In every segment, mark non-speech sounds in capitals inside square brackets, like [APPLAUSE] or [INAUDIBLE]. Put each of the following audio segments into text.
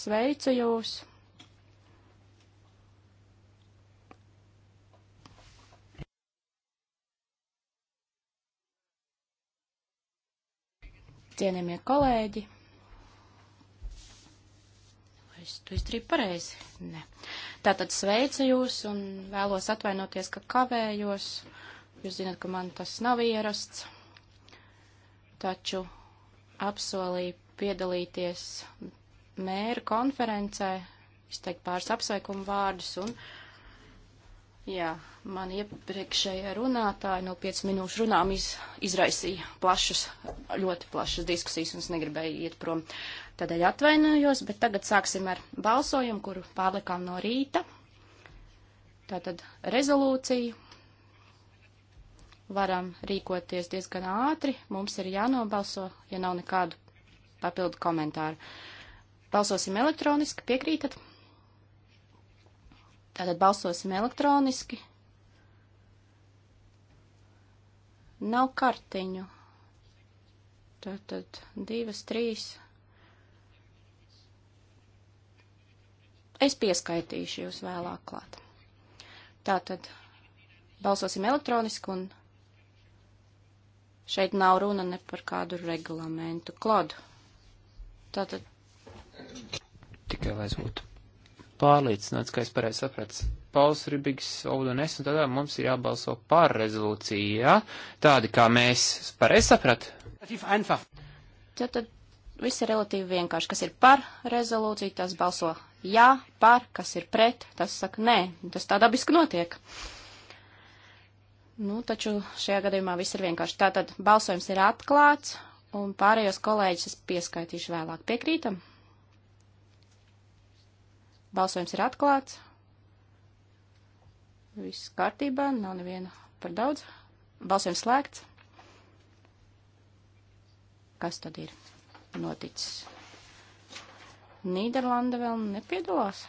Sveicu jūs! cienījamie kolēģi. Es to izdarīju pareizi. Nē. Tātad sveicu jūs un vēlos atvainoties, ka kavējos. Jūs zināt, ka man tas nav ierasts. Taču apsolīju piedalīties mēra konferencē, izteikt pāris apsveikumu vārdus un, jā, man iepriekšējā runātāja no 5 minūšu runām iz, izraisīja plašas, ļoti plašas diskusijas un es negribēju iet prom. Tādēļ atvainojos, bet tagad sāksim ar balsojumu, kuru pārlikām no rīta. Tātad rezolūciju varam rīkoties diezgan ātri. Mums ir jānobalso, ja nav nekādu papildu komentāru. Balsosim elektroniski, piekrītat? Tātad balsosim elektroniski. Nav kartiņu. Tātad divas, trīs. Es pieskaitīšu jūs vēlāk klāt. Tātad balsosim elektroniski un šeit nav runa ne par kādu reglamentu. Klodu. Tātad Tikai lai es būtu pārliecināts, ka es pareizi sapratu. Pauls Ribigs, Oudunes un tādā mums ir jābalso par rezolūciju, jā? Tādi, kā mēs pareizi sapratu. Tad, tad viss ir relatīvi vienkārši. Kas ir par rezolūciju, tas balso jā, par, kas ir pret, tas saka nē. Tas tā dabiski notiek. Nu, taču šajā gadījumā viss ir vienkārši. Tātad balsojums ir atklāts, un pārējos kolēģis es pieskaitīšu vēlāk. Piekrītam? Balsojums ir atklāts. Viss kārtībā, nav neviena par daudz. Balsojums slēgts. Kas tad ir noticis? Nīderlanda vēl nepiedalās.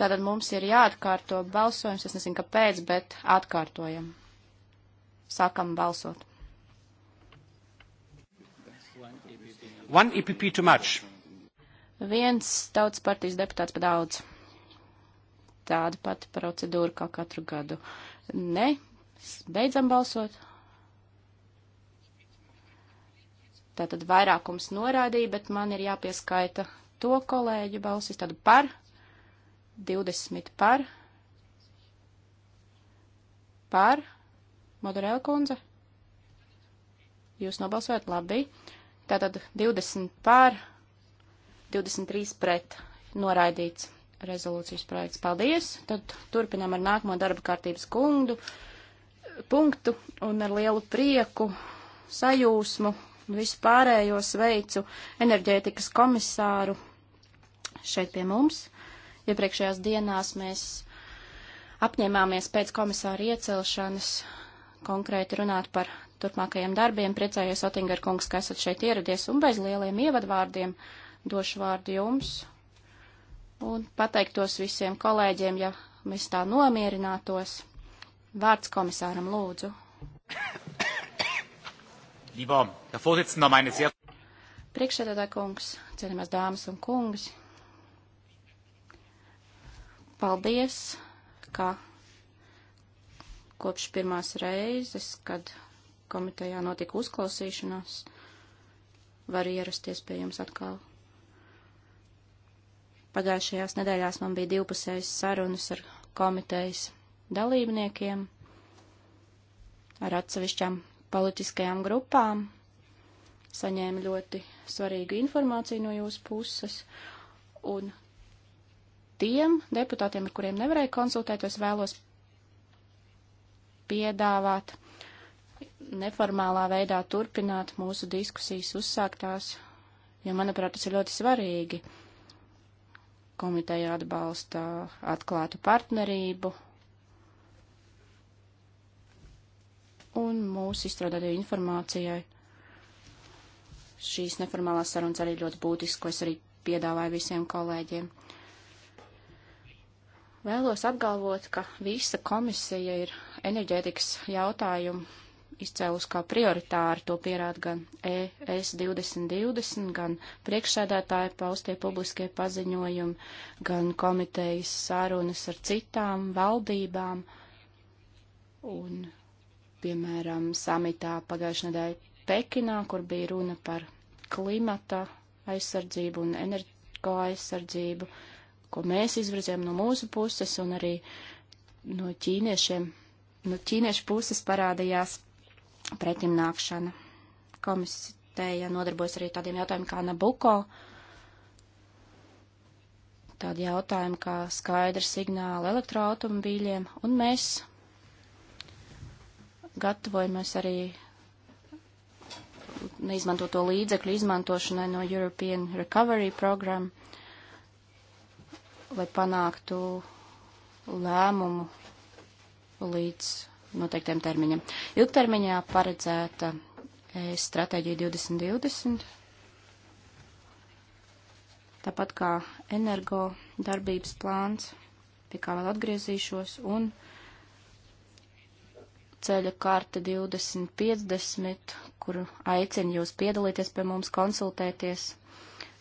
Tātad mums ir jāatkārto balsojums, es nezinu, kāpēc, bet atkārtojam. Sākam balsot. One EPP too much. Viens tautas partijas deputāts pa daudz. Tāda pati procedūra kā katru gadu. Nē, beidzam balsot. Tātad vairākums norādīja, bet man ir jāpieskaita to kolēģu balsis. Tad par 20 par par Madurēla kundze? Jūs nobalsojat labi. Tātad 20 pār, 23 pret noraidīts rezolūcijas projekts. Paldies! Tad turpinām ar nākamo darba kārtības kundu, punktu un ar lielu prieku, sajūsmu un vispārējo sveicu enerģētikas komisāru šeit pie mums. Iepriekšējās dienās mēs apņēmāmies pēc komisāra iecelšanas konkrēti runāt par turpmākajiem darbiem. Priecājos, Otingar kungs, ka esat šeit ieradies un bez lieliem ievadvārdiem došu vārdu jums un pateiktos visiem kolēģiem, ja mēs tā nomierinātos. Vārds komisāram lūdzu. Priekšsēdētā kungs, cienījamās dāmas un kungas, paldies, ka kopš pirmās reizes, kad komitejā notika uzklausīšanās, var ierasties pie jums atkal. Pagājušajās nedēļās man bija divpusējas sarunas ar komitejas dalībniekiem, ar atsevišķām politiskajām grupām, saņēma ļoti svarīgu informāciju no jūsu puses, un tiem deputātiem, ar kuriem nevarēja konsultēties, vēlos piedāvāt neformālā veidā turpināt mūsu diskusijas uzsāktās, jo, manuprāt, tas ir ļoti svarīgi. Komiteja atbalsta atklātu partnerību un mūsu izstrādātajai informācijai. Šīs neformālās sarunas arī ļoti būtisks, ko es arī piedāvāju visiem kolēģiem. Vēlos apgalvot, ka visa komisija ir enerģētikas jautājumu izcēlus kā prioritāri, to pierāda gan e ES 2020, gan priekšsēdētāja paustie publiskie paziņojumi, gan komitejas sārunas ar citām valdībām un, piemēram, samitā pagājušajā nedēļā Pekinā, kur bija runa par klimata aizsardzību un energo aizsardzību, ko mēs izvirzījām no mūsu puses un arī no ķīniešiem no nu, ķīniešu puses parādījās pretimnākšana. Komisiteja nodarbojas arī tādiem jautājumiem kā Nabuko, tādi jautājumi kā skaidra signāla elektroautomobīļiem, un mēs gatavojamies arī neizmantoto līdzekļu izmantošanai no European Recovery Program, lai panāktu lēmumu līdz noteiktiem termiņam. Ilgtermiņā paredzēta e, stratēģija 2020, tāpat kā energo darbības plāns, pie kā vēl atgriezīšos, un ceļa karte 2050, kuru aicinu jūs piedalīties pie mums, konsultēties,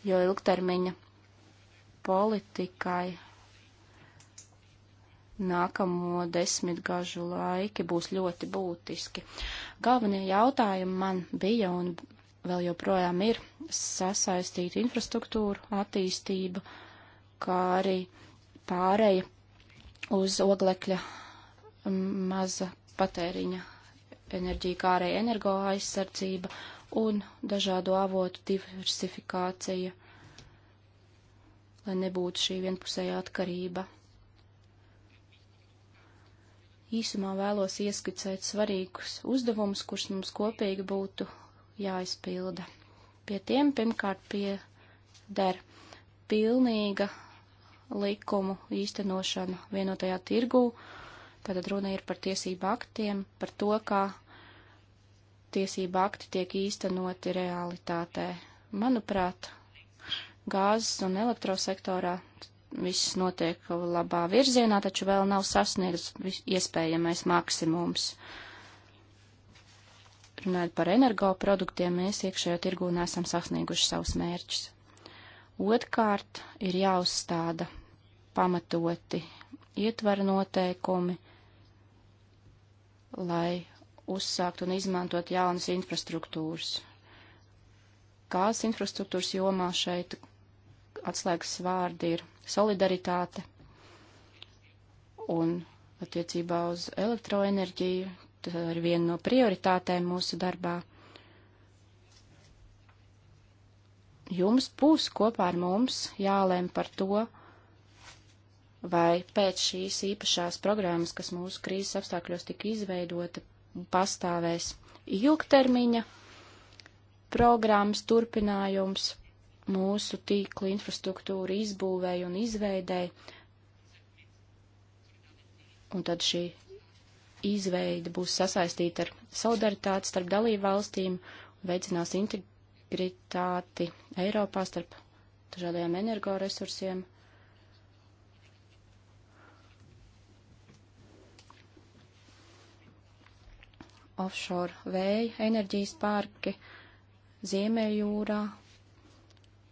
jo ilgtermiņa politikai nākamo desmitgažu laiki būs ļoti būtiski. Galvenie jautājumi man bija un vēl joprojām ir sasaistīta infrastruktūra, attīstība, kā arī pāreja uz oglekļa maza patēriņa enerģija, kā arī energo aizsardzība un dažādu avotu diversifikācija, lai nebūtu šī vienpusējā atkarība īsumā vēlos ieskicēt svarīgus uzdevumus, kurus mums kopīgi būtu jāizpilda. Pie tiem pirmkārt pieder pilnīga likumu īstenošana vienotajā tirgū, tātad runa ir par tiesību aktiem, par to, kā tiesību akti tiek īstenoti realitātē. Manuprāt, gāzes un elektrosektorā viss notiek labā virzienā, taču vēl nav sasniegts iespējamais maksimums. Runājot par energoproduktiem, mēs iekšējo tirgū nesam sasnieguši savus mērķus. Otkārt ir jāuzstāda pamatoti ietvara noteikumi, lai uzsākt un izmantot jaunas infrastruktūras. Gāzes infrastruktūras jomā šeit atslēgas vārdi ir solidaritāte un attiecībā uz elektroenerģiju. Tā ir viena no prioritātēm mūsu darbā. Jums būs kopā ar mums jālēm par to, vai pēc šīs īpašās programmas, kas mūsu krīzes apstākļos tika izveidota, pastāvēs ilgtermiņa programmas turpinājums mūsu tīklu infrastruktūru izbūvēja un izveidēja. Un tad šī izveida būs sasaistīta ar solidaritāti starp dalību valstīm un veicinās integritāti Eiropā starp dažādajiem energoresursiem. Offshore vēja enerģijas parki Ziemeļjūrā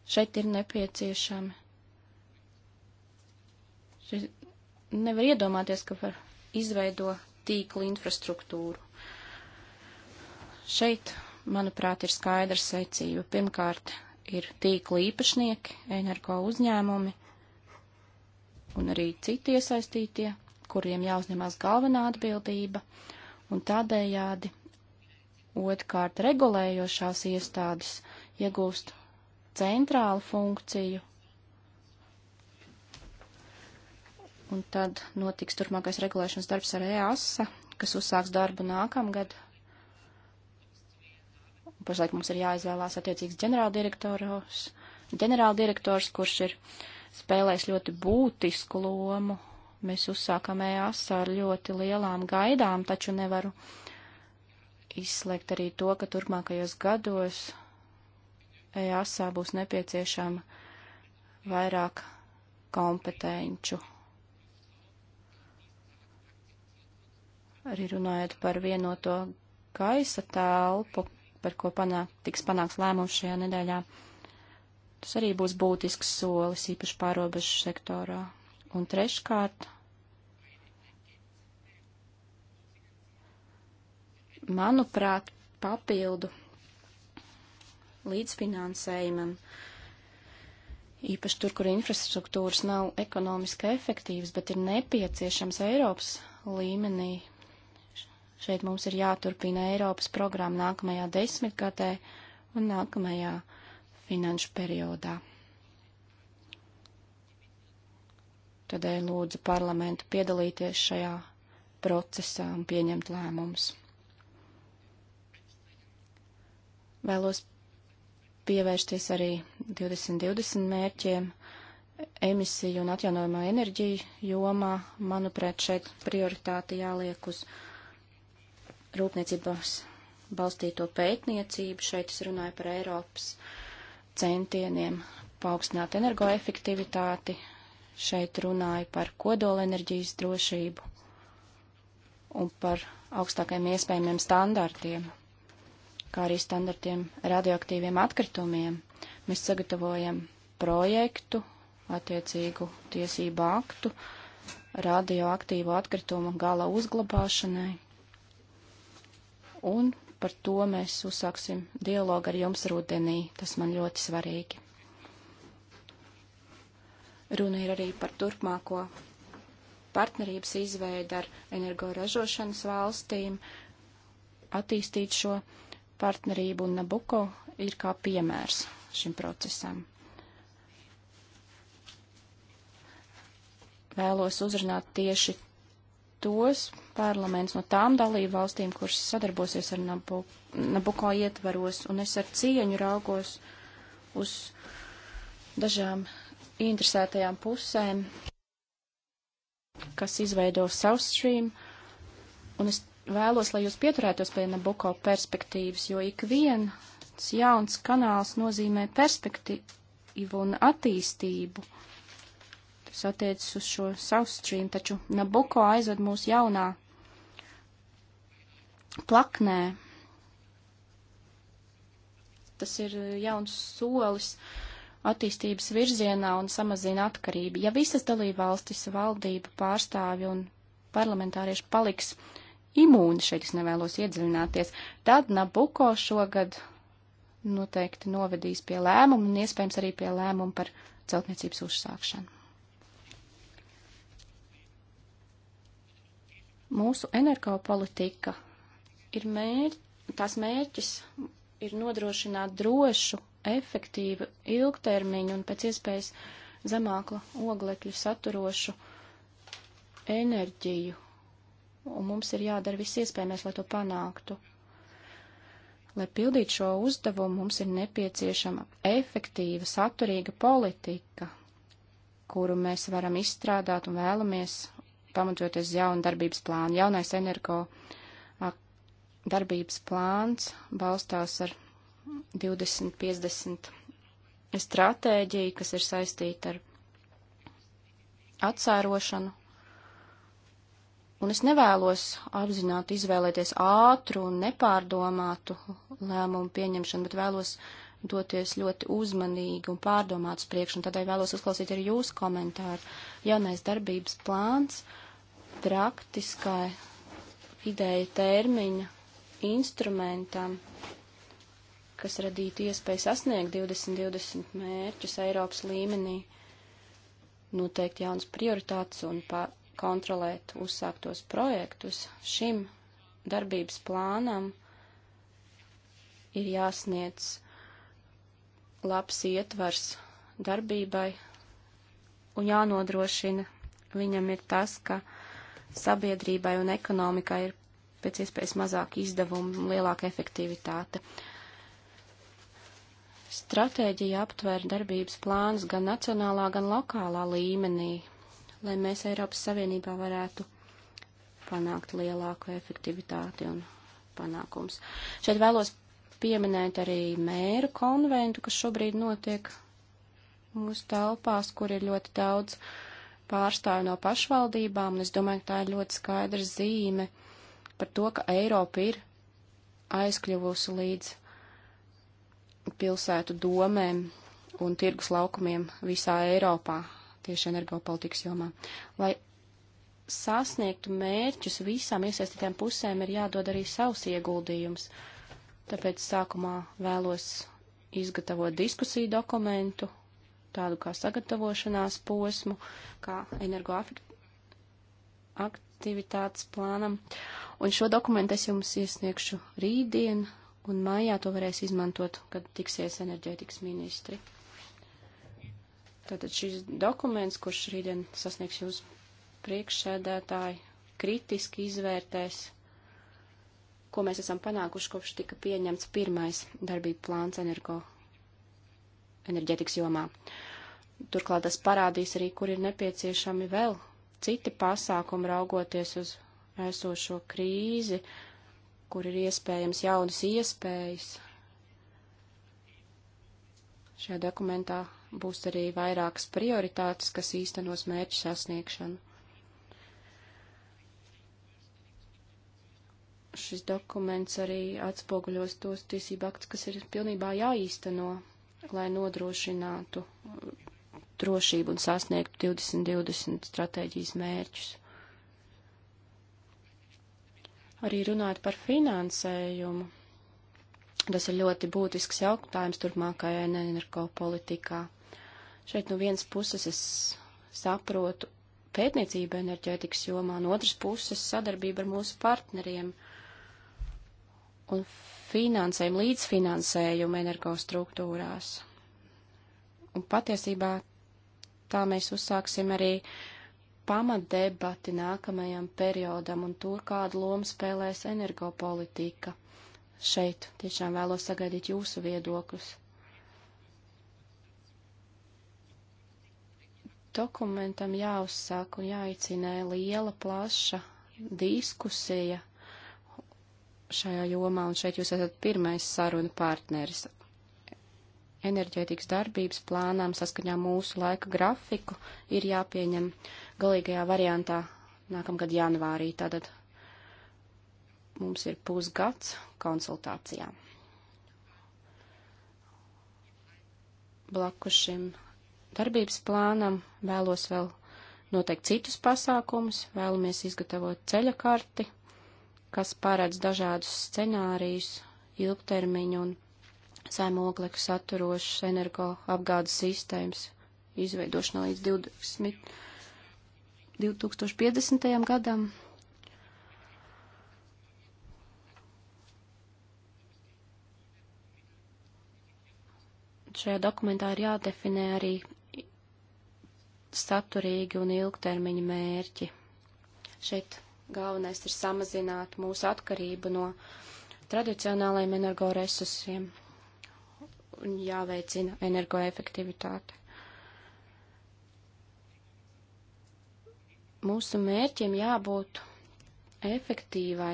Šeit ir nepieciešami. Šeit nevar iedomāties, ka var izveido tīkla infrastruktūru. Šeit, manuprāt, ir skaidra secība. Pirmkārt, ir tīkla īpašnieki, energo uzņēmumi un arī citi iesaistītie, kuriem jāuzņemās galvenā atbildība, un tādējādi otrkārt regulējošās iestādes iegūst centrālu funkciju. Un tad notiks turpmākais regulēšanas darbs ar EASA, kas uzsāks darbu nākamgad. Pašlaik mums ir jāizvēlās attiecīgs ģenerāldirektors, ģenerāldirektors, kurš ir spēlējis ļoti būtisku lomu. Mēs uzsākam EASA ar ļoti lielām gaidām, taču nevaru izslēgt arī to, ka turpmākajos gados EASA būs nepieciešama vairāk kompetenču. Arī runājot par vienoto gaisa telpu, par ko panāk, tiks panāks lēmums šajā nedēļā. Tas arī būs būtisks solis, īpaši pārobežu sektorā. Un treškārt, manuprāt, papildu līdzfinansējumam, īpaši tur, kur infrastruktūras nav ekonomiski efektīvas, bet ir nepieciešams Eiropas līmenī. Šeit mums ir jāturpina Eiropas programma nākamajā desmitgadē un nākamajā finanšu periodā. Tādēļ lūdzu parlamentu piedalīties šajā procesā un pieņemt lēmumus. Vēlos pievērsties arī 2020 mērķiem emisiju un atjaunojumā enerģiju jomā. Manuprāt, šeit prioritāte jāliek uz rūpniecības balstīto pētniecību. Šeit es runāju par Eiropas centieniem paaugstināt energoefektivitāti. Šeit runāju par kodolenerģijas drošību un par augstākajiem iespējamiem standartiem kā arī standartiem radioaktīviem atkritumiem. Mēs sagatavojam projektu, attiecīgu tiesību aktu, radioaktīvu atkritumu gala uzglabāšanai. Un par to mēs uzsāksim dialogu ar jums rudenī. Tas man ļoti svarīgi. Runa ir arī par turpmāko partnerības izveidi ar energoražošanas valstīm, attīstīt šo partnerību un Nabuko ir kā piemērs šim procesam. Vēlos uzrunāt tieši tos parlaments no tām dalību valstīm, kuras sadarbosies ar Nabu, Nabuko ietvaros, un es ar cieņu raugos uz dažām interesētajām pusēm, kas izveido South Stream, un es vēlos, lai jūs pieturētos pie Nabuko perspektīvas, jo ik viens jauns kanāls nozīmē perspektīvu un attīstību. Tas attiecas uz šo South Stream, taču Nabuko aizved mūs jaunā plaknē. Tas ir jauns solis attīstības virzienā un samazina atkarību. Ja visas dalībvalstis valdība pārstāvi un parlamentārieši paliks imūni, šeit es nevēlos iedziļināties, tad Nabuko šogad noteikti novedīs pie lēmuma un iespējams arī pie lēmuma par celtniecības uzsākšanu. Mūsu energopolitika ir mērķis, tās mērķis ir nodrošināt drošu, efektīvu, ilgtermiņu un pēc iespējas zemāku oglekļu saturošu enerģiju un mums ir jādara viss iespējamais, lai to panāktu. Lai pildītu šo uzdevumu, mums ir nepieciešama efektīva, saturīga politika, kuru mēs varam izstrādāt un vēlamies, pamatoties jaunu darbības plānu. Jaunais energo darbības plāns balstās ar 2050 stratēģiju, kas ir saistīta ar atsērošanu Un es nevēlos apzināti izvēlēties ātru un nepārdomātu lēmumu pieņemšanu, bet vēlos doties ļoti uzmanīgi un pārdomāt uz priekšu, un tādēļ vēlos uzklausīt arī jūsu komentāru. Jaunais darbības plāns, praktiskai ideja termiņa instrumentam, kas radītu iespēju sasniegt 2020 mērķus Eiropas līmenī, noteikti jaunas prioritātes un pār kontrolēt uzsāktos projektus, šim darbības plānam ir jāsniedz labs ietvars darbībai un jānodrošina viņam ir tas, ka sabiedrībai un ekonomikai ir pēc iespējas mazāk izdevumu un lielāka efektivitāte. Stratēģija aptver darbības plānus gan nacionālā, gan lokālā līmenī, lai mēs Eiropas Savienībā varētu panākt lielāku efektivitāti un panākums. Šeit vēlos pieminēt arī mēru konventu, kas šobrīd notiek mūsu telpās, kur ir ļoti daudz pārstāvju no pašvaldībām, un es domāju, ka tā ir ļoti skaidra zīme par to, ka Eiropa ir aizkļuvusi līdz pilsētu domēm un tirgus laukumiem visā Eiropā, tieši energopolitikas jomā. Lai sasniegtu mērķus visām iesaistītām pusēm, ir jādod arī savs ieguldījums. Tāpēc sākumā vēlos izgatavot diskusiju dokumentu, tādu kā sagatavošanās posmu, kā energoaktivitātes plānam. Un šo dokumentu es jums iesniegšu rītdien, un mājā to varēs izmantot, kad tiksies enerģētikas ministri. Tātad šis dokuments, kurš rītdien sasniegs jūs priekšsēdētāji, kritiski izvērtēs, ko mēs esam panākuši kopš tika pieņemts pirmais darbība plāns energo, enerģetikas jomā. Turklāt tas parādīs arī, kur ir nepieciešami vēl citi pasākumi raugoties uz esošo krīzi, kur ir iespējams jaunas iespējas. Šajā dokumentā būs arī vairākas prioritātes, kas īstenos mērķu sasniegšanu. Šis dokuments arī atspoguļos tos tiesību aktus, kas ir pilnībā jāīsteno, lai nodrošinātu uh, drošību un sasniegtu 2020 stratēģijas mērķus. Arī runāt par finansējumu. Tas ir ļoti būtisks jautājums turpmākajai energo politikā. Šeit no nu vienas puses es saprotu pētniecība enerģētikas jomā, no otras puses sadarbība ar mūsu partneriem un finansējumu, līdzfinansējumu energostruktūrās. Un patiesībā tā mēs uzsāksim arī pamatdebati nākamajam periodam un tur, kādu lomu spēlēs energopolitika. Šeit tiešām vēlos sagaidīt jūsu viedokļus. dokumentam jāuzsāk un jāicinē liela, plaša diskusija šajā jomā, un šeit jūs esat pirmais sarunu partneris enerģētikas darbības plānām saskaņā mūsu laika grafiku ir jāpieņem galīgajā variantā nākamgad janvārī. Tātad mums ir pusgads konsultācijām. Blakus šim darbības plānam, vēlos vēl noteikt citus pasākumus, vēlamies izgatavot ceļa karti, kas paredz dažādus scenārijus, ilgtermiņu un saimoglekļu saturošas energoapgādes sistēmas izveidošana līdz 20, 2050. gadam. Šajā dokumentā ir jādefinē arī saturīgi un ilgtermiņa mērķi. Šeit galvenais ir samazināt mūsu atkarību no tradicionālajiem energoresursiem un jāveicina energoefektivitāte. Mūsu mērķiem jābūt efektīvai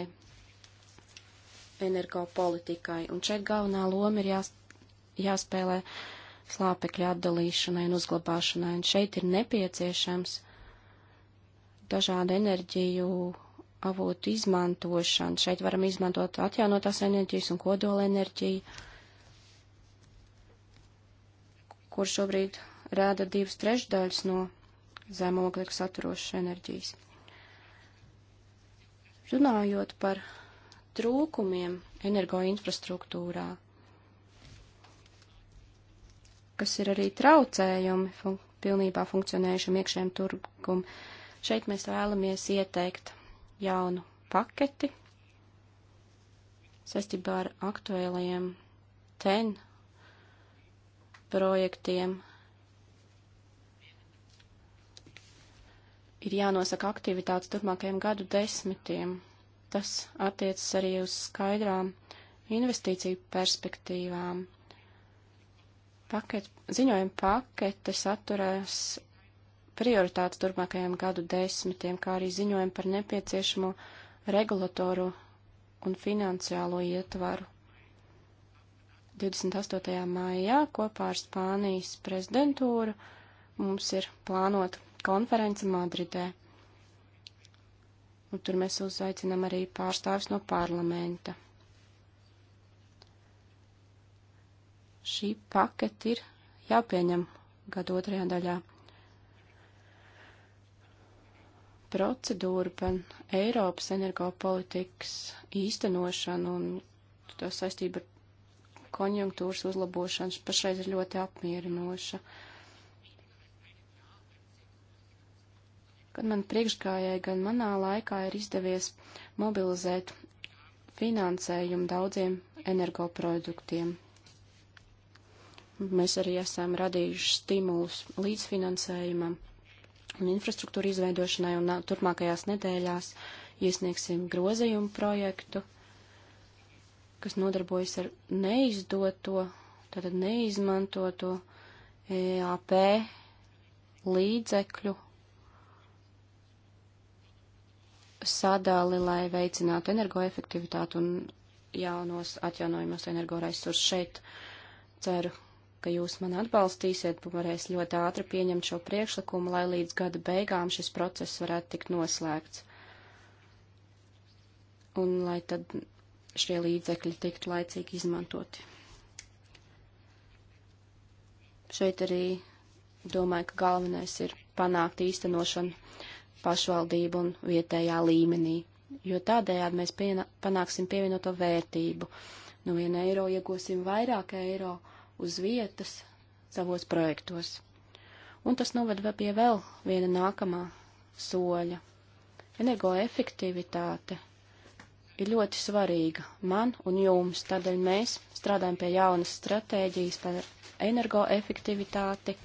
energopolitikai, un šeit galvenā loma ir jās, jāspēlē uh, slāpekļa atdalīšanai un uzglabāšanai, un šeit ir nepieciešams dažādu enerģiju avotu izmantošana. Šeit varam izmantot atjaunotās enerģijas un kodola enerģiju, kur šobrīd rāda divas trešdaļas no zemogļa saturošas enerģijas. Runājot par trūkumiem energoinfrastruktūrā, kas ir arī traucējumi fun pilnībā funkcionējušam iekšējiem turgum. Šeit mēs vēlamies ieteikt jaunu paketi saistībā ar aktuēlajiem ten projektiem. Ir jānosaka aktivitātes turpmākajiem gadu desmitiem. Tas attiecas arī uz skaidrām investīciju perspektīvām paket, ziņojuma pakete saturēs prioritātes turpmākajiem gadu desmitiem, kā arī ziņojumi par nepieciešamo regulatoru un finansiālo ietvaru. 28. maijā kopā ar Spānijas prezidentūru mums ir plānota konference Madridē. Un tur mēs uzaicinām arī pārstāvis no parlamenta. šī paketi ir jāpieņem gada otrajā daļā. Procedūra par Eiropas energopolitikas īstenošanu un to saistību ar konjunktūras uzlabošanas pašreiz ir ļoti apmierinoša. Kad man priekšgājēji gan manā laikā ir izdevies mobilizēt finansējumu daudziem energoproduktiem. Mēs arī esam radījuši stimulus līdzfinansējumam un infrastruktūra izveidošanai, un turpmākajās nedēļās iesniegsim grozījumu projektu, kas nodarbojas ar neizdoto, tātad neizmantoto EAP līdzekļu sadali, lai veicinātu energoefektivitātu un jaunos atjaunojumos energoresursus šeit. Ceru, ka jūs mani atbalstīsiet, varēs ļoti ātri pieņemt šo priekšlikumu, lai līdz gada beigām šis process varētu tikt noslēgts. Un lai tad šie līdzekļi tiktu laicīgi izmantoti. Šeit arī domāju, ka galvenais ir panākt īstenošanu pašvaldību un vietējā līmenī, jo tādējādi mēs piena, panāksim pievienoto vērtību. No nu, viena eiro iegūsim vairāk eiro. Ja uz vietas savos projektos. Un tas noved vēl pie vēl viena nākamā soļa. Energoefektivitāte ir ļoti svarīga man un jums, tādēļ mēs strādājam pie jaunas stratēģijas par energoefektivitāti.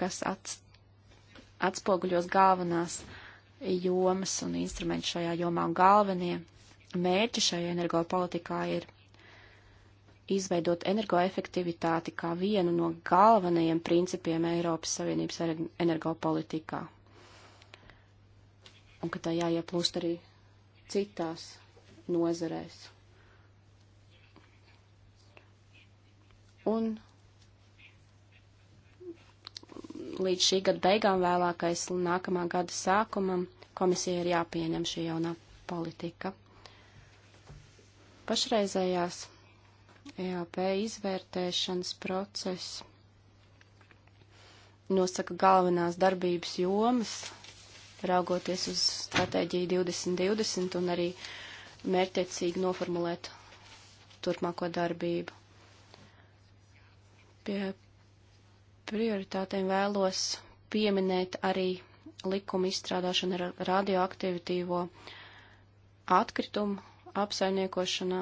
kas ats, atspoguļos galvenās jomas un instrumenti šajā jomā un galvenie mērķi šai energopolitikā ir izveidot energoefektivitāti kā vienu no galvenajiem principiem Eiropas Savienības energopolitikā. Un ka tā jāieplūst arī citās nozarēs. Un līdz šī gada beigām vēlākais nākamā gada sākumam komisija ir jāpieņem šī jaunā politika. Pašreizējās EAP izvērtēšanas process nosaka galvenās darbības jomas, raugoties uz stratēģiju 2020 un arī mērķiecīgi noformulēt turpmāko darbību. Pie prioritātēm vēlos pieminēt arī likuma izstrādāšanu ar radioaktivitīvo atkritumu apsaimniekošanā.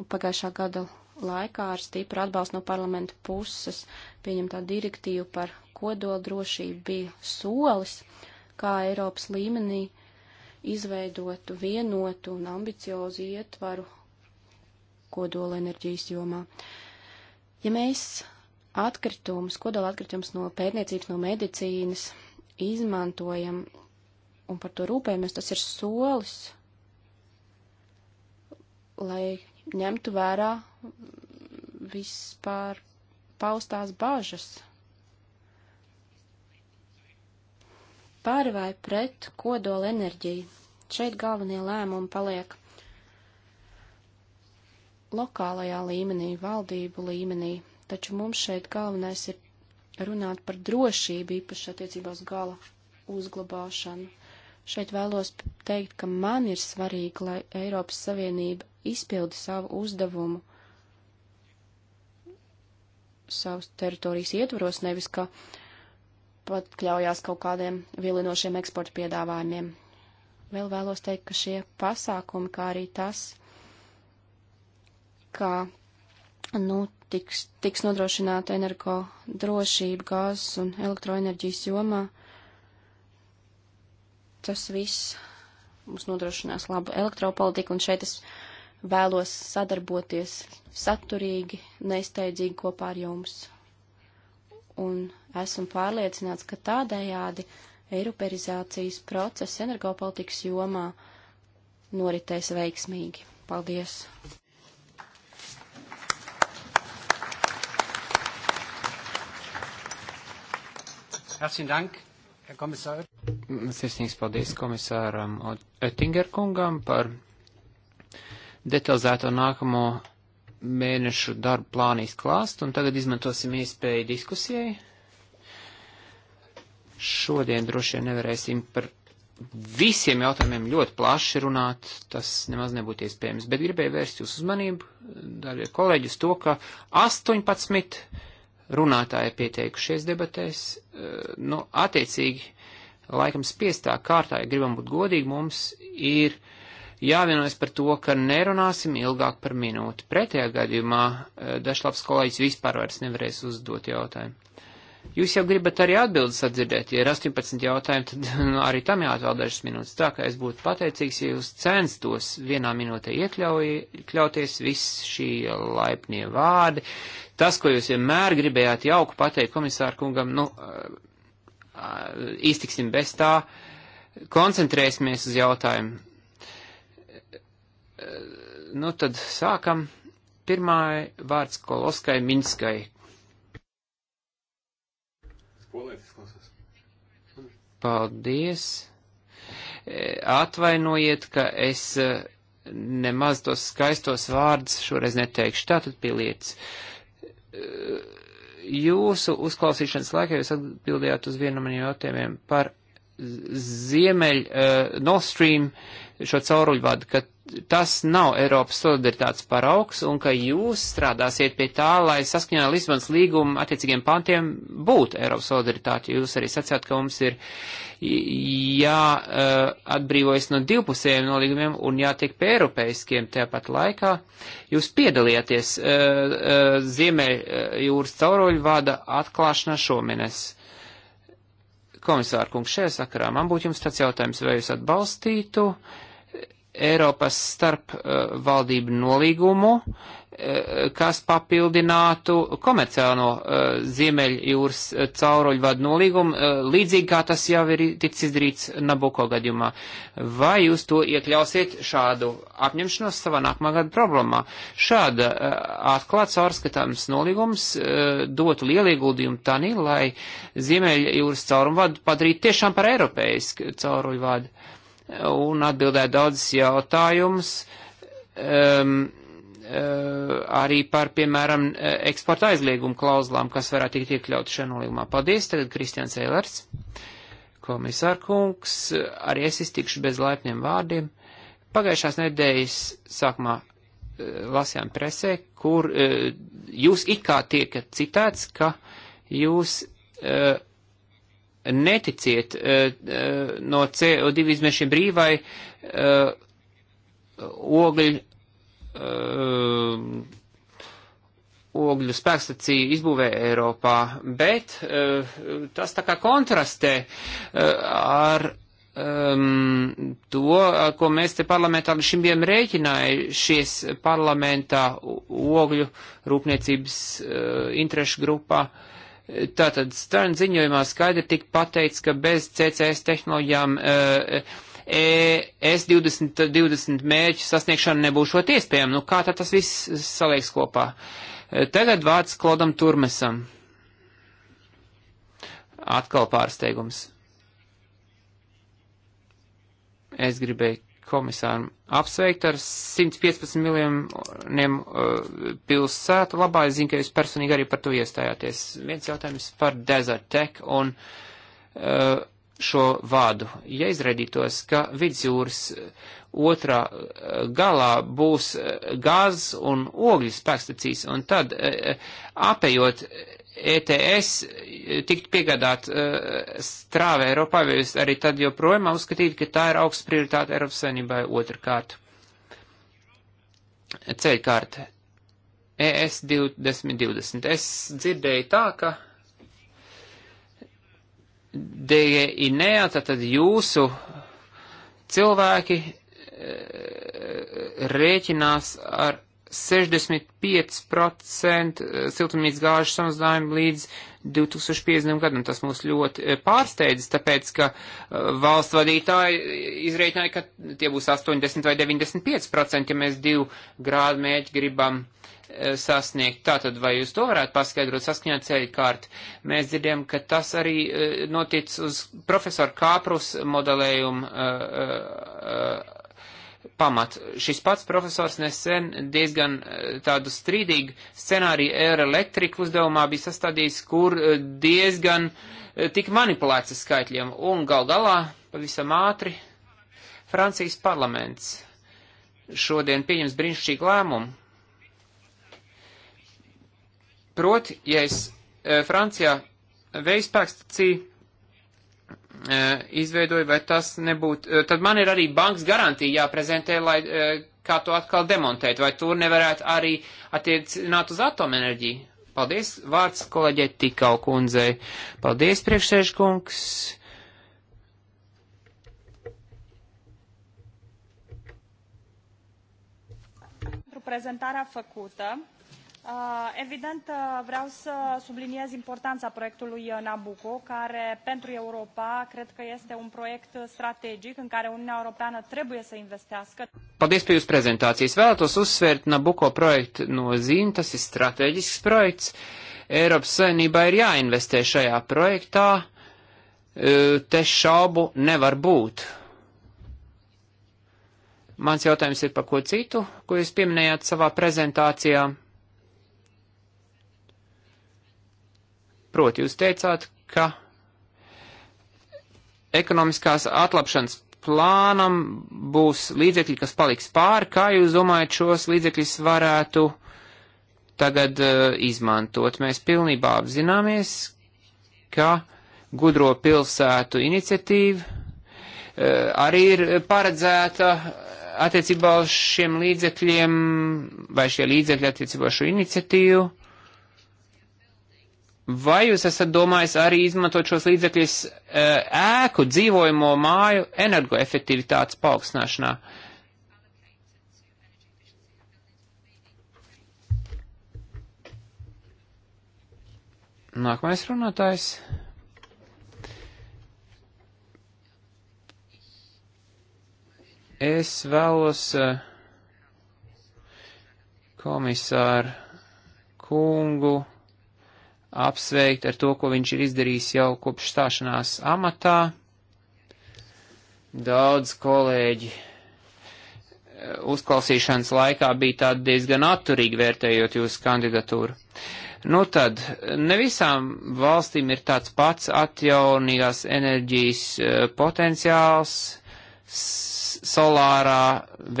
Un pagājušā gada laikā ar stipru atbalstu no parlamenta puses pieņemtā direktīva par kodoldrošību bija solis, kā Eiropas līmenī izveidotu vienotu un ambiciozu ietvaru kodolenerģijas jomā. Ja mēs atkritumus, kodola atkritumus no pētniecības, no medicīnas izmantojam un par to rūpējamies, tas ir solis, lai ņemtu vērā vispār paustās bažas. Par vai pret kodola enerģiju. Šeit galvenie lēmumi paliek lokālajā līmenī, valdību līmenī, taču mums šeit galvenais ir runāt par drošību īpaši attiecībā uz gala uzglabāšanu. Šeit vēlos teikt, ka man ir svarīgi, lai Eiropas Savienība izpildi savu uzdevumu savas teritorijas ietvaros, nevis ka pat kļaujās kaut kādiem vilinošiem eksporta piedāvājumiem. Vēl vēlos teikt, ka šie pasākumi, kā arī tas, kā nu, tiks, tiks nodrošināta energo drošība gāzes un elektroenerģijas jomā, tas viss mums nodrošinās labu elektropolitiku, un šeit es vēlos sadarboties saturīgi, neizteidzīgi kopā ar jums. Un esmu pārliecināts, ka tādējādi eiroperizācijas process energopolitikas jomā noritēs veiksmīgi. Paldies! Herzlichen Dank komisāri. Sirsnīgs paldies komisāram Oettinger kungam par detalizēto nākamo mēnešu darbu plānu izklāstu, un tagad izmantosim iespēju diskusijai. Šodien droši vien nevarēsim par visiem jautājumiem ļoti plaši runāt, tas nemaz nebūtu iespējams, bet gribēju vērst jūsu uzmanību, darbie kolēģi, uz to, ka 18 runātāji pieteikušies debatēs. Eh, nu, attiecīgi, laikam spiestā kārtā, ja gribam būt godīgi, mums ir jāvienojas par to, ka nerunāsim ilgāk par minūti. Pretējā gadījumā eh, dažlaps kolēģis vispār vairs nevarēs uzdot jautājumu. Jūs jau gribat arī atbildes atdzirdēt, ja ir 18 jautājumi, tad [LAUGHS] nu, arī tam jāatvēl dažas minūtes. Tā kā es būtu pateicīgs, ja jūs censtos vienā minūtē iekļauties viss šī laipnie vārdi. Tas, ko jūs vienmēr gribējāt jauku pateikt komisāru kungam, nu, iztiksim bez tā, koncentrēsimies uz jautājumu. Nu, tad sākam. Pirmā vārds Koloskai Minskai Skolēks klausās. Paldies. E, atvainojiet, ka es e, nemaz tos skaistos vārdus šoreiz neteikšu. Tātad pieliec. E, jūsu uzklausīšanas laikā jūs atbildējāt uz vienu maniem jautājumiem par Ziemeļ uh, Nord Stream uh, šo cauruļvadu, ka tas nav Eiropas solidaritātes paraugs un ka jūs strādāsiet pie tā, lai saskaņā Lisbonas līguma attiecīgiem pantiem būtu Eiropas solidaritāte. Jūs arī sacījāt, ka mums ir jāatbrīvojas eh, no divpusējiem nolīgumiem un jātiek pie eiropeiskiem tāpat laikā. Jūs piedalījāties uh, eh, uh, eh, Ziemeļjūras cauruļvada atklāšanā šomēnes. Komisāra kungs, šajā sakarā man būtu jums tāds jautājums, vai jūs atbalstītu uh, Eiropas starpvaldību eh, nolīgumu, eh, kas papildinātu komerciālo eh, Ziemeļjūras cauruļvadu nolīgumu, līdzīgi kā tas jau ir ticis izdarīts Nabuko gadījumā. Vai jūs to iekļausiet šādu apņemšanos savā nākamā gada problēmā? Šāda atklāts ārskatāms nolīgums dotu lielu ieguldījumu tani, lai Ziemeļjūras cauruļvadu padarītu tiešām par eiropeisku cauruļvadu un atbildēja daudzas jautājumus. Um, Uh, arī par, piemēram, eksporta aizliegumu klauzulām, kas varētu tikt iekļaut šajā nolīgumā. Paldies, tagad Kristians Eilers, komisārkungs, arī es iztikšu bez laipniem vārdiem. Pagājušās nedēļas sākumā uh, lasījām presē, kur uh, jūs it kā tiekat citēts, ka jūs uh, neticiet eh, eh, no CO2 izmešiem brīvai eh, ogļu, ogļu spēkstaciju izbūvē Eiropā, bet tas tā kā kontrastē ar um, to, ar ko mēs te parlamentā līdz šim bijām rēķinājušies parlamentā ogļu rūpniecības uh, interešu grupā. Uh, Tātad Starn ziņojumā skaidri tika pateikts, ka bez CCS tehnoloģijām eh, e ES 2020 mērķu sasniegšana nebūšot iespējama. Nu, kā tad tas viss salieks kopā? Eh, tagad vārds Klodam Turmesam. Atkal pārsteigums. Es gribēju komisāram, apsveikt ar 115 miljoniem uh, pilsētu labā. Es zinu, ka jūs personīgi arī par to iestājāties. Viens jautājums par Desert Tech un uh, šo vādu. Ja izraidītos, ka vidzjūras uh, otrā uh, galā būs uh, gāzes un ogļu spēkstacijas, un tad apējot ETS tiktu piegādāt e, strāvē Eiropā, vai jūs arī tad joprojām uzskatīt, ka tā ir augsts prioritāte Eiropas Savienībai otrkārt? Ceļkārte. ES 2020. Es dzirdēju tā, ka Deja Inea, tātad jūsu cilvēki e, rēķinās ar 65% eh, siltumnīcas gāžu samazinājumu līdz 2050. gadam. Tas mūs ļoti eh, pārsteidz, tāpēc, ka eh, valsts vadītāji izreitināja, ka tie būs 80 vai 95%, ja mēs divu grādu mēģi gribam sasniegt. Tātad, vai jūs to varētu paskaidrot saskaņā ceļu kārtu? Mēs dzirdējam, ka tas arī notic uz profesoru Kāprus modelējumu pamatu. Šis pats profesors nesen diezgan eh, tādu strīdīgu scenāriju Air Electric uzdevumā bija sastādījis, kur eh, diezgan eh, tik manipulēts ar skaitļiem. Un gal galā, pavisam ātri, Francijas parlaments šodien pieņems brīnišķīgu lēmumu. Proti, ja es Francijā veispēkstacīju E, izveidoju, vai tas nebūtu, e, tad man ir arī bankas garantija jāprezentē, lai e, kā to atkal demontēt, vai tur nevarētu arī attiecināt uz atomenerģiju. Paldies, vārds kolēģē Tikau kundzei. Paldies, priekšsēžkungs. Prezentarea făcută. Uh, evident, uh, vreau să subliniez importanța proiectului Nabucco, care pentru Europa cred că este un proiect strategic în care Uniunea Europeană trebuie să investească. Paldies par jūsu prezentācijas. Vēlētos uzsvērt Nabucco projektu nozīmi. Tas ir strateģisks projekts. Eiropas Savienībā ir jāinvestē šajā projektā. Uh, te šaubu nevar būt. Mans jautājums ir par ko citu, ko jūs pieminējāt savā prezentācijā. Proti, jūs teicāt, ka ekonomiskās atlapšanas plānam būs līdzekļi, kas paliks pāri. Kā jūs domājat, šos līdzekļus varētu tagad uh, izmantot? Mēs pilnībā apzināmies, ka gudro pilsētu iniciatīva uh, arī ir paredzēta attiecībā uz šiem līdzekļiem vai šie līdzekļi attiecībā uz šo iniciatīvu. Vai jūs esat domājis arī izmantot šos līdzekļus e, ēku dzīvojamo māju energoefektivitātes paaugstināšanā? Nākamais runātājs. Es vēlos e, komisāru kungu apsveikt ar to, ko viņš ir izdarījis jau kopš stāšanās amatā. Daudz kolēģi eh, uzklausīšanas laikā bija tādi diezgan atturīgi vērtējot jūsu kandidatūru. Nu tad, ne visām valstīm ir tāds pats atjaunīgās enerģijas eh, potenciāls, solārā,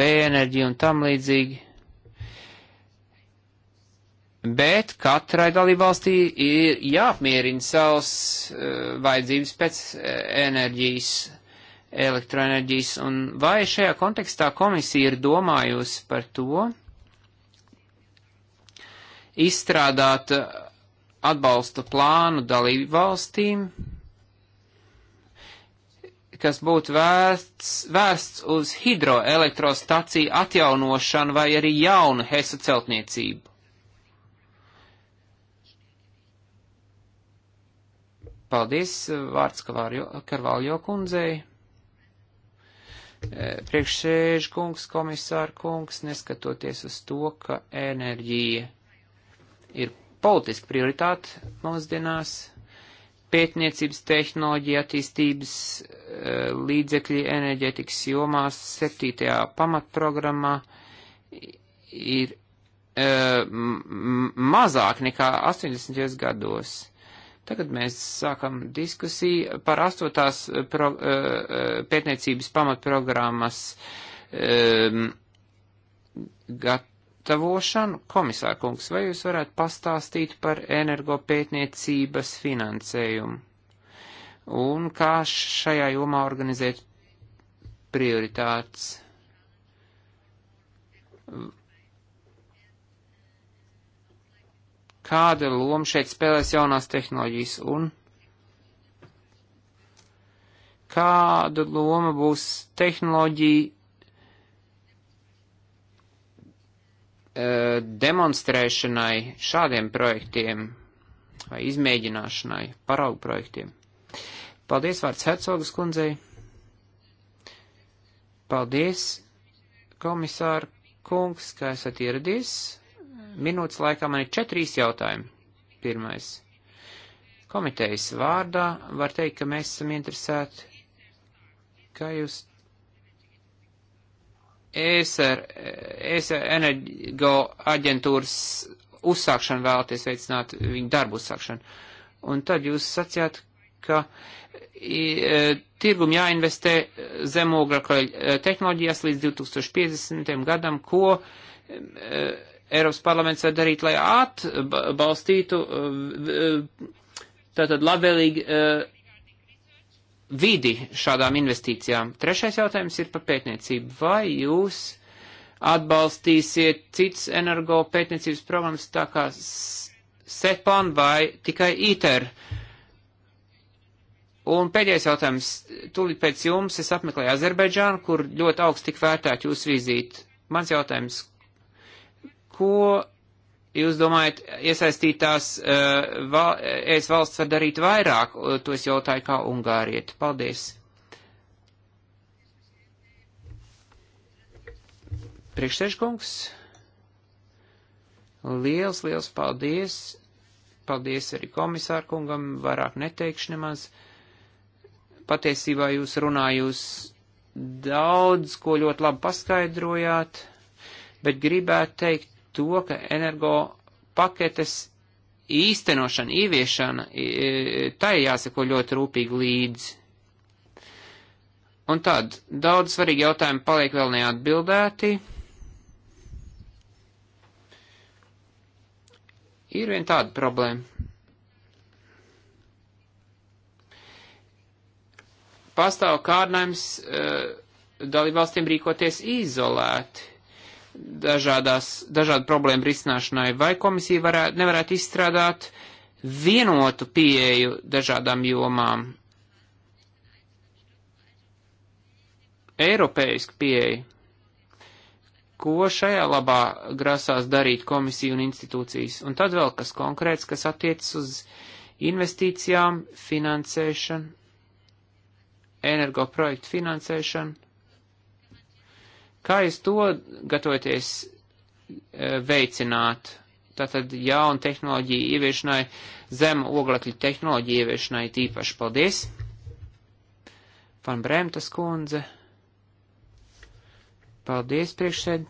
vēja enerģija un tam līdzīgi bet katrai dalībvalstī ir jāapmierina savas uh, eh, vajadzības pēc eh, enerģijas, elektroenerģijas, un vai šajā kontekstā komisija ir domājusi par to izstrādāt eh, atbalsta plānu dalībvalstīm, kas būtu vērsts, vērsts uz hidroelektrostaciju atjaunošanu vai arī jaunu hesu celtniecību. Paldies, vārds Karvaljo kundzei. E, priekšsēž kungs, komisāra kungs, neskatoties uz to, ka enerģija ir politiska prioritāte mūsdienās, pētniecības tehnoloģija attīstības e, līdzekļi enerģetikas jomās septītajā pamatprogrammā ir e, mazāk nekā 80. gados Tagad mēs sākam diskusiju par astotās pro, eh, eh, pētniecības pamatprogrammas ehm, gatavošanu. Komisārkungs, vai jūs varētu pastāstīt par energopētniecības finansējumu? Un kā šajā jomā organizēt prioritātes? kāda loma šeit spēlēs jaunās tehnoloģijas un kāda loma būs tehnoloģija e, demonstrēšanai šādiem projektiem vai izmēģināšanai paraugu projektiem. Paldies vārds Hercogas kundzei. Paldies, komisāra kungs, ka esat ieradies minūtes laikā man ir četrīs jautājumi. Pirmais. Komitejas vārdā var teikt, ka mēs esam interesēti, kā jūs ESR, ESR energo aģentūras uzsākšanu vēlaties veicināt, viņu darbu uzsākšanu. Un tad jūs sacījāt, ka e, tirgum jāinvestē zemograkļa e, tehnoloģijās līdz 2050. gadam, ko e, Eiropas parlaments var darīt, lai atbalstītu eh, tātad labvēlīgi eh, vidi šādām investīcijām. Trešais jautājums ir par pētniecību. Vai jūs atbalstīsiet cits energo pētniecības programmas tā kā SEPAN vai tikai ITER? Un pēdējais jautājums. Tūlīt pēc jums es apmeklēju Azerbaidžānu, kur ļoti augsti tik vērtēt jūsu vizīti. Mans jautājums, ko jūs domājat, iesaistītās uh, val, es valsts var darīt vairāk, eh, to es jautāju kā Ungāriet. Paldies. Priekšsēžkungs, liels, liels paldies. Paldies arī komisārkungam, vairāk neteikšu nemaz. Patiesībā jūs runājjūs daudz, ko ļoti labi paskaidrojāt, bet gribētu teikt to, ka energo paketes īstenošana, ieviešana, tai jāseko ļoti rūpīgi līdzi. Un tad daudz svarīgi jautājumi paliek vēl neatbildēti. Ir vien tāda problēma. Pastāv kārdinājums uh, dalībvalstīm rīkoties izolēti dažādās, dažādu problēmu risināšanai, vai komisija varētu, nevarētu izstrādāt vienotu pieeju dažādām jomām, eiropeisku pieeju, ko šajā labā grasās darīt komisija un institūcijas, un tad vēl kas konkrēts, kas attiecas uz investīcijām, finansēšanu, energoprojektu finansēšanu Kā jūs to gatavoties e, veicināt? Tātad jaunu tehnoloģiju ieviešanai, zemu oglekļu tehnoloģiju ieviešanai tīpaši. Paldies! Van Bremtas kundze. Paldies, priekšsēd.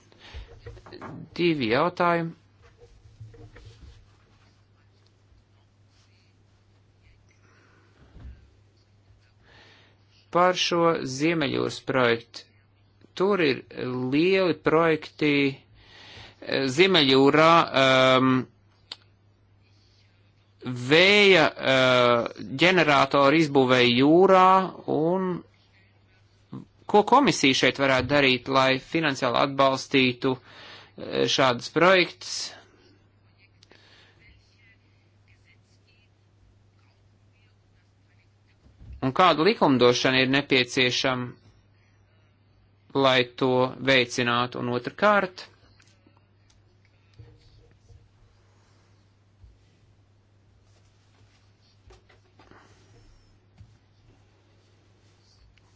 Divi jautājumi. Par šo Ziemeļūras projektu Tur ir lieli projekti e, Ziemeļjūrā. Um, Vēja uh, e, ģeneratoru izbūvēja jūrā un ko komisija šeit varētu darīt, lai finansiāli atbalstītu e, šādus projektus? Un kādu likumdošanu ir nepieciešama, lai to veicinātu, un otrkārt,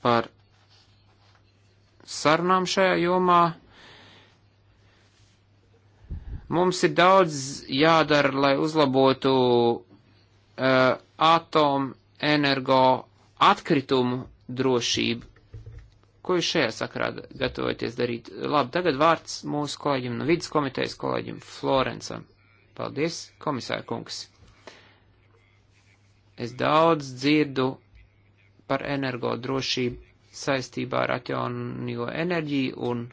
par sarunām šajā jomā. Mums ir daudz jādara, lai uzlabotu uh, eh, atomu energo atkritumu drošību Ko jūs šajā sakarā gatavojaties darīt? Labi, tagad vārds mūsu kolēģim no vidas komitejas kolēģim Florencam. Paldies, komisāra kungs. Es daudz dzirdu par energo drošību saistībā ar atjaunīgo enerģiju un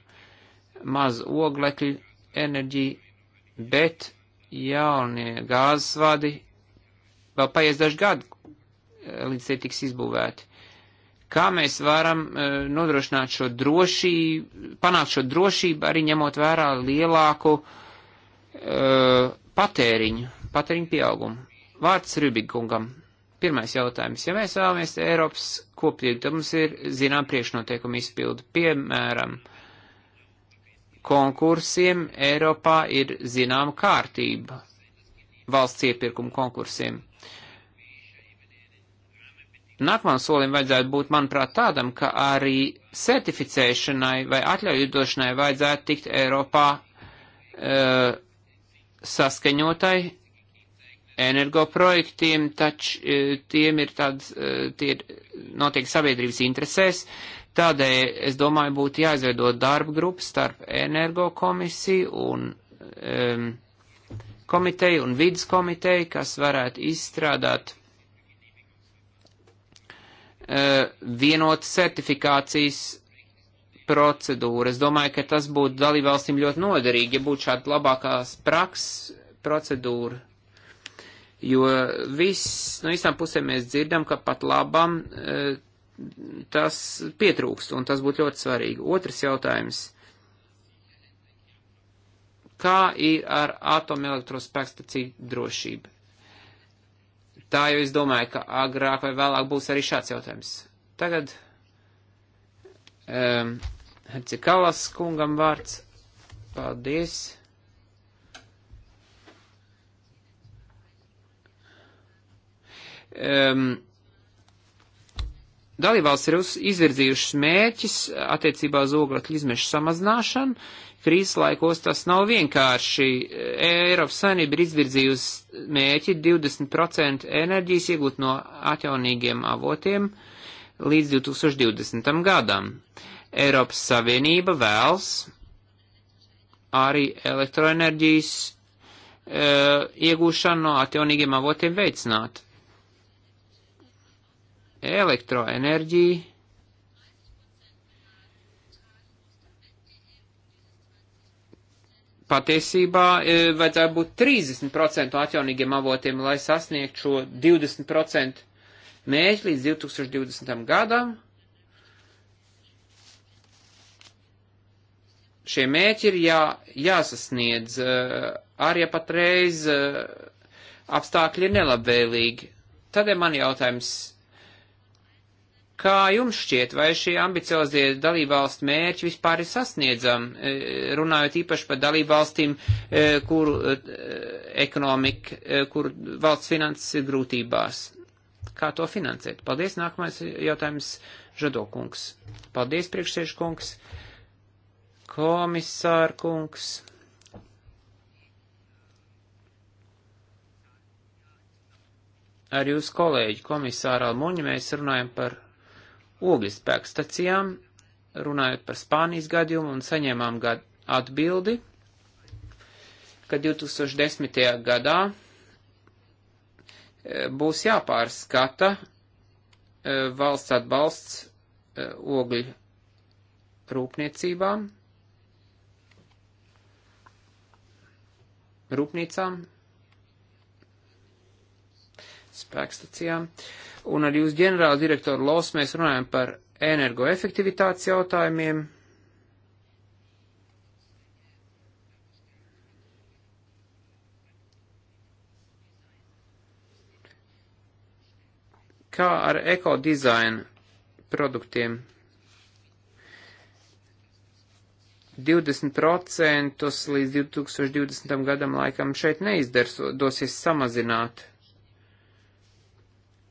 mazu oglekļu enerģiju, bet jaunie gāzes vadi vēl paies daži gadi, eh, līdz tie tiks izbūvēti. Kā mēs varam e, nodrošināt šo drošību, panākt šo drošību arī ņemot vērā lielāku uh, patēriņu, patēriņu pieaugumu? Vārds Rubikungam. Pirmais jautājums. Ja mēs vēlamies Eiropas koptīgu, tad mums ir zinām priekšnoteikumu izpildu. Piemēram, konkursiem Eiropā ir zinām kārtība valsts iepirkuma konkursiem. Nākamam solim vajadzētu būt, manuprāt, tādam, ka arī certificēšanai vai atļaujudošanai vajadzētu tikt Eiropā e, saskaņotai energoprojektiem, taču e, tiem ir tāds, e, tie ir noteikti sabiedrības interesēs. Tādēļ, es domāju, būtu jāizveido darba grupa starp energo komisiju un e, komiteju un vidas komiteju, kas varētu izstrādāt Eh, vienotu certifikācijas procedūru. Es domāju, ka tas būtu dalībvalstīm ļoti noderīgi, ja būtu šāda labākās prakses procedūra. Jo viss, no visām pusēm mēs dzirdam, ka pat labam eh, tas pietrūkst, un tas būtu ļoti svarīgi. Otrs jautājums. Kā ir ar atomelektrospēkstacību drošību? Tā jau es domāju, ka agrāk vai vēlāk būs arī šāds jautājums. Tagad um, ehm, Hercikalas kungam vārds. Paldies. Um, dalībvalsts ir uz, izvirzījušas mērķis attiecībā uz oglekļa izmešu samazināšanu, Krīzes laikos tas nav vienkārši. Eiropas saimnība ir izvirzījusi mēķi 20% enerģijas iegūt no atjaunīgiem avotiem līdz 2020. gadam. Eiropas Savienība vēls arī elektroenerģijas e, iegūšanu no atjaunīgiem avotiem veicināt. Elektroenerģija patiesībā e, vajadzētu būt 30% atjaunīgiem avotiem, lai sasniegtu šo 20% mērķi līdz 2020. gadam. Šie mērķi ir jā, jāsasniedz, e, arī ja patreiz e, apstākļi ir nelabvēlīgi. Tādēļ man jautājums, Kā jums šķiet, vai šie ambiciozie dalībvalstu mērķi vispār ir sasniedzami, e, runājot īpaši par dalībvalstīm, e, kuru e, ekonomika, kur valsts finanses ir grūtībās? Kā to finansēt? Paldies, nākamais jautājums, Žadokungs. Paldies, priekšsēžkungs, komisārkungs. Ar jūsu kolēģi komisāru Almuņu mēs runājam par ogļu spēku stacijām, runājot par Spānijas gadījumu, un saņēmām gad atbildi, ka 2010. gadā e, būs jāpārskata e, valsts atbalsts e, ogļu rūpniecībām, rūpnīcām, spēkstacijām. Un arī uz ģenerāla direktoru Los mēs runājam par energoefektivitātes jautājumiem. Kā ar ekodizainu produktiem 20% līdz 2020. gadam laikam šeit neizdosies samazināt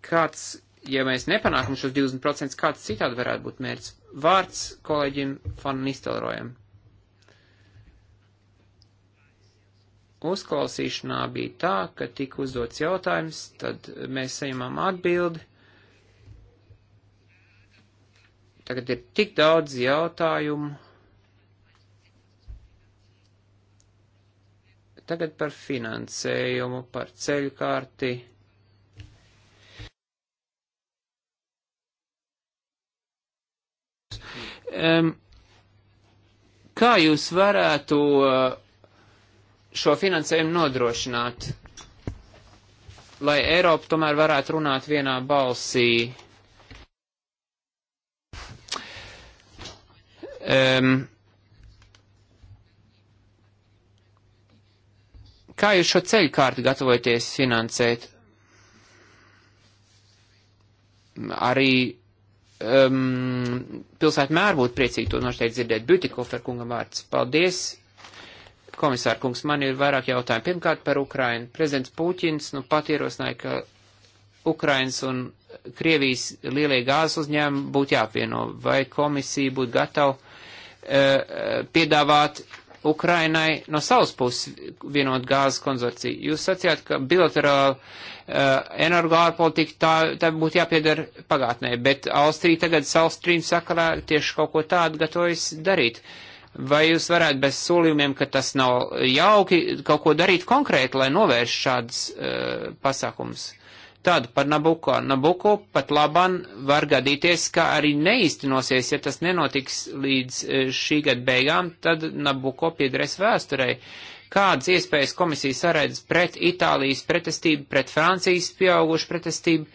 kāds, ja mēs nepanākam šos 20%, kāds citādi varētu būt mērķis? Vārds kolēģim Fan Nistelrojam. Uzklausīšanā bija tā, ka tika uzdots jautājums, tad mēs saņemam atbildi. Tagad ir tik daudz jautājumu. Tagad par finansējumu, par ceļkārti. karti Um, kā jūs varētu eh, šo finansējumu nodrošināt, lai Eiropa tomēr varētu runāt vienā balsī? Um, kā jūs šo ceļkārti gatavojaties finansēt? Arī um, pilsētu mēru būtu priecīgi to noteikti dzirdēt. Bütikofer kungam vārds. Paldies, komisār kungs. Man ir vairāk jautājumu. Pirmkārt par Ukrainu. Prezidents Pūķins nu pat ierosināja, ka Ukrainas un Krievijas lielie gāzes uzņēmumi būtu jāapvieno. Vai komisija būtu gatava uh, piedāvāt Ukrainai no savas puses vienot gāzes konzorciju. Jūs sacījāt, ka bilaterāla uh, energoārpolitika tā, tā būtu jāpiedara pagātnē, bet Austrija tagad South Stream sakarā tieši kaut ko tādu gatavojas darīt. Vai jūs varētu bez solījumiem, ka tas nav jauki, kaut ko darīt konkrēti, lai novērš šādas uh, pasākumus? Tad par Nabuko. Nabuko pat laban var gadīties, ka arī neiztenosies, ja tas nenotiks līdz e, šī gada beigām, tad Nabuko piedarēs vēsturei. Kādas iespējas komisija saredz pret Itālijas pretestību, pret Francijas pieaugušu pretestību?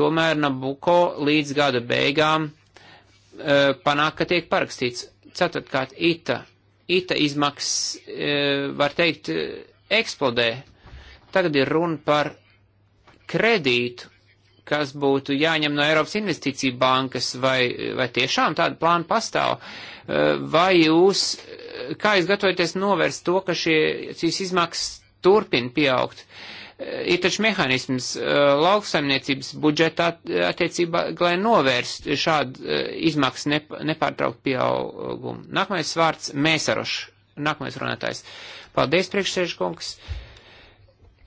Tomēr Nabuko līdz gada beigām e, panāk, ka tiek parakstīts. Ceturtkārt, ITA. ITA izmaksas, e, var teikt, e, eksplodē. Tagad ir runa par kredītu, kas būtu jāņem no Eiropas investīcija bankas, vai, vai tiešām tāda plāna pastāv, eh, vai jūs, kā jūs gatavojaties novērst to, ka šie, šīs izmaksas turpina pieaugt? Eh, ir taču mehānisms eh, lauksaimniecības budžetā attiecībā, lai novērst šādu izmaksu nep nepārtraukt pieaugumu. Nākamais vārds Mēsarošs, nākamais runātājs. Paldies, priekšsēžkungs. kungs.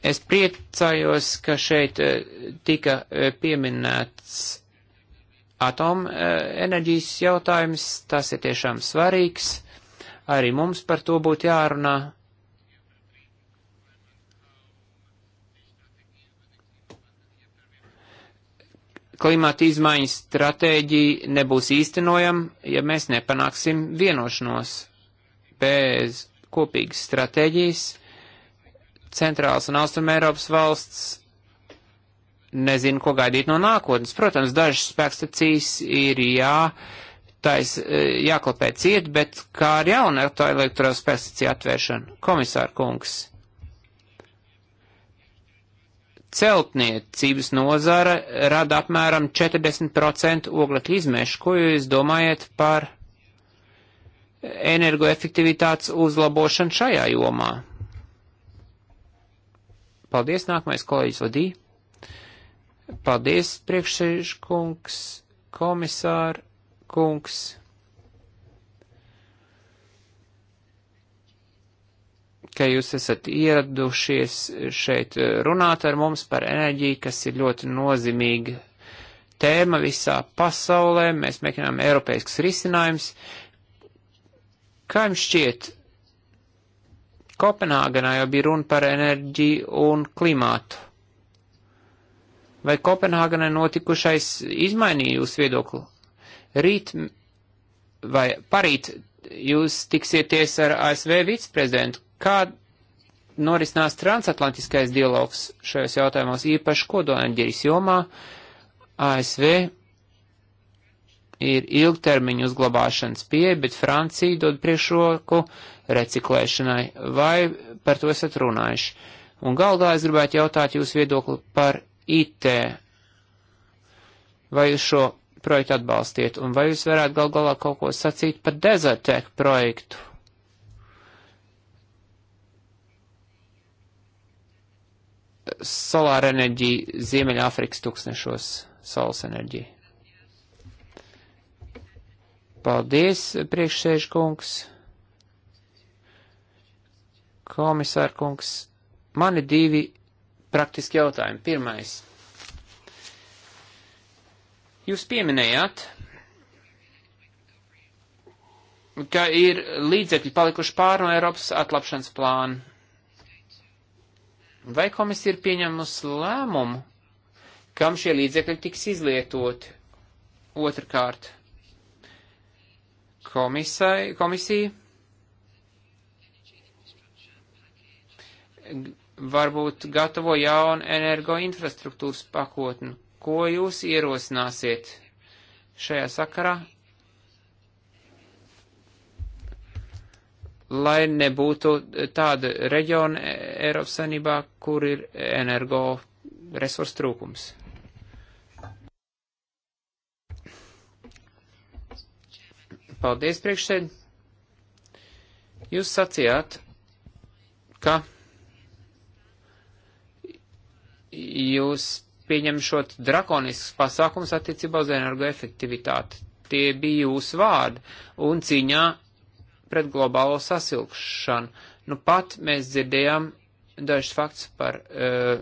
Es priecājos, ka šeit eh, tika eh, pieminēts atomenerģijas eh, jautājums, tas ir tiešām svarīgs, arī mums par to būtu jārunā. Klimata izmaiņas stratēģija nebūs īstenojama, ja mēs nepanāksim vienošanos bez kopīgas stratēģijas centrāls un austrum Eiropas valsts nezina, ko gaidīt no nākotnes. Protams, dažas spēkstacijas ir jā, tais, e, jāklapē ciet, bet kā ar jaunu elektrospēkstaciju atvēršanu? Komisār kungs. Celtniecības nozara rada apmēram 40% oglekļa izmešu. Ko jūs domājat par energoefektivitātes uzlabošanu šajā jomā? Paldies, nākamais kolēģis Vadī. Paldies, priekšsēžkungs, komisār kungs. ka jūs esat ieradušies šeit runāt ar mums par enerģiju, kas ir ļoti nozīmīga tēma visā pasaulē. Mēs meklējam eiropeisks risinājums. Kā jums šķiet, Kopenhāgenā jau bija runa par enerģiju un klimātu. Vai Kopenhāgenai notikušais izmainīja jūsu viedokli? Rīt vai parīt jūs tiksieties ar ASV viceprezidentu. Kā norisinās transatlantiskais dialogs šajos jautājumos, īpaši kodolenerģijas jomā ASV ir ilgtermiņa uzglabāšanas pieeja, bet Francija dod priekšroku reciklēšanai. Vai par to esat runājuši? Un galdā es gribētu jautāt jūs viedokli par IT. Vai jūs šo projektu atbalstiet? Un vai jūs varētu gal galā kaut ko sacīt par Desertec projektu? Solāra enerģija Ziemeļāfrikas tūkstnešos, saules enerģija. Paldies, priekšsēžkungs. Komisārkungs, man ir divi praktiski jautājumi. Pirmais. Jūs pieminējāt, ka ir līdzekļi palikuši pār no Eiropas atlapšanas plāna. Vai komisija ir pieņemusi lēmumu, kam šie līdzekļi tiks izlietoti? Otrakārt komisai, komisija varbūt gatavo jaunu energoinfrastruktūras pakotni. Ko jūs ierosināsiet šajā sakarā? Lai nebūtu tāda reģiona Eiropas Sanībā, kur ir energo resursu trūkums. Paldies, priekšsēd. Jūs sacījāt, ka jūs pieņemšot drakonisks pasākums attiecībā uz energoefektivitāti. Tie bija jūsu vārdi un cīņā pret globālo sasilkšanu. Nu pat mēs dzirdējām dažs fakts par uh,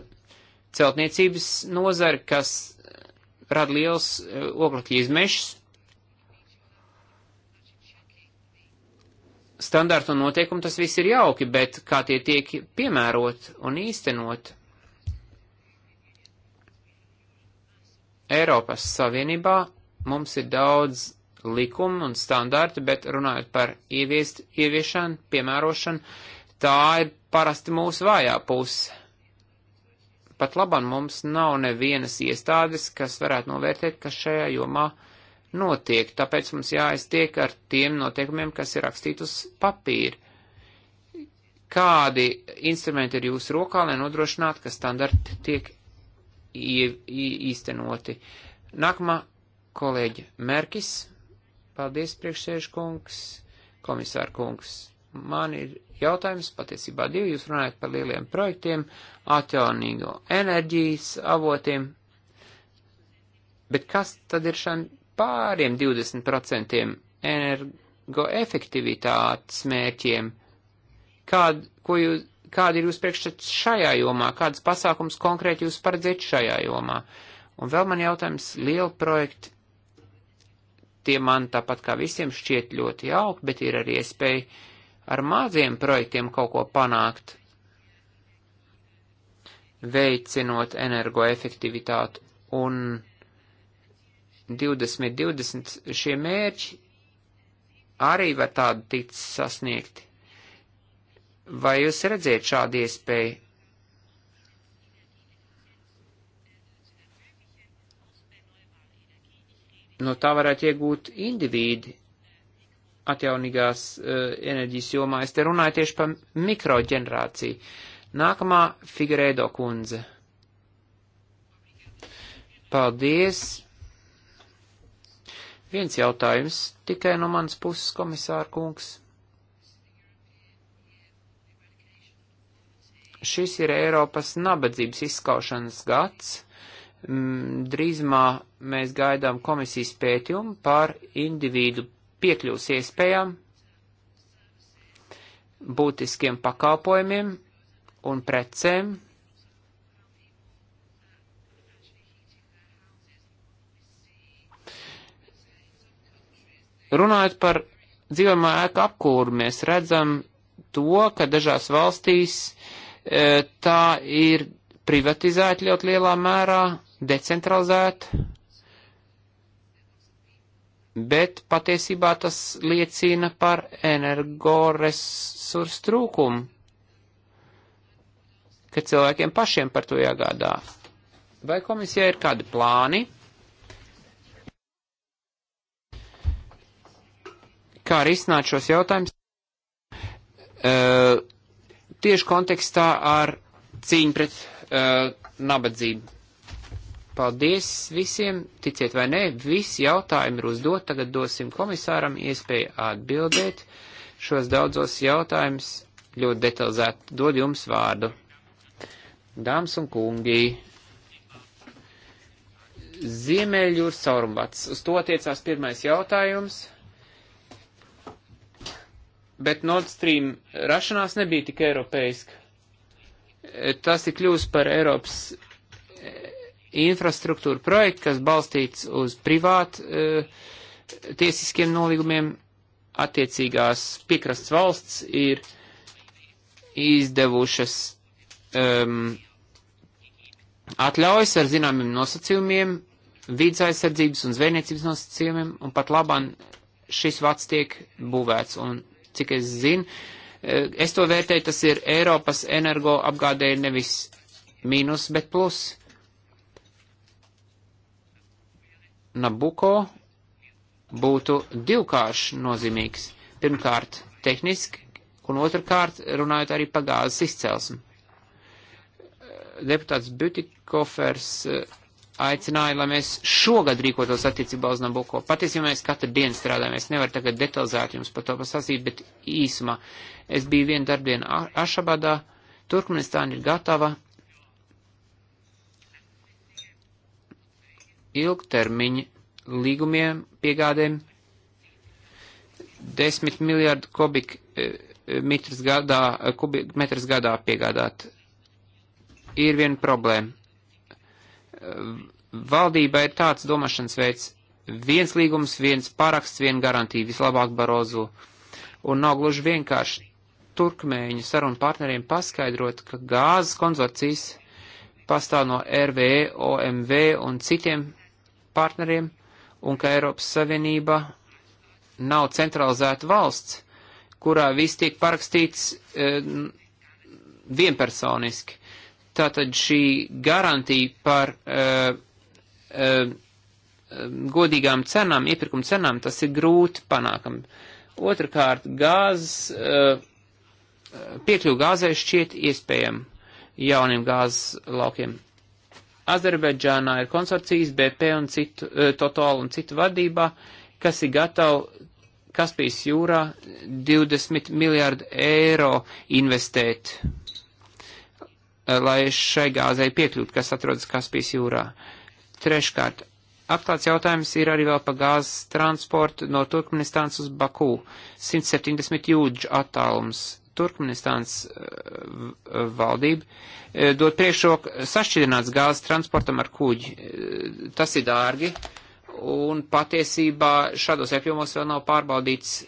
celtniecības nozari, kas rada liels uh, oglekļa izmešus, standārtu un noteikumu tas viss ir jauki, bet kā tie tiek piemērot un īstenot Eiropas Savienībā, mums ir daudz likumu un standārtu, bet runājot par ieviest, ieviešanu, piemērošanu, tā ir parasti mūsu vājā puse. Pat labam mums nav nevienas iestādes, kas varētu novērtēt, ka šajā jomā uh, notiek, tāpēc mums jāaiztiek ar tiem noteikumiem, kas ir rakstīti uz papīra. Kādi instrumenti ir jūsu rokā, lai nodrošinātu, ka standarti tiek īstenoti? Nākamā kolēģa Merkis, paldies priekšsēžu kungs, komisāra kungs. Man ir jautājums, patiesībā divi, jūs runājat par lieliem projektiem, atjaunīgo enerģijas avotiem, bet kas tad ir šajā pāriem 20% energoefektivitātes mērķiem, kād, ko jūs, kāda ir jūsu priekšstats šajā jomā, kādas pasākums konkrēti jūs paredzēt šajā jomā. Un vēl man jautājums, liela projekta, tie man tāpat kā visiem šķiet ļoti jauki, bet ir arī iespēja ar maziem projektiem kaut ko panākt, veicinot energoefektivitātu un 2020 šie mērķi arī var tādu tikt sasniegti. Vai jūs redzēt šādu iespēju? No tā varētu iegūt indivīdi atjaunīgās uh, enerģijas jomā. Es te runāju tieši par mikroģenerāciju. Nākamā Figuredo kundze. Paldies! Viens jautājums tikai no manas puses, komisāra kungs. Šis ir Eiropas nabadzības izskaušanas gads. Mm, drīzumā mēs gaidām komisijas pētījumu par individu piekļūs iespējām, būtiskiem pakalpojumiem un precēm, Runājot par dzīvojamā ēka apkūru, mēs redzam to, ka dažās valstīs e, tā ir privatizēta ļoti lielā mērā, decentralizēta, bet patiesībā tas liecina par energoresursu trūkumu, ka cilvēkiem pašiem par to jāgādā. Vai komisijai ir kādi plāni? kā risināt šos jautājumus uh, tieši kontekstā ar cīņu pret uh, nabadzību. Paldies visiem, ticiet vai nē, visi jautājumi ir uzdot, tagad dosim komisāram iespēju atbildēt šos daudzos jautājumus ļoti detalizēti. Dod jums vārdu. Dāmas un kungi, Ziemeļjūras caurumbats. Uz to tiecās pirmais jautājums bet Nord Stream rašanās nebija tik eiropeiska. E, tas ir kļūst par Eiropas e, infrastruktūra projektu, kas balstīts uz privātu e, tiesiskiem nolīgumiem. Attiecīgās piekrasts valsts ir izdevušas um, e, atļaujas ar zināmiem nosacījumiem, vidas aizsardzības un zvejniecības nosacījumiem, un pat labāk šis vats tiek būvēts un cik es zinu. Eh, es to vērtēju, tas ir Eiropas energo apgādēji nevis mīnus, bet plus. Nabuko būtu divkārši nozīmīgs. Pirmkārt, tehniski, un otrkārt, runājot arī par gāzes izcelsmi. Eh, deputāts Butikofers eh, aicināja, lai mēs šogad rīkotos attiecībā uz Nabuko. Patiesībā mēs katru dienu strādājam, es nevaru tagad detalizēt jums par to pasāstīt, bet īsumā es biju vienu darbdienu Ašabadā, Turkmenistāna ir gatava ilgtermiņa līgumiem piegādēm 10 miljardu kubik e, e, metrs gadā, kubik metrs gadā piegādāt. Ir viena problēma valdībai ir tāds domāšanas veids - viens līgums, viens paraksts, viena garantija, vislabāk Barozu. Un nav gluži vienkārši turkmēņu sarunu partneriem paskaidrot, ka gāzes konzorcijas pastāv no RVE, OMV un citiem partneriem, un ka Eiropas Savienība nav centralizēta valsts, kurā viss tiek parakstīts e, vienpersoniski. Tātad šī garantija par uh, uh, godīgām cenām, iepirkuma cenām, tas ir grūti panākam. Otrakārt, gāzes, uh, piekļuvu gāzē šķiet iespējama jauniem gāzes laukiem. Azerbaidžānā ir konsorcijas BP un citu, Total un citu vadībā, kas ir gatavi Kaspijas jūrā 20 miljārdu eiro investēt Eh, lai šai gāzei piekļūtu, kas atrodas Kaspijas jūrā. Treškārt, atklāts jautājums ir arī vēl par gāzes transportu no Turkmenistāns uz Baku. 170 jūdžu attālums. Turkmenistāns eh, valdība eh, dod priekšroku sašķidrināts gāzes transportam ar kuģi. Tas ir dārgi, un patiesībā šādos apjomos vēl nav pārbaudīts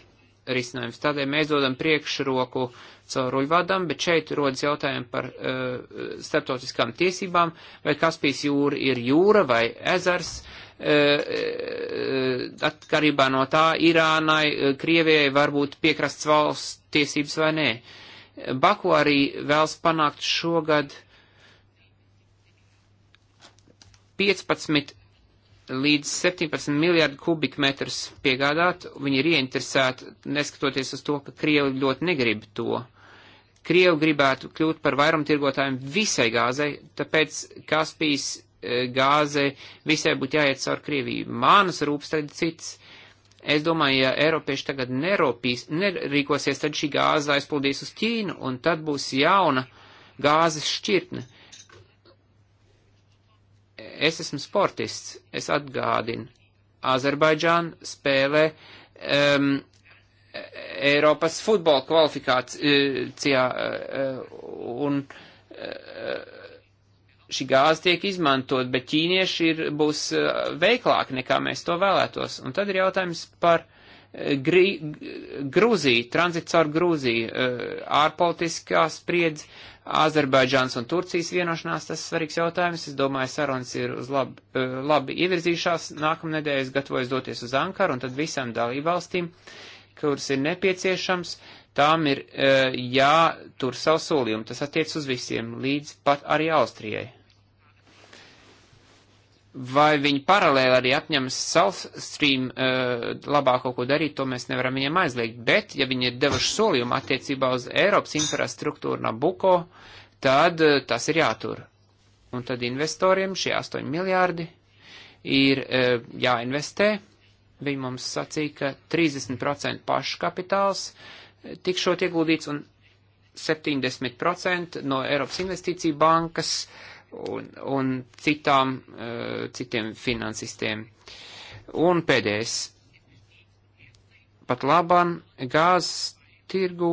risinājums. Tādēļ mēs dodam priekšroku cauruļvadam, bet šeit rodas jautājumi par uh, starptautiskām tiesībām, vai Kaspijas jūra ir jūra vai ezers. Uh, atkarībā no tā Irānai, Krievijai varbūt piekrasts valsts tiesības vai nē. Baku arī vēlas panākt šogad 15 līdz 17 miljārdu kubikmetrus piegādāt, viņi ir ieinteresēti, neskatoties uz to, ka Krievi ļoti negrib to. Krievi gribētu kļūt par vairumtirgotājiem visai gāzei, tāpēc Kaspijas eh, gāze visai būtu jāiet caur Krieviju. Mānas rūpes tagad cits. Es domāju, ja Eiropieši tagad neropīs, nerīkosies, tad šī gāze aizpildīs uz Ķīnu, un tad būs jauna gāzes šķirtne. Uh, Es esmu sportists, es atgādinu. Azerbaidžāna spēlē um, Eiropas futbola kvalifikācijā uh, un uh, šī gāze tiek izmantot, bet ķīnieši ir, būs uh, veiklāki nekā mēs to vēlētos. Un tad ir jautājums par Grī, Grūziju, tranzits caur Grūziju, ārpolitiskā spriedze, Azerbaidžāns un Turcijas vienošanās, tas svarīgs jautājums. Es domāju, sarunas ir uz labi, eh, labi ievirzījušās. Nākamnedēļ es gatavojos doties uz Ankaru un tad visām dalībvalstīm, kuras ir nepieciešams, tām ir eh, jātur savu solījumu. Tas attiec uz visiem, līdz pat arī Austrijai vai viņi paralēli arī atņems South Stream uh, eh, labāk kaut ko darīt, to mēs nevaram viņiem aizliegt. Bet, ja viņi ir devuši solījumu attiecībā uz Eiropas infrastruktūru Nabuko, tad uh, tas ir jātur. Un tad investoriem šie 8 miljārdi ir uh, jāinvestē. Viņi mums sacīja, ka 30% pašu kapitāls tikšot ieguldīts un 70% no Eiropas investīcija bankas uh, un, un citām, e, citiem finansistiem. Un pēdējais. Pat labam gāzes tirgu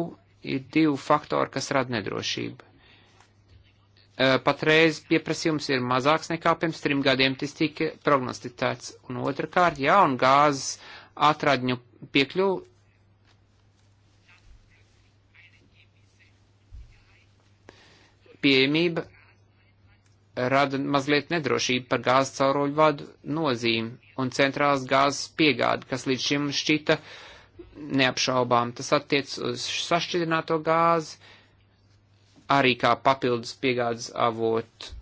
ir divi faktori, kas rada nedrošību. E, patreiz pieprasījums ir mazāks nekā pirms trim gadiem tas tika prognosticēts. Un otrkārt, jaun gāzes atradņu piekļuvu pieejamība rada mazliet nedrošību par gāzes cauruļu vadu nozīmi un centrālas gāzes piegādi, kas līdz šim šķita neapšaubām. Tas attiec uz sašķidrināto gāzi, arī kā papildus piegādes avotu.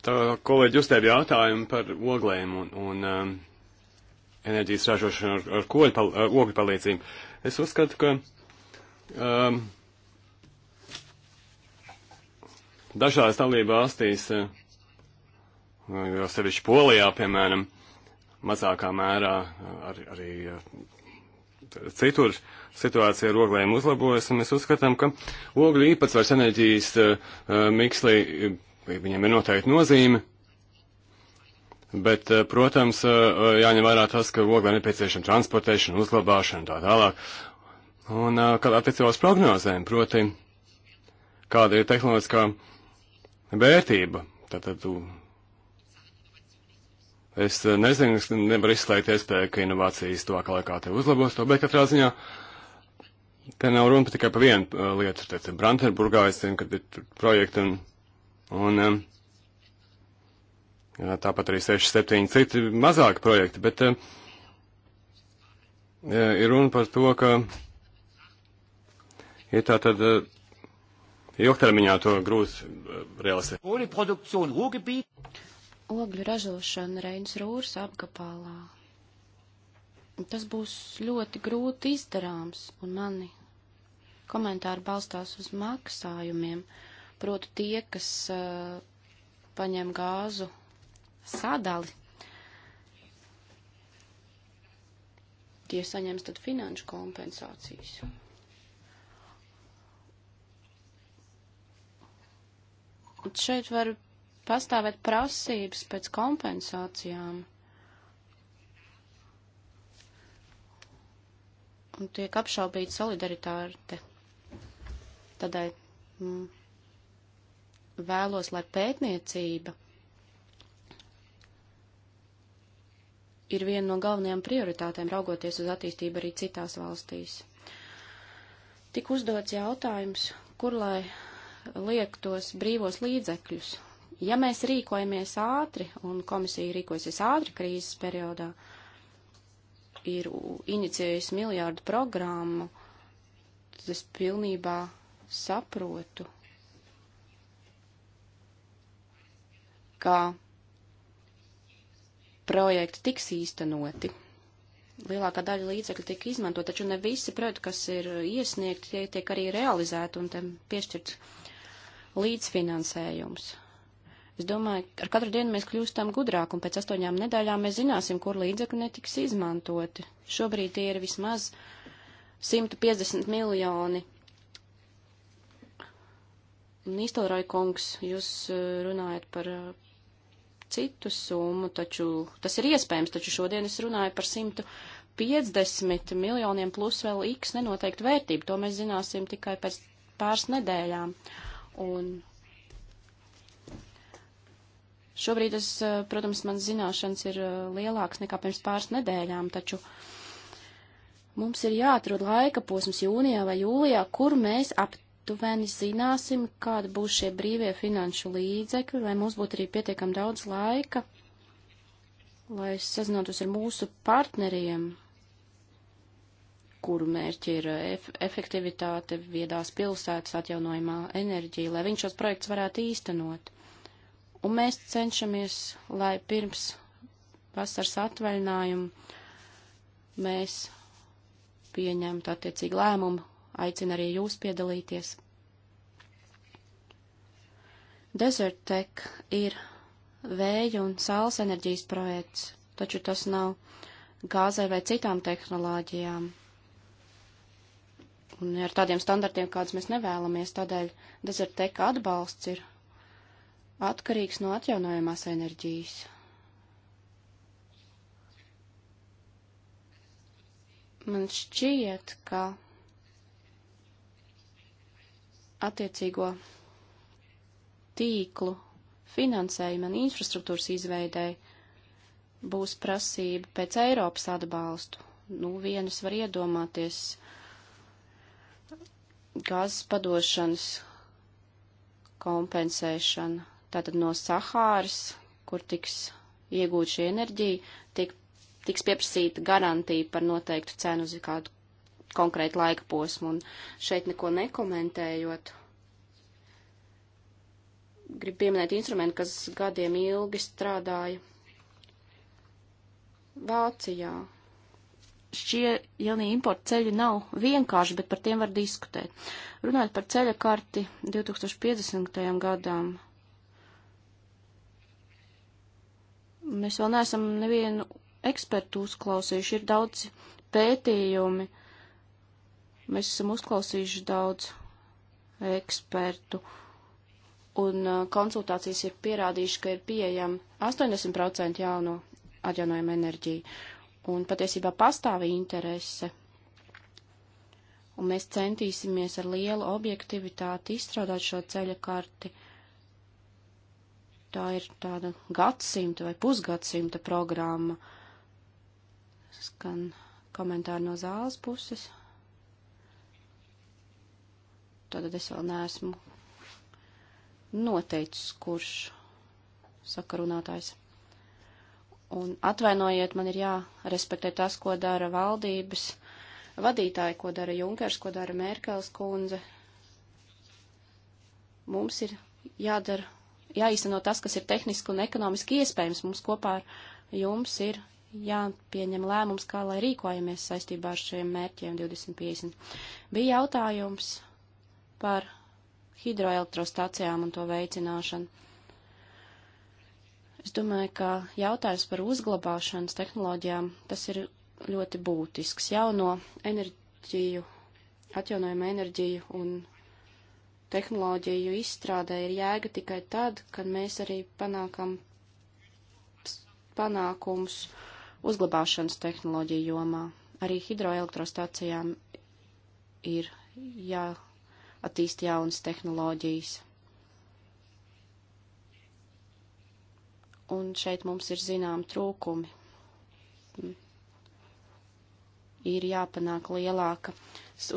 Tā kolēģi uztev jautājumu par oglēm un, un um, enerģijas ražošanu ar, ar koļu pal, ogļu palīdzību. Es uzskatu, ka um, Dažās dalība valstīs, eh, jo sevišķi Polijā, piemēram, mazākā mērā eh, ar, arī eh, citur situācija ar oglēm uzlabojas, un mēs uzskatām, ka ogļu īpatsvars enerģijas mikslī, viņam ir noteikti nozīme, Bet, protams, jāņem vērā tas, ka oglē nepieciešama transportēšana, uzglabāšana un tā tālāk. Un, kad attiecībā uz prognozēm, proti, kāda ir tehnoloģiskā vērtība. Tātad es nezinu, es nevaru izslēgt iespēju, ka inovācijas tuvākā laikā te uzlabos to, bet katrā ziņā te nav runa tikai par vienu uh, lietu. Te ir Brandenburgā, es zinu, ka ir projekti un, un um, jā, tāpat arī 6-7 citi mazāki projekti, bet um, jā, ir runa par to, ka ir tā tad. Uh, ilgtermiņā to grūti eh, realizēt. Ogļu ražošana Reinas Rūras apgabalā. Tas būs ļoti grūti izdarāms, un mani komentāri balstās uz maksājumiem. Proti tie, kas uh, paņem gāzu sadali, tie saņems tad finanšu kompensācijas. šeit var pastāvēt prasības pēc kompensācijām. Un tiek apšaubīta solidaritāte. Tādēļ mm, vēlos, lai pētniecība ir viena no galvenajām prioritātēm raugoties uz attīstību arī citās valstīs. Tik uzdots jautājums, kur lai liektos brīvos līdzekļus. Ja mēs rīkojamies ātri, un komisija rīkojasies ātri krīzes periodā, ir inicijējusi miljārdu programmu, tad es pilnībā saprotu, ka projekti tiks īstenoti. Lielākā daļa līdzekļu tiek izmantot, taču ne visi projekti, kas ir iesniegti, tie tiek arī realizēti un tam piešķirts līdzfinansējums. Es domāju, ar katru dienu mēs kļūstam gudrāk, un pēc astoņām nedēļām mēs zināsim, kur līdzekļi netiks izmantoti. Šobrīd tie ir vismaz 150 miljoni. Nīstelroj kungs, jūs eh, runājat par eh, citu summu, taču tas ir iespējams, taču šodien es runāju par 150 miljoniem plus vēl x nenoteiktu vērtību. To mēs zināsim tikai pēc pāris nedēļām. Uh, Un šobrīd es, eh, protams, man zināšanas ir eh, lielākas nekā pirms pāris nedēļām, taču mums ir jāatrod laika posms jūnijā vai jūlijā, kur mēs aptuveni zināsim, kāda būs šie brīvie finanšu līdzekļi, lai mums būtu arī pietiekam daudz laika, lai sazinātos ar mūsu partneriem kuru mērķi ir eh, ef efektivitāte, viedās pilsētas, atjaunojumā enerģija, lai viņš šos projekts varētu īstenot. Un mēs cenšamies, lai pirms vasaras atvaļinājumu mēs pieņemtu attiecīgi lēmumu, aicinu arī jūs piedalīties. Desert Tech ir vēja un saules enerģijas projekts, taču tas nav gāzai vai citām tehnoloģijām un ar tādiem standartiem, kādus mēs nevēlamies. Tādēļ dezerteka atbalsts ir atkarīgs no atjaunojamās enerģijas. Man šķiet, ka attiecīgo tīklu finansējuma un infrastruktūras izveidēji būs prasība pēc Eiropas atbalstu. Nu, vienus var iedomāties gāzes padošanas kompensēšana. Tātad no Sahāras, kur tiks iegūt šī enerģija, tiek, tiks pieprasīta garantija par noteiktu cenu uz kādu konkrētu laika posmu. Un šeit neko nekomentējot, gribu pieminēt instrumentu, kas gadiem ilgi strādāja Vācijā šie jaunie importa ceļi nav vienkārši, bet par tiem var diskutēt. Runājot par ceļa karti 2050. gadām, mēs vēl neesam nevienu ekspertu uzklausījuši, ir daudz pētījumi, mēs esam uzklausījuši daudz ekspertu, un uh, konsultācijas ir pierādījuši, ka ir pieejama 80% jauno atjaunojumu enerģiju un patiesībā pastāv interese. Un mēs centīsimies ar lielu objektivitāti izstrādāt šo ceļa karti. Tā ir tāda gadsimta vai pusgadsimta programma. Skan komentāri no zāles puses. Tātad es vēl neesmu noteicis, kurš sakarunātājs. Un atvainojiet, man ir jārespektē tas, ko dara valdības vadītāji, ko dara Junkers, ko dara Merkels kundze. Mums ir jādara, jāīsteno tas, kas ir tehniski un ekonomiski iespējams. Mums kopā ar jums ir jāpieņem lēmums, kā lai rīkojamies saistībā ar šiem mērķiem 2050. Bija jautājums par hidroelektrostacijām un to veicināšanu. Es domāju, ka jautājums par uzglabāšanas tehnoloģijām tas ir ļoti būtisks. Jauno enerģiju, atjaunojumu enerģiju un tehnoloģiju izstrādē ir jēga tikai tad, kad mēs arī panākam panākums uzglabāšanas tehnoloģiju jomā. Arī hidroelektrostācijām ir jāattīst jaunas tehnoloģijas. un šeit mums ir zinām trūkumi. Ir jāpanāk lielāka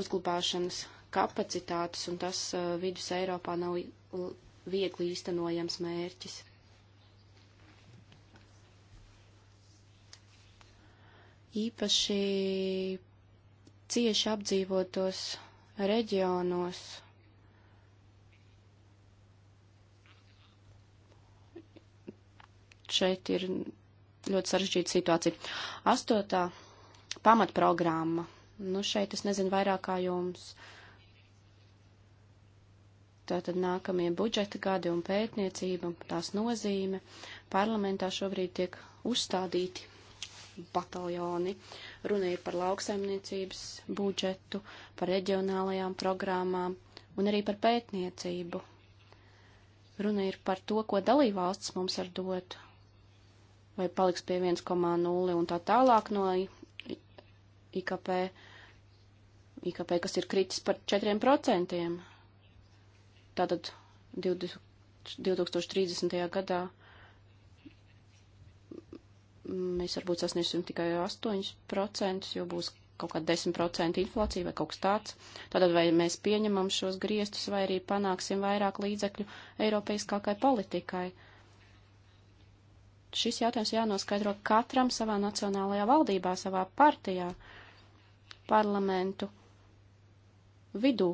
uzglabāšanas kapacitātes, un tas vidus Eiropā nav viegli īstenojams mērķis. Īpaši cieši apdzīvotos reģionos šeit ir ļoti sarežģīta situācija. Astotā pamatprogramma. Nu, šeit es nezinu vairāk kā jums. Tātad nākamie budžeta gadi un pētniecība, tās nozīme. Parlamentā šobrīd tiek uzstādīti bataljoni. Runa ir par lauksaimniecības budžetu, par reģionālajām programmām un arī par pētniecību. Runa ir par to, ko dalībvalsts mums var dot vai paliks pie 1,0 un tā tālāk no IKP, IKP, kas ir kritis par 4%. Tātad 2030. gadā mēs varbūt sasniegsim tikai 8%, jo būs kaut kāda 10% inflācija vai kaut kas tāds. Tātad vai mēs pieņemam šos griestus vai arī panāksim vairāk līdzekļu Eiropeiskākai politikai. Uh, šis jautājums jānoskaidro katram savā nacionālajā valdībā, savā partijā, parlamentu vidū.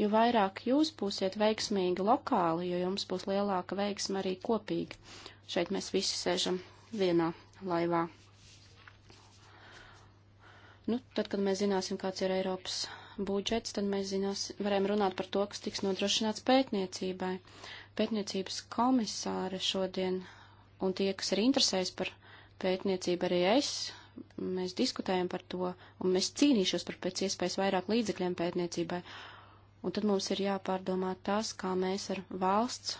Jo vairāk jūs būsiet veiksmīgi lokāli, jo jums būs lielāka veiksma arī kopīgi. Šeit mēs visi sēžam vienā laivā. Nu, tad, kad mēs zināsim, kāds ir Eiropas budžets, tad mēs zinās, varējām runāt par to, kas tiks nodrošināts pētniecībai. Pētniecības komisāre šodien un tie, kas ir interesēs par pētniecību, arī es, mēs diskutējam par to, un mēs cīnīšos par pēc iespējas vairāk līdzekļiem pētniecībai. Un tad mums ir jāpārdomā tas, kā mēs ar valsts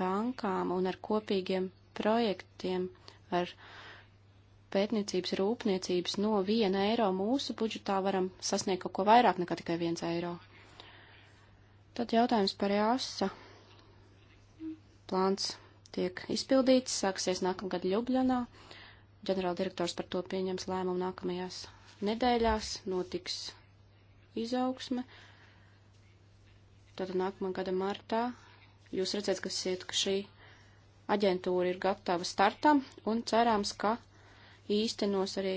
bankām un ar kopīgiem projektiem, ar pētniecības rūpniecības no viena eiro mūsu budžetā varam sasniegt kaut ko vairāk nekā tikai viens eiro. Tad jautājums par jāsa plāns tiek izpildīts, sāksies nākamgad Ljubljanā. Ģenerāldirektors par to pieņems lēmumu nākamajās nedēļās, notiks izaugsme. Tātad nākamā gada martā jūs redzēt, ka, siet, ka šī aģentūra ir gatava startam un cerams, ka īstenos arī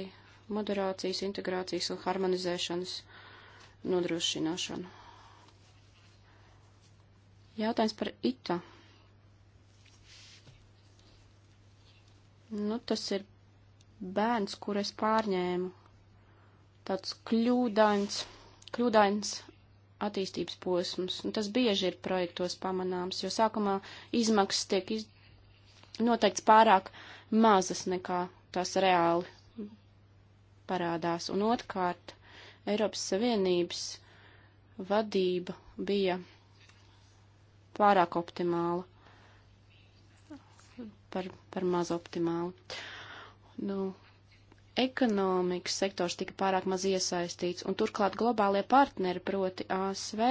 moderācijas, integrācijas un harmonizēšanas nodrošināšanu. Jautājums par ITA Nu, tas ir bērns, kur es pārņēmu. Tāds kļūdains, kļūdains attīstības posms. Un nu, tas bieži ir projektos pamanāms, jo sākumā izmaksas tiek iz... noteikts pārāk mazas nekā tās reāli parādās. Un otrkārt, Eiropas Savienības vadība bija pārāk optimāla par, par maz optimālu. Nu, ekonomikas sektors tika pārāk maz iesaistīts, un turklāt globālie partneri, proti ASV,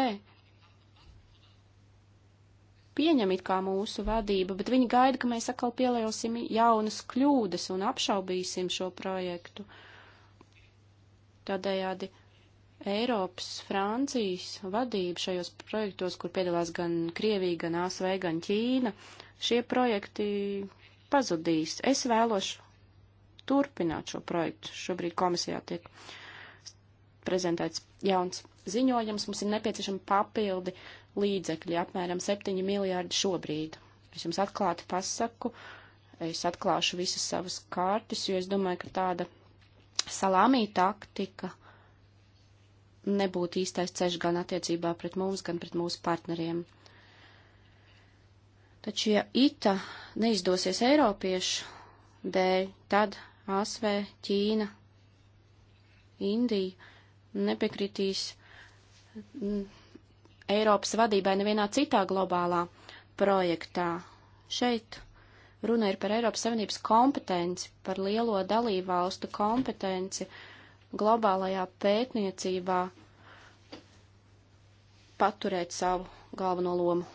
pieņem it kā mūsu vadību, bet viņi gaida, ka mēs atkal pielielosim jaunas kļūdas un apšaubīsim šo projektu. Tādējādi Eiropas, Francijas vadība šajos projektos, kur piedalās gan Krievija, gan ASV, gan Ķīna, šie projekti pazudīs. Es vēlos turpināt šo projektu. Šobrīd komisijā tiek prezentēts jauns ziņojums. Mums ir nepieciešama papildi līdzekļi, apmēram 7 miljārdi šobrīd. Es jums atklāti pasaku, es atklāšu visas savas kārtas, jo es domāju, ka tāda salāmī taktika nebūtu īstais ceļš gan attiecībā pret mums, gan pret mūsu partneriem. Taču, ja ITA neizdosies Eiropiešu dēļ, tad ASV, Ķīna, Indija nepiekritīs mm, Eiropas vadībai nevienā citā globālā projektā. Šeit runa ir par Eiropas Savienības kompetenci, par lielo dalībvalstu kompetenci globālajā pētniecībā paturēt savu galveno lomu.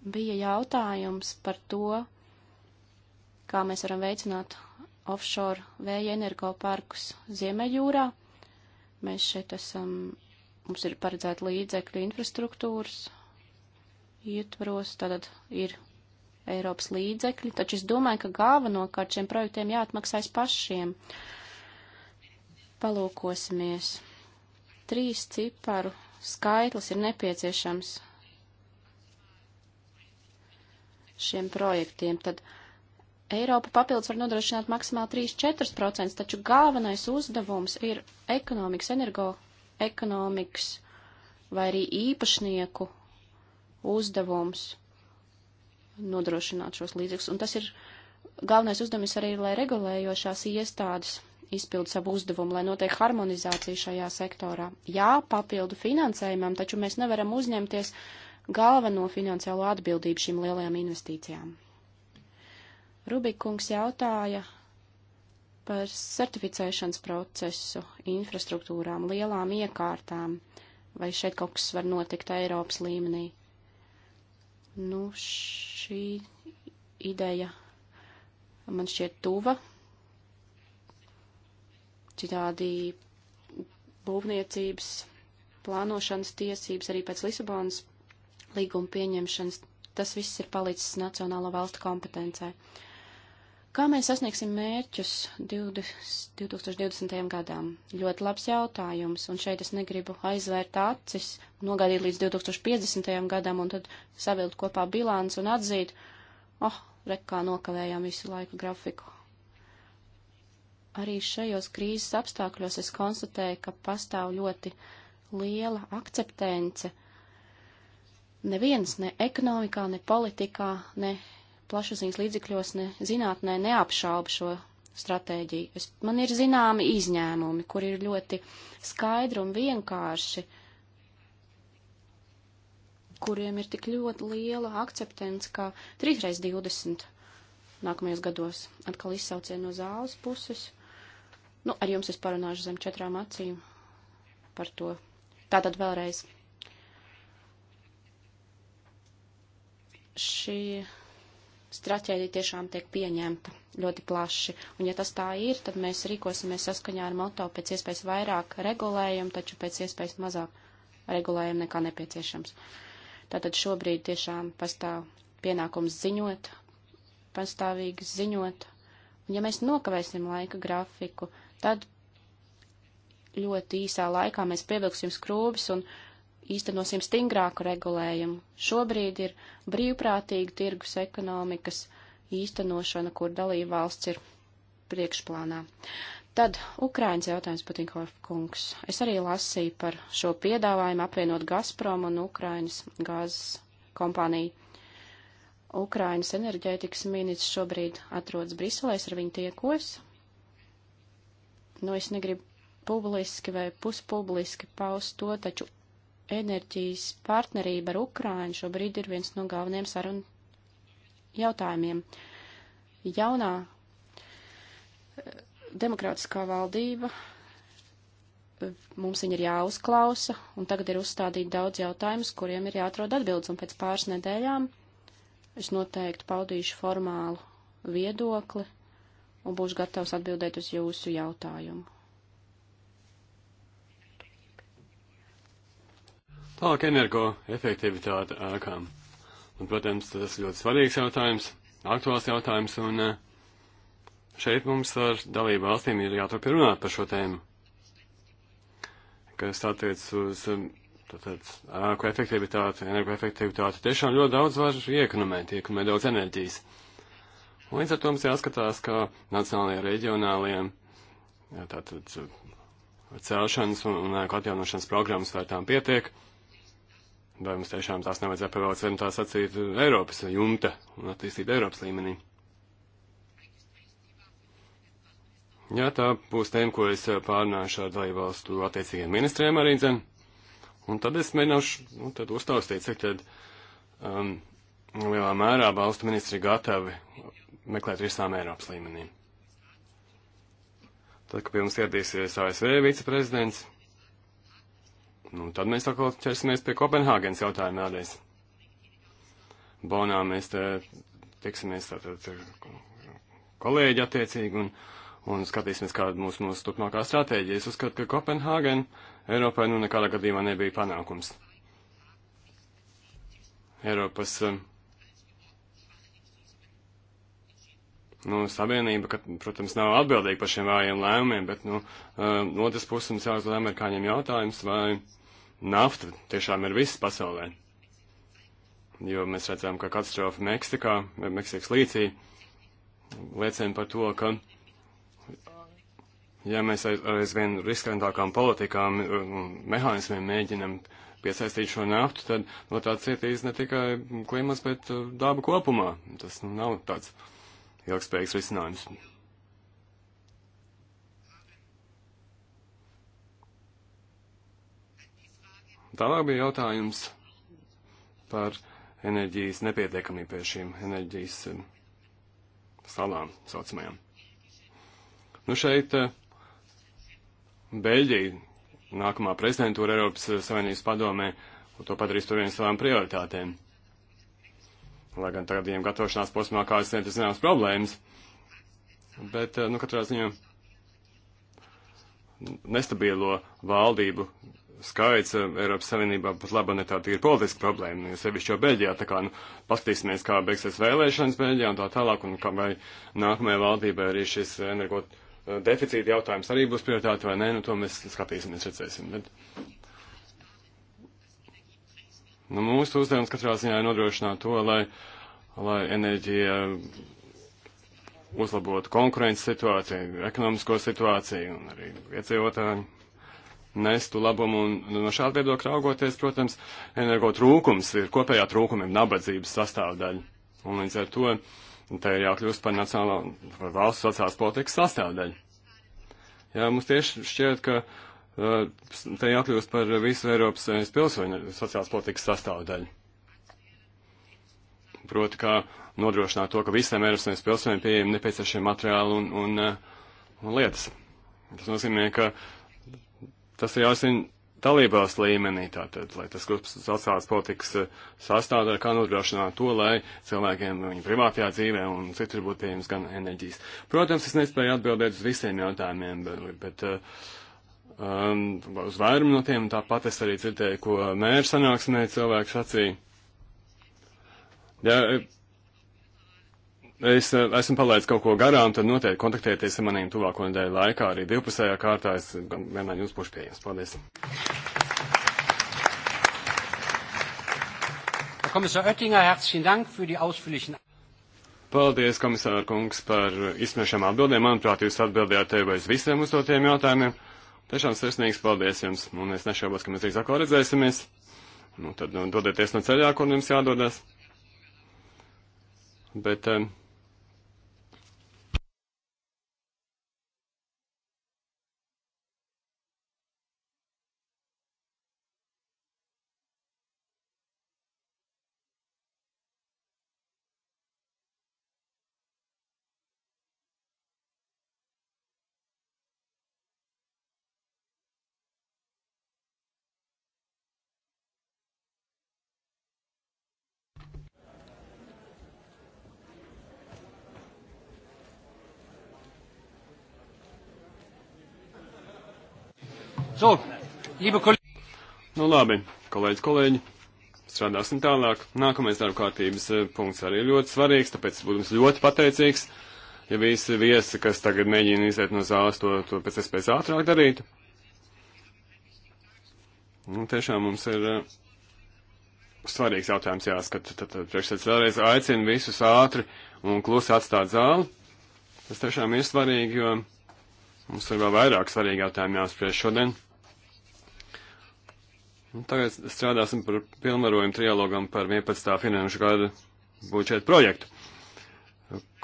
bija jautājums par to, kā mēs varam veicināt offshore vēja energoparkus Ziemeļjūrā. Mēs šeit esam, mums ir paredzēta līdzekļu infrastruktūras ietvaros, tātad ir Eiropas līdzekļi, taču es domāju, ka galvenokārt šiem projektiem jāatmaksājas pašiem. Palūkosimies. Trīs ciparu skaitlis ir nepieciešams šiem projektiem, tad Eiropa papildus var nodrošināt maksimāli 3-4%, taču galvenais uzdevums ir ekonomikas, energoekonomikas vai arī īpašnieku uzdevums nodrošināt šos līdzekļus. Un tas ir galvenais uzdevums arī, lai regulējošās iestādes izpildu savu uzdevumu, lai notiek harmonizācija šajā sektorā. Jā, papildu finansējumam, taču mēs nevaram uzņemties uh, galveno finansiālo atbildību šīm lielajām investīcijām. Rubikungs jautāja par certificēšanas procesu, infrastruktūrām, lielām iekārtām, vai šeit kaut kas var notikt Eiropas līmenī. Nu, šī ideja man šķiet tuva. Citādi būvniecības plānošanas tiesības arī pēc Lisabonas līguma pieņemšanas, tas viss ir palicis nacionālo valstu kompetencē. Kā mēs sasniegsim mērķus 20, 2020. gadām? Ļoti labs jautājums, un šeit es negribu aizvērt acis, nogaidīt līdz 2050. gadam un tad savilkt kopā bilāns un atzīt, oh, rek kā nokavējām visu laiku grafiku. Arī šajos krīzes apstākļos es konstatēju, ka pastāv ļoti liela akceptence uh, Neviens ne ekonomikā, ne politikā, ne plašsaziņas līdzekļos, ne zinātnē neapšauba šo stratēģiju. Es, man ir zināmi izņēmumi, kur ir ļoti skaidri un vienkārši, kuriem ir tik ļoti liela akceptance, kā 3x20 nākamajos gados atkal izsaucien no zāles puses. Nu, ar jums es parunāšu zem četrām acīm par to. Tātad vēlreiz šī stratēģija tiešām tiek pieņemta ļoti plaši. Un ja tas tā ir, tad mēs rīkosimies saskaņā ar moto pēc iespējas vairāk regulējumu, taču pēc iespējas mazāk regulējumu nekā nepieciešams. Tātad šobrīd tiešām pastāv pienākums ziņot, pastāvīgi ziņot. Un ja mēs nokavēsim laika grafiku, tad ļoti īsā laikā mēs pievilksim skrūbis un uh, īstenosim stingrāku regulējumu. Šobrīd ir brīvprātīga tirgus ekonomikas īstenošana, kur dalība valsts ir priekšplānā. Tad Ukrainas jautājums Patinkof kungs. Es arī lasīju par šo piedāvājumu apvienot Gazprom un Ukrainas gāzes kompāniju. Ukrainas enerģētikas ministrs šobrīd atrodas Briselē, es ar viņu tiekos. Nu, es negribu publiski vai puspubliski paust to, taču enerģijas partnerība ar Ukrainu šobrīd ir viens no galvenajiem sarunu jautājumiem. Jaunā eh, demokrātiskā valdība, eh, mums viņa ir jāuzklausa, un tagad ir uzstādīti daudz jautājumus, kuriem ir jāatrod atbildes, un pēc pāris nedēļām es noteikti paudīšu formālu viedokli un būšu gatavs atbildēt uz jūsu jautājumu. Tālāk energoefektivitāte ēkām. Un, protams, tas ir ļoti svarīgs jautājums, aktuāls jautājums, un eh, šeit mums ar dalību valstīm ir jāturpina runāt par šo tēmu, kas attiec uz um, tātad, ēku efektivitāti, energoefektivitāti. Tiešām ļoti daudz var iekonomēt, iekonomēt daudz enerģijas. Un līdz ar to mums jāskatās, kā nacionālajiem reģionāliem tātad, uh, celšanas un, un ēku atjaunošanas programmas vai tām pietiek vai mums tiešām tās nevajadzētu pavēlēt, varam tā sacīt, eh, Eiropas jumta un attīstīt Eiropas līmenī. Jā, tā būs tēma, ko es eh, pārnāšu ar dalībvalstu attiecīgiem ministriem arī dzen. Un tad es mēģināšu, nu, tad uztaustīt, cik tad um, lielā mērā valstu ministri gatavi meklēt visām Eiropas līmenī. Tad, kad pie mums ieradīsies ASV viceprezidents, Nu, tad mēs atkal ķersimies pie Kopenhāgenes jautājuma vēlreiz. Bonā mēs te tiksimies tātad kolēģi attiecīgi un, un skatīsimies, kāda mūsu, mūsu turpmākā stratēģija. Es uzskatu, ka Kopenhāgena Eiropai nu nekādā gadījumā nebija panākums. Eiropas eh, nu, savienība, ka, protams, nav atbildīga par šiem vājiem lēmumiem, bet, nu, eh, no otras puses mums jāuzdod amerikāņiem jautājums, vai nafta tiešām ir viss pasaulē. Jo mēs redzējām, ka katastrofa Meksikā, Meksikas līcī, liecina par to, ka, ja mēs aizvien riskantākām politikām un mehānismiem mēģinam piesaistīt šo naftu, tad no nu, tā cietīs ne tikai klimats, bet uh, daba kopumā. Tas nu, nav tāds ilgspējīgs risinājums. Tālāk bija jautājums par enerģijas nepietiekamību pie šīm enerģijas eh, salām saucamajām. Nu šeit eh, Beļģija nākamā prezidentūra Eiropas eh, Savienības padomē to padarīs par vienu savām prioritātēm. Lai gan tagad viņiem gatavošanās posmā kādas centas zināmas problēmas, bet, nu, katrā ziņā nestabilo valdību skaits eh, Eiropas Savienībā pat laba ne tā ir politiska problēma, jo sevišķi jau Beļģijā, tā kā nu, paskatīsimies, kā beigsies vēlēšanas Beļģijā un tā tālāk, un kā vai nākamajai valdībai arī šis energot eh, deficīta jautājums arī būs prioritāte vai nē, nu to mēs skatīsimies, redzēsim. Bet... Nu, mūsu uzdevums katrā ziņā ir nodrošināt to, lai, lai enerģija uzlabotu konkurences situāciju, ekonomisko situāciju un arī iedzīvotāju nestu labumu. Un no šāda viedokļa raugoties, protams, energo trūkums ir kopējā trūkuma nabadzības sastāvdaļa. Un līdz ar to te ir jākļūst par nacionālo par valsts sociālās politikas sastāvdaļu. Jā, mums tieši šķiet, ka uh, te jākļūst par visu Eiropas Savienības eh, pilsoņu sociālās politikas sastāvdaļu. Proti, kā nodrošināt to, ka visiem Eiropas Savienības pilsoņiem pieejami nepieciešami materiāli un, un, eh, un lietas. Tas nozīmē, ka uh, Tas ir jāzina dalībās līmenī, tātad, lai tas, kas sociālās politikas eh, sastāvdaļa, kā nodrošināt to, lai cilvēkiem viņu privātajā dzīvē un citur būtu pieejams gan enerģijas. Protams, es nespēju atbildēt uz visiem jautājumiem, bet, bet eh, um, uz vairumu no tiem tāpat es arī dzirdēju, ko mērs sanāksmē cilvēks sacīja. Ja, es eh, esmu palaidis kaut ko garām, tad noteikti kontaktēties ar maniem tuvāko nedēļu laikā, arī divpusējā kārtā. Es vienmēr jums būšu pieejams. Paldies! Kommissar Oettinger, herzlichen Dank für die ausführlichen. Paldies, komisāra kungs, par izsmešām atbildēm. Manuprāt, jūs atbildējāt tev uz visiem uzdotiem jautājumiem. Tiešām sirsnīgs paldies jums, un es nešaubos, ka mēs drīzāk redzēsimies. Nu, tad nu, dodieties no ceļā, kur jums jādodas. Bet um, So, liebe kolēģi. Nu labi, kolēģi, kolēģi. Strādāsim tālāk. Nākamais darba kārtības eh, punkts arī ļoti svarīgs, tāpēc būtu jums ļoti pateicīgs, ja visi viesi, kas tagad mēģina iziet no zāles, to, to pēc iespējas ātrāk darītu. Nu, tiešām mums ir uh, svarīgs jautājums jāskata. Tad, tad priekšsēdz vēlreiz aicina visus ātri un klusi atstāt zāli. Tas tiešām ir svarīgi, jo mums ir vēl vairāk svarīgi jautājumi jāspriež šodien. Nu, tagad strādāsim par pilnvarojumu trialogam par 11. finanšu gada budžeta projektu.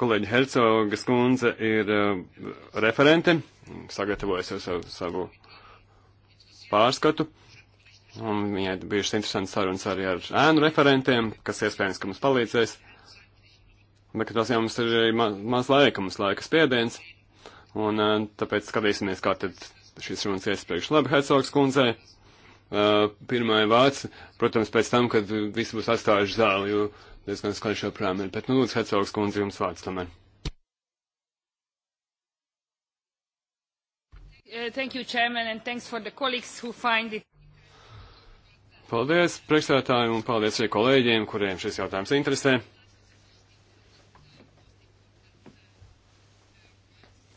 Kolēģi Hercogas kundze ir uh, referente, sagatavojas ar savu, savu pārskatu. Un viņai bijušas interesantas sarunas arī ar ēnu referentiem, kas iespējams, ka mums palīdzēs. Bet, protams, jau mums ir arī ma maz laika, mums laika spiediens. Un uh, tāpēc skatīsimies, kā tad šīs runas iespriekš. Labi, Hercogas kundzei. Uh, pirmā vārds, protams, pēc tam, kad visi būs atstājuši zāli, jo diezgan skaļš joprojām ir. Bet, nu, lūdzu, Hercogs kundze, jums vārds tomēr. Uh, thank you, Chairman, and thanks for the colleagues who find it. Paldies priekšstādātājiem un paldies arī kolēģiem, kuriem šis jautājums interesē.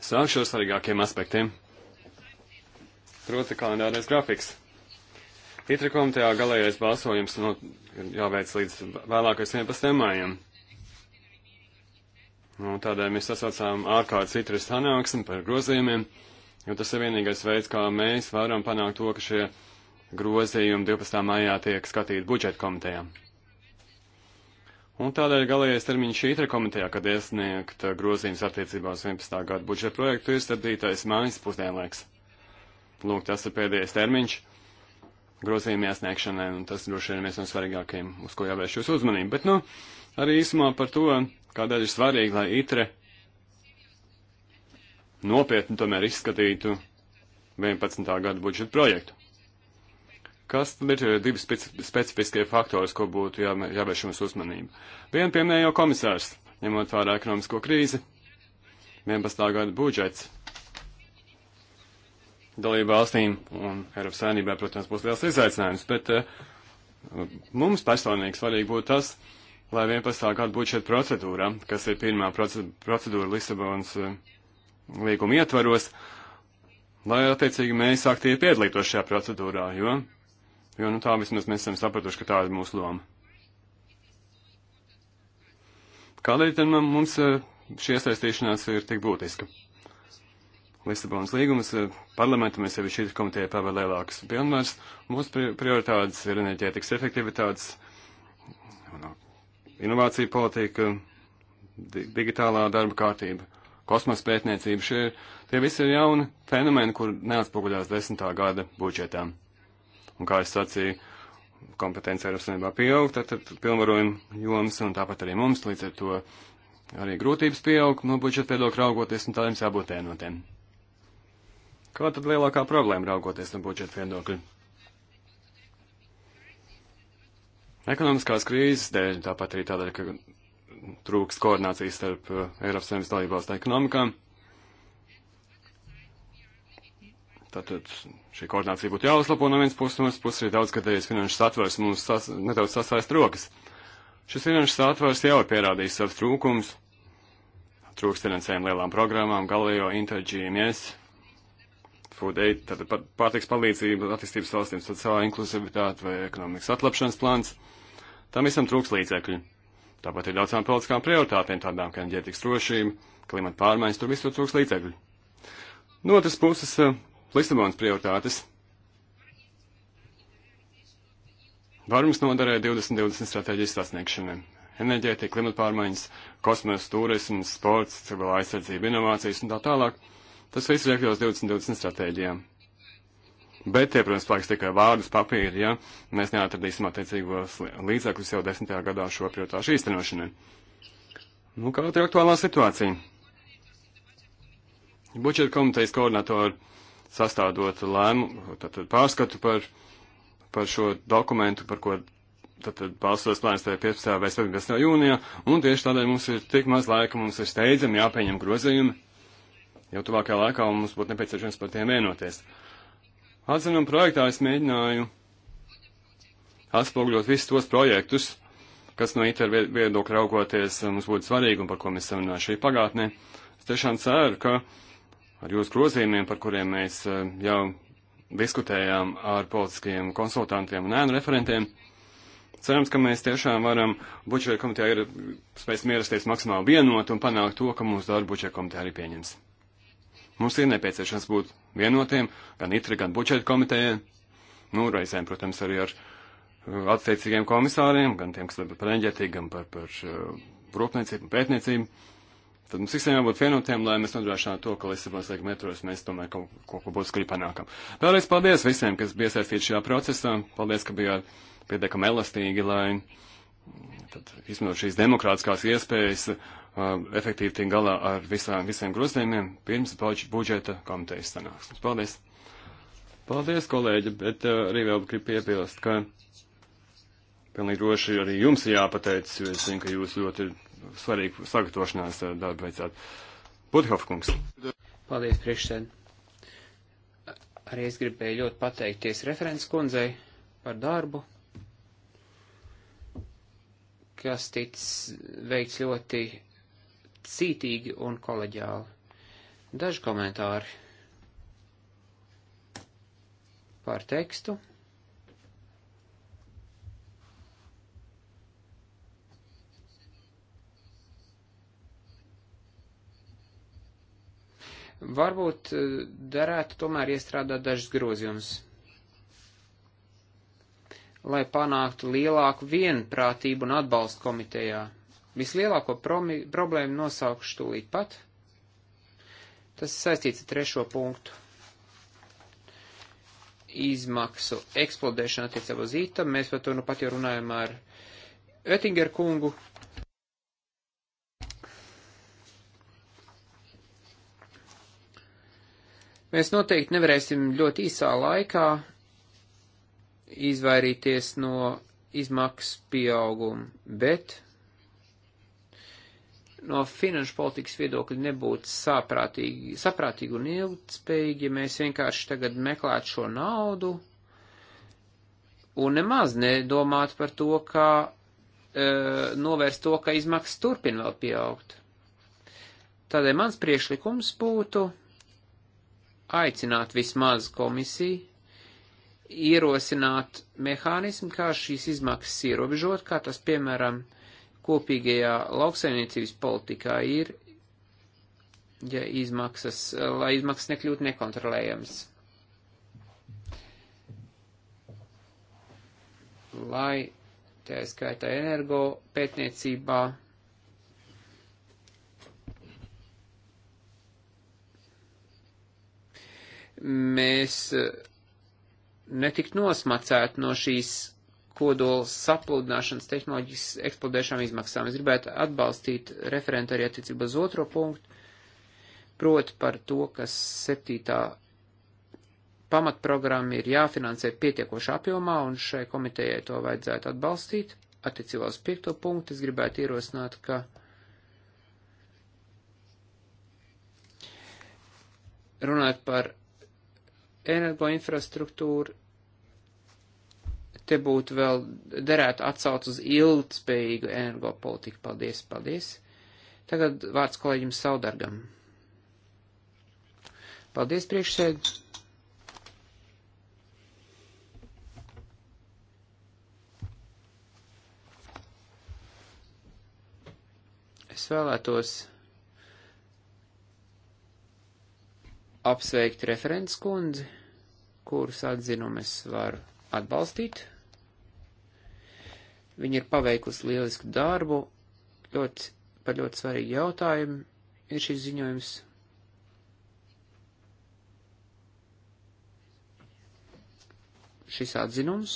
Sākšu ar svarīgākiem aspektiem. Proti, kalendārais grafiks. Itra komitejā galējais balsojums no, nu, jāveic līdz vēlākais 11. maijam. Nu, tādēļ mēs sasaucām ārkārtas itras sanāksmi par grozījumiem, jo tas ir vienīgais veids, kā mēs varam panākt to, ka šie grozījumi 12. maijā tiek skatīti budžeta komitejā. Un tādēļ galējais termiņš itra komitejā, kad iesniegt grozījums attiecībā uz 11. gadu budžeta projektu, ir 7. mājas pusdienlaiks. Lūk, tas ir pēdējais termiņš grozījumu iesniegšanai, un tas droši vien ir viens no svarīgākajiem, uz ko jāvērš jūsu uzmanību. Bet, nu, arī īsumā par to, kādēļ ir svarīgi, lai itre nopietni tomēr izskatītu 11. gada budžeta projektu. Kas tad ir divi speci specifiskie faktori, ko būtu jā, jāvērš jums uzmanība? Vienu pieminēja jau komisārs, ņemot vērā ekonomisko krīzi, 11. gada budžets dalību valstīm un Eiropas saimnībā, protams, būs liels izaicinājums, bet uh, mums personīgi svarīgi būtu tas, lai 11. gadu būtu šeit procedūra, kas ir pirmā procedūra Lisabonas uh, līguma ietvaros, lai attiecīgi mēs aktīvi piedalītos šajā procedūrā, jo, jo nu, tā vismaz mēs esam sapratuši, ka tāda ir mūsu loma. Kādēļ tad mums eh, šī iesaistīšanās ir tik būtiska? Lisabonas līgumas eh, parlamentam, es sevi šīs komiteja pavēl lielākas pilnvars. Mūsu prioritātes ir enerģētikas efektivitātes, uh, inovācija politika, digitālā darba kārtība, kosmosa pētniecība. Šie tie visi ir jauni fenomeni, kur neatspoguļās desmitā gada budžetā. Un kā es sacīju, kompetence Eiropas Savienībā pieaug, tad, tad pilnvarojuma jomas un tāpat arī mums līdz ar to arī grūtības pieaug no budžeta viedokļa raugoties, un tādiem jābūt vienotiem. No Kā tad lielākā problēma raugoties no budžeta viedokļa? Ekonomiskās krīzes dēļ, tāpat arī tādēļ, ka trūkst koordinācijas starp uh, Eiropas Savienības dalībvalstu ekonomikām. Tātad šī koordinācija būtu jāuzlabo no vienas puses, no otras puses ir daudzgadējis finanšu satvers mums sas, nedaudz sasaist rokas. Šis finanšu satvers jau ir pierādījis savus trūkums, trūkst finansējumu lielām programmām, galējo interģīmies, food aid, tātad pārtiks palīdzība attīstības valstīm, sociālā inklusivitāte vai ekonomikas atlapšanas plāns. Tam visam trūks līdzekļu. Tāpat ir daudzām politiskām prioritātēm, tādām kā enerģētikas drošība, klimata pārmaiņas, tur visur trūks līdzekļu. No otras puses, eh, Lisabonas prioritātes. Varums noderē 2020 stratēģijas sasniegšanai. Enerģētika, klimata pārmaiņas, kosmos, turisms, sports, civila aizsardzība, inovācijas un tā tālāk. Tas viss ir iekļauts 2020 stratēģijā. Bet tie, protams, paliks tikai vārdus papīri, ja mēs neatradīsim attiecīgos līdzekļus jau desmitajā gadā šo prioritāšu īstenošanai. Nu, kā ir aktuālā situācija? Budžeta komitejas koordinatori sastādot lēmu, tātad pārskatu par, par šo dokumentu, par ko tātad balsos plāns tajā 15. vai 17. jūnijā, un tieši tādēļ mums ir tik maz laika, mums ir steidzami jāpieņem grozījumi jau tuvākajā laikā mums būtu nepieciešams par tiem vienoties. Atzinumu projektā es mēģināju atspoguļot visus tos projektus, kas no ITER viedokļa raugoties eh, mums būtu svarīgi un par ko mēs sarunājuši arī pagātnē. Es tiešām ceru, ka ar jūsu grozījumiem, par kuriem mēs eh, jau diskutējām ar politiskajiem konsultantiem un ēnu referentiem. Cerams, ka mēs tiešām varam bučē komitejā ir spēsim ierasties maksimāli vienot un panākt to, ka mūsu darbu bučē komiteja arī pieņems. Mums ir nepieciešams būt vienotiem, gan itri, gan budžeta komitejai, nu, reizēm, protams, arī ar uh, attiecīgiem komisāriem, gan tiem, kas par enerģētiku, gan par, par uh, rūpniecību un pētniecību. Tad mums visiem jābūt vienotiem, lai mēs nodrošinātu to, ka Lisabonas līguma metros mēs tomēr kaut, kaut ko būtiski panākam. Vēlreiz paldies visiem, kas bija iesaistīti šajā procesā. Paldies, ka bijāt pietiekami elastīgi, lai izmantot šīs demokrātiskās iespējas Um, efektīvi tiek galā ar visām, visiem grozījumiem pirms budžeta komitejas sanāksmes. Paldies! Paldies, kolēģi, bet uh, arī vēl gribu piebilst, ka pilnīgi droši arī jums ir jāpateic, jo es zinu, ka jūs ļoti svarīgu sagatavošanās uh, darbu veicāt. Budhof kungs. Paldies, priekšsēd. Arī es gribēju ļoti pateikties referents kundzei par darbu, kas tic veikts ļoti cītīgi un koleģiāli. Daži komentāri par tekstu. Varbūt eh, darētu tomēr iestrādāt dažus grozījumus, lai panāktu lielāku vienprātību un atbalstu komitejā. Vislielāko promi, problēmu nosaukšu tūlīt pat. Tas saistīts ar trešo punktu. Izmaksu eksplodēšana attiecībā uz ītam. Mēs par to nu pat jau runājam ar Oettinger kungu. Mēs noteikti nevarēsim ļoti īsā laikā izvairīties no izmaksu pieauguma, bet no finanšu politikas viedokļa nebūtu saprātīgi, saprātīgi un ilgtspējīgi, ja mēs vienkārši tagad meklētu šo naudu un nemaz nedomātu par to, kā e, novērst to, ka izmaksas turpina vēl pieaugt. Tādēļ mans priekšlikums būtu aicināt vismaz komisiju ierosināt mehānismu, kā šīs izmaksas ierobežot, kā tas, piemēram, kopīgajā lauksaimniecības politikā ir, ja izmaksas, lai izmaksas nekļūtu nekontrolējams. Lai tā skaitā energo pētniecībā mēs eh, netikt nosmacēt no šīs kodola sapludināšanas tehnoloģijas eksplodēšām izmaksām. Es gribētu atbalstīt referentu arī attiecībā uz otro punktu, proti par to, ka septītā pamatprogramma ir jāfinansē pietiekošā apjomā, un šai komitejai to vajadzētu atbalstīt. Attiecībā uz piekto punktu es gribētu ierosināt, ka runāt par energoinfrastruktūru te būtu vēl derētu atsauc uz ilgspējīgu energopolitiku. Paldies, paldies. Tagad vārds kolēģim Saudargam. Paldies, priekšsēd. Es vēlētos apsveikt referents kundzi, kuras atzinumu es varu atbalstīt. Viņa ir paveikusi lielisku darbu, ļoti, par ļoti svarīgu jautājumu ir šis ziņojums. Šis atzinums.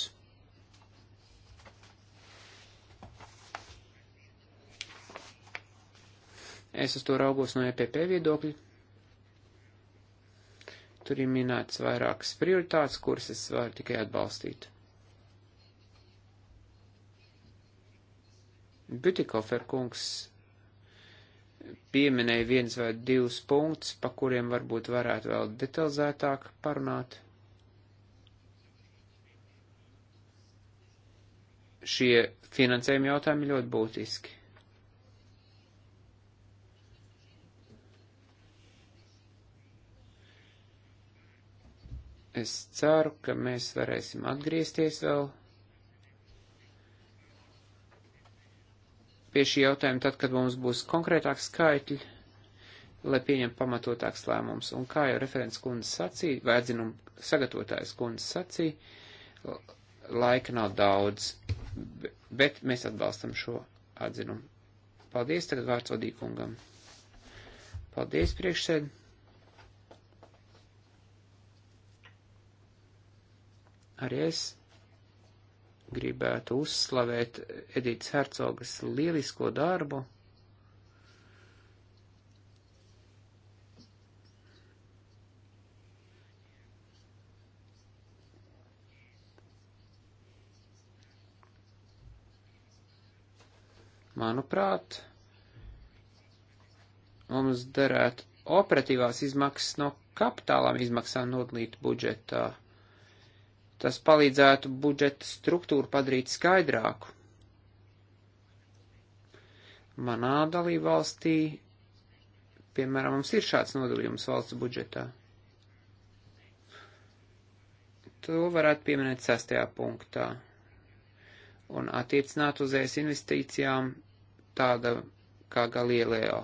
Es uz to raugos no EPP viedokļa. Tur ir minētas vairākas prioritātes, kuras es varu tikai atbalstīt. Bütikofer kungs pieminēja viens vai divus punktus, pa kuriem varbūt varētu vēl detalizētāk parunāt. Šie finansējuma jautājumi ļoti būtiski. Es ceru, ka mēs varēsim atgriezties vēl pie šī jautājuma tad, kad mums būs konkrētāk skaitļi, lai pieņem pamatotāks lēmums. Un kā jau referents kundze sacīja, vai atzinuma sagatavotājs kundze sacīja, laika nav daudz, bet mēs atbalstam šo atzinumu. Paldies, tagad vārds vadīkungam. Paldies, priekšsēd. Arī es gribētu uzslavēt Edītas Hercogas lielisko darbu. Manuprāt, mums derētu operatīvās izmaksas no kapitālām izmaksām nodalīt budžetā. Uh, Tas palīdzētu budžeta struktūru padarīt skaidrāku. Manā dalībvalstī, piemēram, mums ir šāds nodalījums valsts budžetā. To varētu pieminēt sastajā punktā un attiecināt uz ēs investīcijām tāda kā Galileo.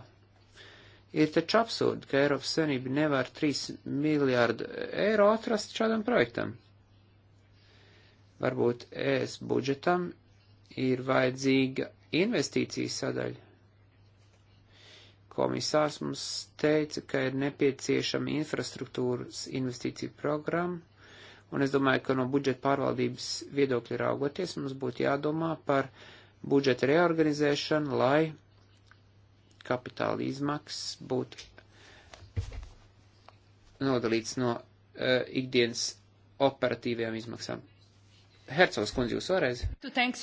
Ir taču absurdi, ka Eiropas Savienība nevar 3 miljārdu eiro atrast šādam projektam. Varbūt ES budžetam ir vajadzīga investīcijas sadaļa. Komisārs mums teica, ka ir nepieciešama infrastruktūras investīcija programma, un es domāju, ka no budžeta pārvaldības viedokļa raugoties mums būtu jādomā par budžeta reorganizēšanu, lai kapitāla izmaksas būtu nodalīts no uh, ikdienas operatīvajām izmaksām. Hercovs kundze, jūs vēlreiz.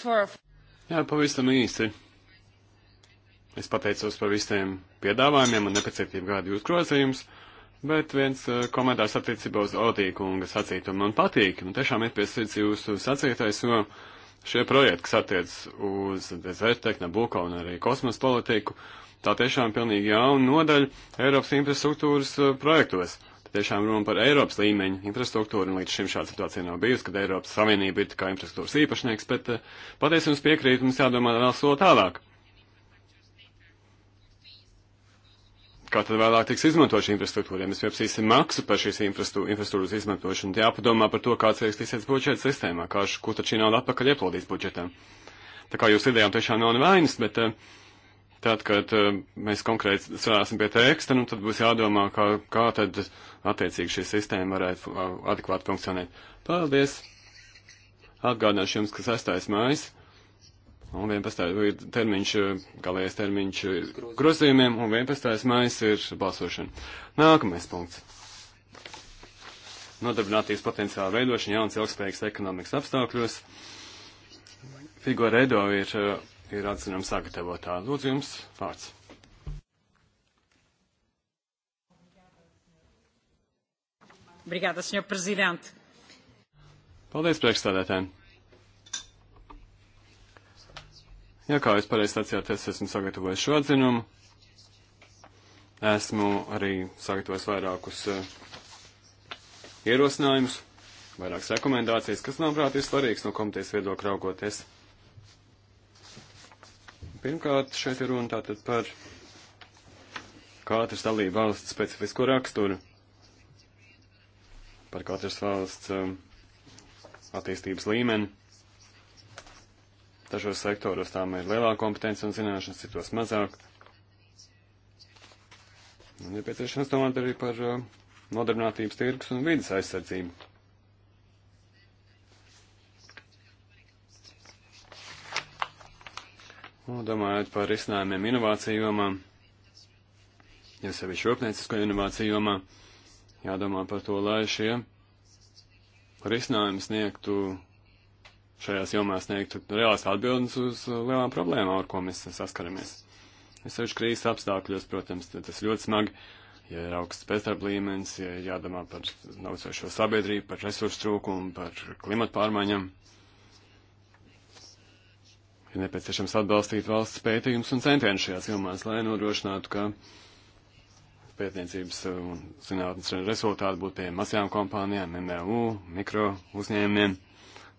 For... Jā, pavisam īsi. Es pateicos par visiem piedāvājumiem un nepacietību gādu jūs grozījums, bet viens eh, komentārs attiecībā uz Odīkunga sacītu man patīk, un tiešām ir piesīts jūsu sacītais, jo šie projekti, kas attiec uz dezertek, Nabuko un arī kosmos politiku, tā tiešām pilnīgi jauna nodaļa Eiropas infrastruktūras eh, projektos. Uh, tiešām runa par Eiropas līmeņu infrastruktūru, un līdz šim šāda situācija nav bijusi, kad Eiropas Savienība ir kā infrastruktūras īpašnieks, bet eh, patiesi jums piekrīt, mums jādomā vēl soli tālāk. Kā tad vēlāk tiks izmantot šī infrastruktūra, ja mēs pieprasīsim maksu par šīs infrastruktūras izmantošanu, tad jāpadomā par to, kāds iekstīsies budžeta sistēmā, kā šo, ko tad šī nauda atpakaļ ieplodīs budžetā. Tā kā jūs idejām tiešām nav nevainas, bet uh, Tad, kad eh, mēs konkrēti strādāsim pie teksta, nu, tad būs jādomā, kā, kā tad attiecīgi šī sistēma varētu adekvāti funkcionēt. Paldies! Atgādināšu jums, ka 6. mājas un 11. ir termiņš, eh, galējais termiņš grozījumiem, un 11. mājas ir balsošana. Nākamais punkts. Nodarbinātības potenciāla veidošana jauns ilgspējīgs ekonomikas apstākļos. Figo Redo ir eh, ir atzinām sagatavotā. Lūdzu, jums vārds. Obrigada, senhor Presidente. Paldies, priekšstādētājiem. Jā, kā jūs pareizi atceraties, esmu sagatavojis šo atzinumu. Esmu arī sagatavojis vairākus uh, ierosinājumus, vairākas rekomendācijas, kas, manuprāt, ir svarīgs no komitejas viedokļa raugoties. Pirmkārt, šeit ir runa tātad par katras dalība valsts specifisko raksturu, par katras valsts um, attīstības līmeni. Dažos sektoros tām ir lielāka kompetence un zināšanas, citos mazāk. Un nepieciešams domāt arī par uh, nodarbinātības tirgus un vidas aizsardzību. Nu, domājot par risinājumiem inovāciju jomā, jau sevišķi rūpniecisko inovāciju jomā, jādomā par to, lai šie risinājumi sniegtu, šajās jomās sniegtu reāls atbildes uz uh, lielām problēmām, ar ko mēs saskaramies. Es sevišķi krīzes apstākļos, protams, tas ļoti smagi ja ir augsts bezdarba līmenis, ja jādomā par naucošo sabiedrību, par resursu trūkumu, par klimatu pārmaiņām ir nepieciešams atbalstīt valsts pētījums un centienus šajās jomās, lai nodrošinātu, ka pētniecības uh, un zinātnes rezultāti būtu pie mazajām kompānijām, MVU, mikro uzņēmumiem,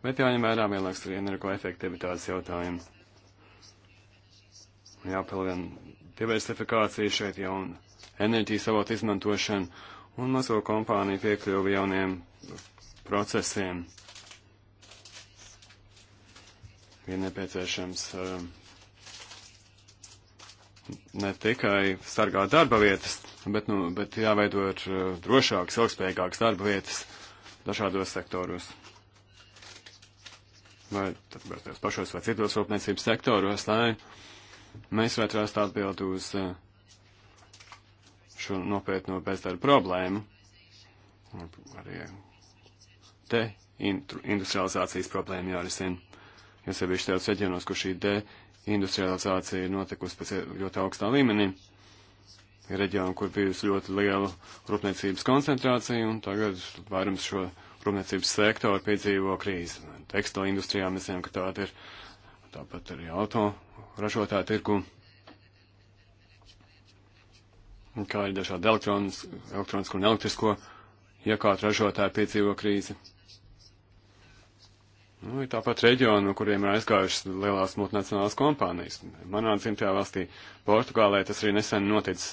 bet jāņem vērā vienlaiks arī energoefektivitātes jautājumi. Jāpalvien diversifikācija šeit jauna enerģijas avotu izmantošana un mazo kompāniju piekļuvi jauniem procesiem ir nepieciešams eh, ne tikai sargāt darba vietas, bet, nu, bet jāveido ir eh, drošākas, ilgspējīgākas darba vietas dažādos sektoros. Vai tos pašos vai citos rūpniecības sektoros, lai mēs varētu rast atbildi uz eh, šo nopietno bezdarba problēmu. Arī te industrializācijas problēma jārisina jo sevišķi tajos reģionos, kur šī deindustrializācija ir notikusi pēc ļoti augstā līmenī. Ir reģioni, kur bijusi ļoti liela rūpniecības koncentrācija, un tagad vairums šo rūpniecības sektoru piedzīvo krīzi. Teksto industrijā mēs zinām, ka tāda ir tāpat arī auto ražotāja tirgu. Kā ir dažādi elektronisku un elektrisko iekārtu ražotāji piedzīvo krīzi. Nu, ir tāpat reģioni, no kuriem ir aizgājušas lielās multinacionālās kompānijas. Manā dzimtajā valstī, Portugālē, tas arī nesen noticis.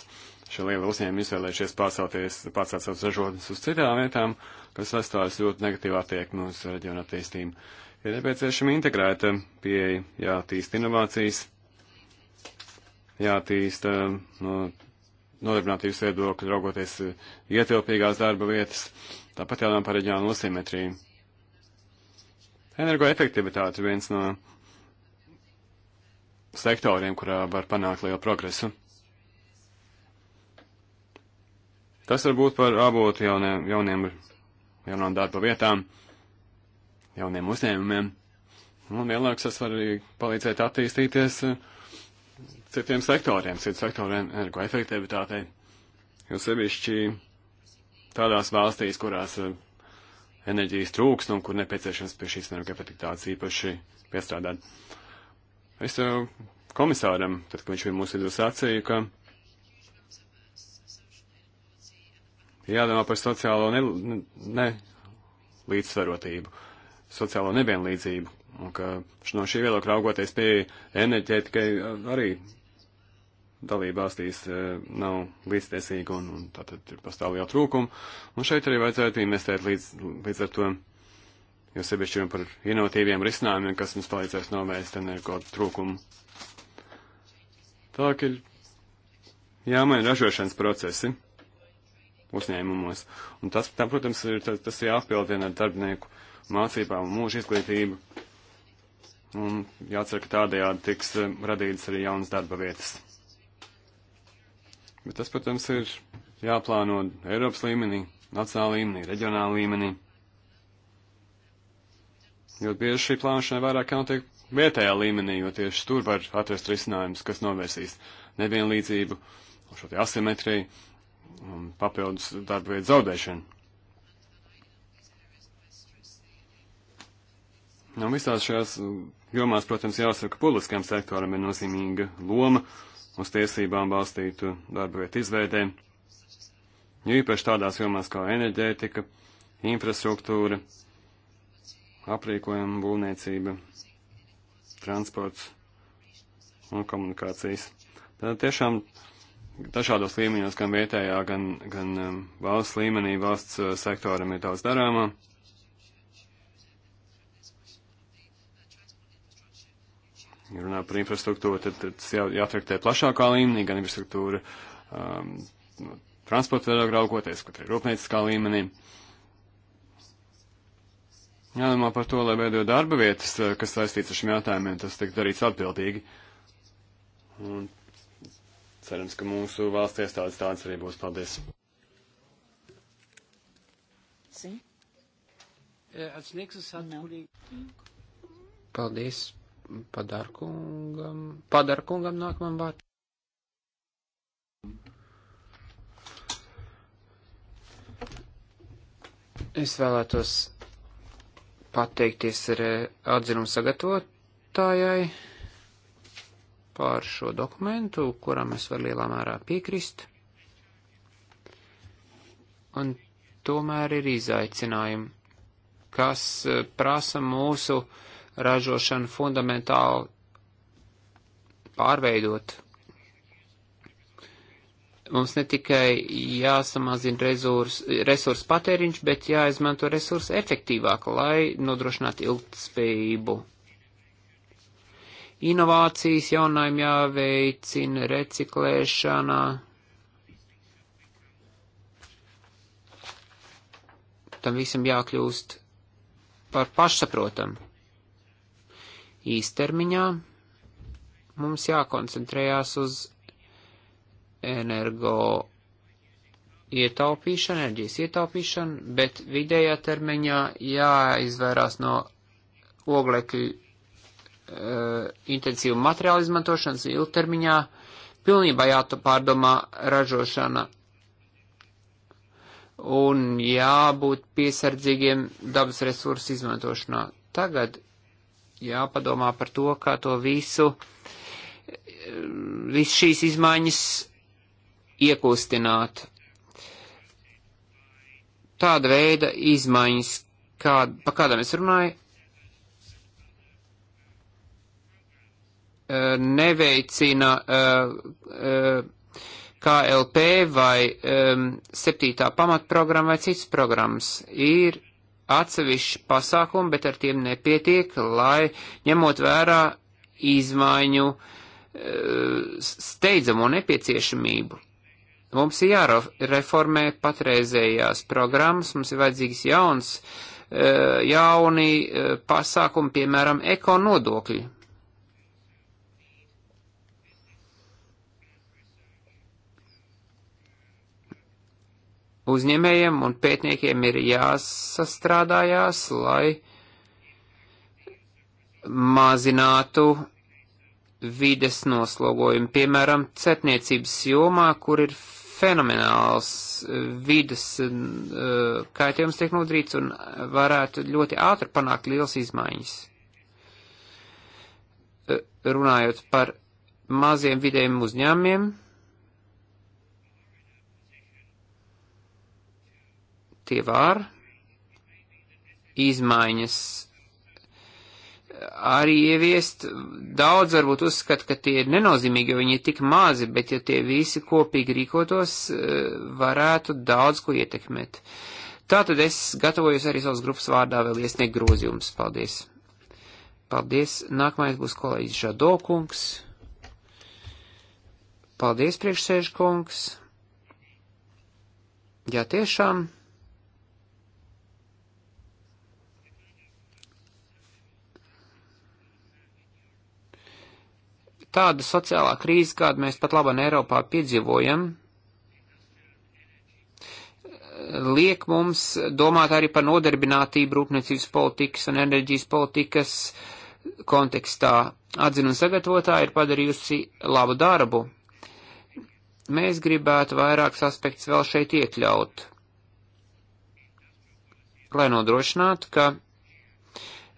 Šie lielie uzņēmumi izvēlējušies pārcelties, pārcelt savus ražotnes uz citām vietām, kas atstājas ļoti negatīvā attieksmē uz reģionu attīstību. Ir ja nepieciešama integrēta pieeja, jātīst inovācijas, jātīst eh, no nodarbinātības viedokļa, raugoties eh, ietilpīgās darba vietas, tāpat jādomā par reģionu asimetriju Energoefektivitāte ir viens no sektoriem, kurā var panākt lielu progresu. Tas var būt par avotu jauniem, jauniem, jaunām darba vietām, jauniem uzņēmumiem, un vienlaikus tas var arī palīdzēt attīstīties eh, citiem sektoriem, citu sektoru energoefektivitātei, jo sevišķi tādās valstīs, kurās eh, enerģijas trūksni un kur nepieciešams pie šīs energoefektivitātes īpaši piestrādāt. Es jau eh, komisāram, tad, kad viņš bija mūsu vidū sacīja, ka jādomā par sociālo ne, ne līdzsvarotību, sociālo nevienlīdzību, un ka no šī viedokļa raugoties pie enerģētikai eh, arī dalībvalstīs e, nav līdztiesīga un, un tātad ir pastāv liela trūkuma. Un šeit arī vajadzētu investēt līdz, līdz ar to, jo sevišķi jau par inovatīviem risinājumiem, kas mums palīdzēs novērst energo trūkumu. Tā ir jāmaina ražošanas procesi uzņēmumos. Un tas, tā, protams, ir, tas, tas jāapbildina ar darbinieku mācībām un mūža izglītību. Un jācer, ka tādējādi tiks e, radītas arī jaunas darba vietas. Bet tas, protams, ir jāplāno Eiropas līmenī, nacionāla līmenī, reģionāla līmenī. Jo bieži šī plānošana vairāk notiek vietējā līmenī, jo tieši tur var atrast risinājumus, kas novērsīs nevienlīdzību, šo te asimetriju un papildus darba vietu zaudēšanu. Nu, visās šajās jomās, protams, jāsaka, ka publiskajam sektoram ir nozīmīga loma. Uh, uz tiesībām balstītu darba vietu izveidē, jo īpaši tādās jomās kā enerģētika, infrastruktūra, aprīkojuma, būvniecība, transports un komunikācijas. Tad tiešām dažādos līmeņos, gan vietējā, gan, gan um, valsts līmenī, valsts uh, sektoram ir daudz darāmā. Ja runā par infrastruktūru, tad, tad tas jā, jātraktē plašākā līmenī, gan infrastruktūra um, no nu, transporta veidā raugoties, kur ir rūpnieciskā līmenī. Jādomā par to, lai veido darba vietas, uh, kas saistīts ar šiem jautājumiem, tas tiek darīts atbildīgi. Un cerams, ka mūsu valsts iestādes tādas arī būs. Paldies! Paldies! padarkungam, padarkungam nākamam vārdu. Es vēlētos pateikties ar atzinumu sagatavotājai pār šo dokumentu, kuram es varu lielā mērā piekrist. Un tomēr ir izaicinājumi, kas eh, prasa mūsu uh, ražošanu fundamentāli pārveidot. Mums ne tikai jāsamazina resurs, resursu patēriņš, bet jāizmanto resursi efektīvāk, lai nodrošinātu ilgtspējību. Inovācijas jaunājumi jāveicina reciklēšanā. Tam visam jākļūst par pašsaprotamu īstermiņā mums jākoncentrējās uz energo ietaupīšanu, enerģijas ietaupīšanu, bet vidējā termiņā jāizvairās no oglekļu uh, intensīvu materiālu izmantošanas ilgtermiņā, pilnībā jāpārdomā ražošana un jābūt piesardzīgiem dabas resursu izmantošanā. Tagad jāpadomā par to, kā to visu, visu šīs izmaiņas iekustināt. Tāda veida izmaiņas, kād, pa kādām es runāju, eh, neveicina eh, eh, KLP vai septītā pamatprogramma vai citas programmas. Ir atsevišķi pasākumi, bet ar tiem nepietiek, lai ņemot vērā izmaiņu e, steidzamo nepieciešamību. Mums ir jāreformē patreizējās programmas, mums ir vajadzīgs jauns, e, jauni e, pasākumi, piemēram, ekonodokļi. uzņēmējiem un pētniekiem ir jāsastrādājās, lai mazinātu vides noslogojumu, piemēram, cetniecības jomā, kur ir fenomenāls eh, vidas eh, kaitējums tiek nodarīts un varētu ļoti ātri panākt liels izmaiņas. Eh, runājot par maziem vidējiem uzņēmumiem, tie var izmaiņas arī ieviest. Daudz varbūt uzskata, ka tie ir nenozīmīgi, jo viņi ir tik mazi, bet ja tie visi kopīgi rīkotos, eh, varētu daudz ko ietekmēt. Tātad es gatavojos arī savas grupas vārdā vēl iesniegt grozījumus. Paldies! Paldies! Nākamais būs kolēģis Žadokungs. Paldies, priekšsēžkungs! Jā, tiešām! Tāda sociālā krīze, kādu mēs pat labam Eiropā piedzīvojam, liek mums domāt arī par nodarbinātību rūpniecības politikas un enerģijas politikas kontekstā. Atzinu un sagatavotāja ir padarījusi labu darbu. Mēs gribētu vairākus aspektus vēl šeit iekļaut, lai nodrošinātu, ka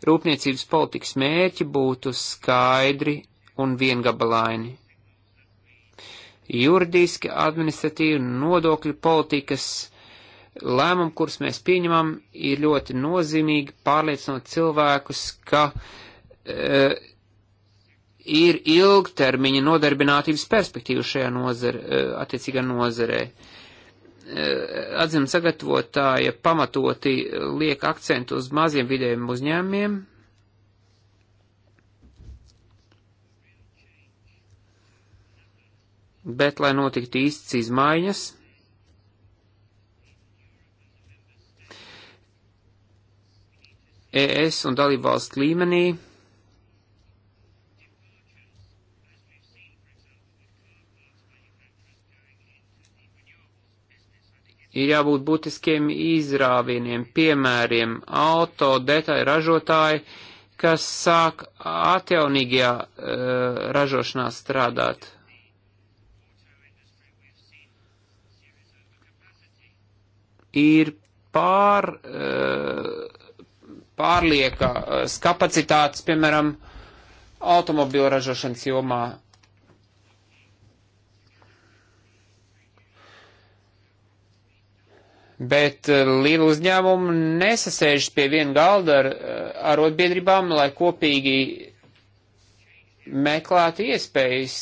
rūpniecības politikas mērķi būtu skaidri un viengabalaini. Juridiski, administratīvi, nodokļu politikas lēmumi, kurus mēs pieņemam, ir ļoti nozīmīgi pārliecinot cilvēkus, ka e, ir ilgtermiņa nodarbinātības perspektīva šajā nozare, e, eh, attiecīgā nozarē. E, eh, Atzīm sagatavotāja pamatoti liek akcentu uz maziem vidējiem uzņēmumiem, bet, lai notiktu īsts izmaiņas, ES un dalībvalstu līmenī ir jābūt būtiskiem izrāvieniem, piemēriem, auto detaļu ražotāji, kas sāk atjaunīgajā uh, ražošanā strādāt. ir pār, eh, pārliekas eh, kapacitātes, piemēram, automobīlu ražošanas jomā. Bet eh, liela uzņēmuma nesasēžas pie viena galda ar arotbiedrībām, lai kopīgi meklētu iespējas,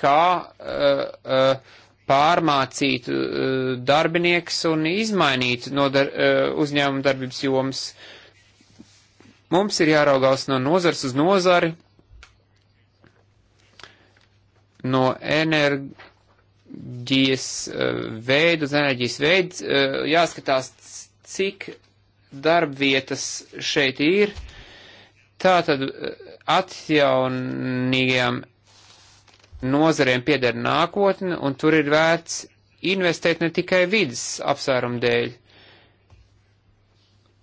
kā uh, uh, pārmācītu eh, darbinieks un izmainītu no dar, eh, uzņēmuma darbības jomas. Mums ir jāraugās no nozars uz nozari, no enerģijas eh, veidu uz enerģijas veidu, jāskatās, cik darbvietas šeit ir. Tātad atjaunīgajām nozarēm pieder nākotne, un tur ir vērts investēt ne tikai vidas apsvērumu dēļ.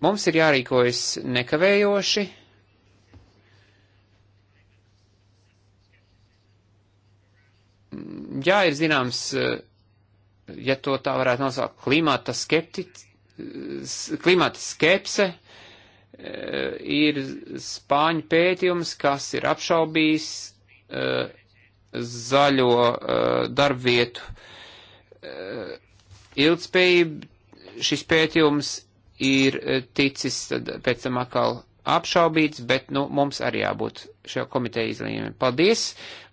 Mums ir jārīkojas nekavējoši. Jā, ir zināms, ja to tā varētu nosaukt, klimata, skepti, klimata skepse, ir spāņu pētījums, kas ir apšaubījis zaļo uh, darbvietu uh, ilgspējību. Šis pētījums ir eh, ticis tad, pēc tam atkal apšaubīts, bet nu, mums arī jābūt šajā komiteja izlīmē. Paldies!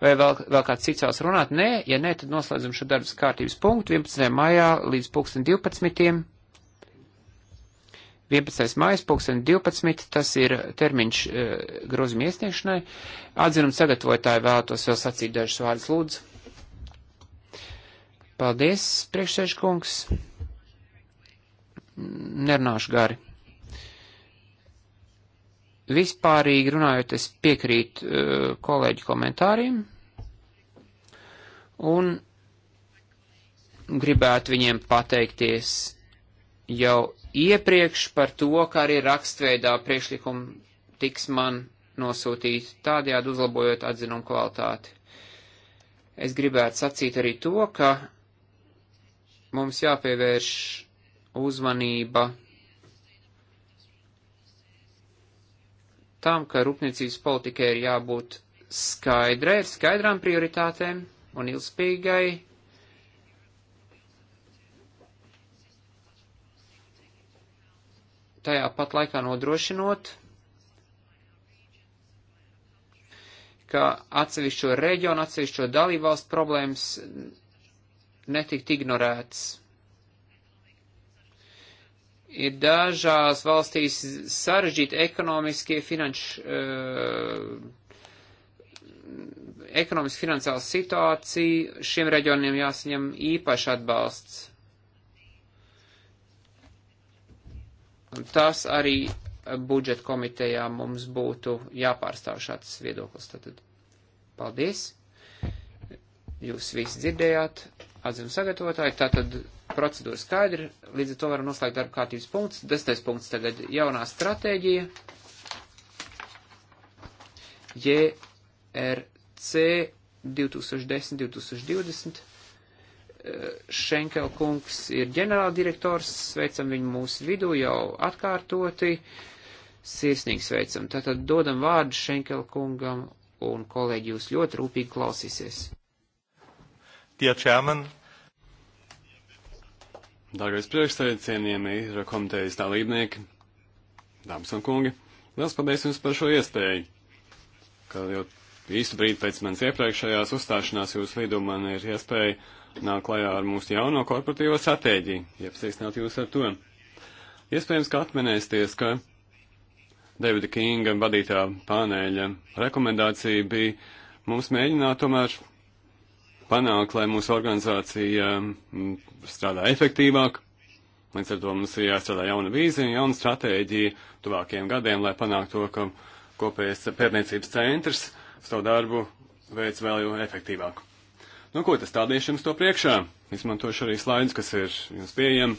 Vai vēl, vēl kāds cits vēlas runāt? Nē, ja nē, tad noslēdzam šo darbas kārtības punktu 11. maijā līdz 12. 11. mājas, 2012. tas ir termiņš e, eh, grozuma iesniegšanai. Atzinums sagatavotāji vēlētos vēl sacīt dažus vārdus lūdzu. Paldies, priekšsēžkungs. Nerunāšu gari. Vispārīgi runājot, es piekrītu e, kolēģu komentāriem un gribētu viņiem pateikties jau iepriekš par to, kā arī rakstveidā priekšlikumu tiks man nosūtīt, tādējādi uzlabojot atzinumu kvalitāti. Es gribētu sacīt arī to, ka mums jāpievērš uzmanība tam, ka rūpniecības politikai ir jābūt skaidrai, skaidrām prioritātēm un ilgspīgai tajā pat laikā nodrošinot, ka atsevišķo reģionu, atsevišķo dalībvalstu problēmas netikt ignorētas. Ir dažās valstīs sarežģīti ekonomiskie finanšu, uh, eh, ekonomiski finansiāla situācija, šiem reģioniem jāsaņem īpaši atbalsts. tas arī budžeta komitejā mums būtu jāpārstāv šāds viedoklis. Tātad paldies! Jūs visi dzirdējāt, atzīmu sagatavotāji, tātad procedūra skaidra, līdz ar to varam noslēgt darba kārtības punkts. Desmitais punkts tagad jaunā stratēģija. JRC 2010-2020. Šenkel kungs ir ģenerāldirektors, sveicam viņu mūsu vidū jau atkārtoti, sirsnīgi sveicam. Tātad dodam vārdu Šenkel kungam un kolēģi jūs ļoti rūpīgi klausīsies. Tie čēman. Dārgais priekšstādā, cienījamie komitejas dalībnieki, dāmas un kungi, liels paldies jums par šo iespēju, ka jau īstu brīdi pēc manas iepriekšējās uzstāšanās jūsu vidū man ir iespēja nāk klajā ar mūsu jauno korporatīvo stratēģiju, jeb sīkstināt jūs ar to. Iespējams, ka atminēsties, ka Davida Kinga vadītā pānēļa rekomendācija bija mums mēģināt tomēr panākt, lai mūsu organizācija mm, strādā efektīvāk. Līdz ar to mums ir jāstrādā jauna vīzija, jauna stratēģija tuvākajiem gadiem, lai panāktu to, ka kopējais pērniecības centrs savu darbu veids vēl jau efektīvāku. Nu, ko tas tādēļ jums to priekšā? Izmantošu arī slaidus, kas ir jums pieejami.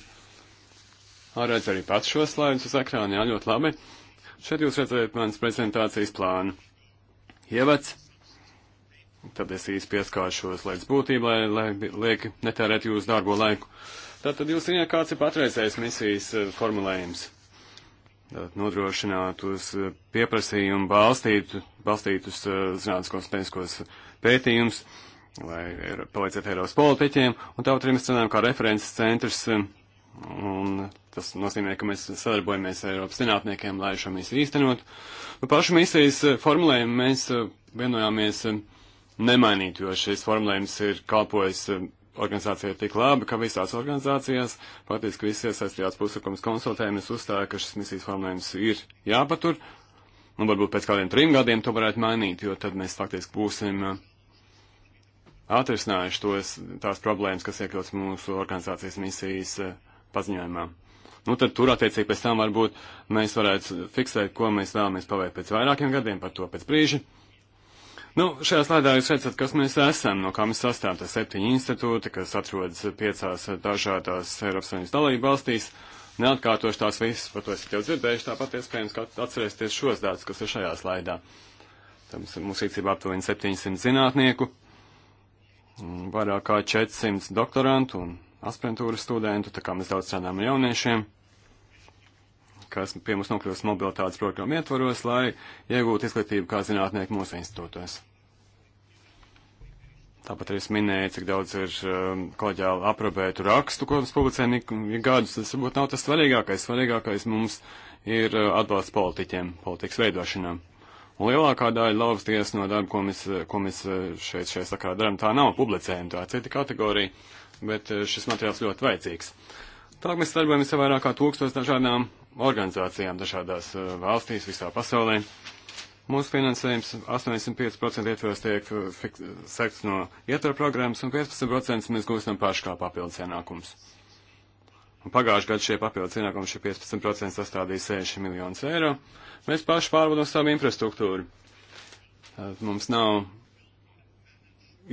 Redz arī pats šos slaidus uz ekrāna, jā, ļoti labi. Šeit jūs redzat manas prezentācijas plānu. Ievads. Tad es īsti pieskāršos līdz būtībai, lai, lai lieki netērēt jūsu dārgo laiku. Tātad jūs zināt, kāds ir patreizējais misijas formulējums. Tātad nodrošināt uz pieprasījumu balstītu, balstītus zinātniskos un tehniskos pētījumus lai ir palīdzētu Eiropas politiķiem, un tautriem mēs cenām kā references centrs, un tas nozīmē, ka mēs sadarbojamies ar Eiropas zinātniekiem, lai šo misiju īstenot. Nu, pašu misijas formulējumu mēs vienojāmies nemainīt, jo šis formulējums ir kalpojis organizācija tik labi, ka visās organizācijās, faktiski visi iesaistījās pusakums konsultējumies, uzstāja, ka šis misijas formulējums ir jāpatur, un varbūt pēc kādiem trim gadiem to varētu mainīt, jo tad mēs faktiski būsim uh, atrisinājuši tos, tās problēmas, kas iekļauts mūsu organizācijas misijas eh, paziņojumā. Nu, tad tur attiecīgi pēc tam varbūt mēs varētu fiksēt, ko mēs vēlamies paveikt pēc vairākiem gadiem, par to pēc brīža. Nu, šajā slēdā jūs redzat, kas mēs esam, no kā mēs sastāvam. Tas septiņi institūti, kas atrodas piecās dažādās Eiropas Savienības dalību valstīs. Neatkārtošu tās visas, par to esat jau dzirdējuši, tāpat iespējams, ka atcerēsieties šos datus, kas ir šajā slaidā. Tam mums rīcībā aptuveni 700 zinātnieku, Mm, vairāk kā 400 doktorantu un aspirantūras studentu, tā kā mēs daudz strādājam ar jauniešiem, kas pie mums nokļūst mobilitātes programmu ietvaros, lai iegūtu izglītību kā zinātnieki mūsu institūtos. Tāpat arī es minēju, cik daudz ir um, kolēģiāli aprobētu rakstu, ko mēs publicējam ik gadus. Tas varbūt nav tas svarīgākais. Svarīgākais mums ir uh, atbalsts politiķiem, politikas veidošanām. Un lielākā daļa lauvas tiesas no darba, ko mēs, ko mēs eh, šeit, šeit sakā darām, tā nav publicējuma, tā ir cita kategorija, bet eh, šis materiāls ļoti vajadzīgs. Tālāk mēs darbojamies ar vairāk kā tūkstos dažādām organizācijām dažādās eh, valstīs visā pasaulē. Mūsu finansējums 85% ietvaros tiek sekts no ietvara programmas, un 15% mēs gūstam paši kā papildus ienākums. Un pagājušajā gadā šie papildus ienākumi šie 15% sastādīja 6 miljonus eiro, Mēs paši pārvaldām savu infrastruktūru. Tātad mums nav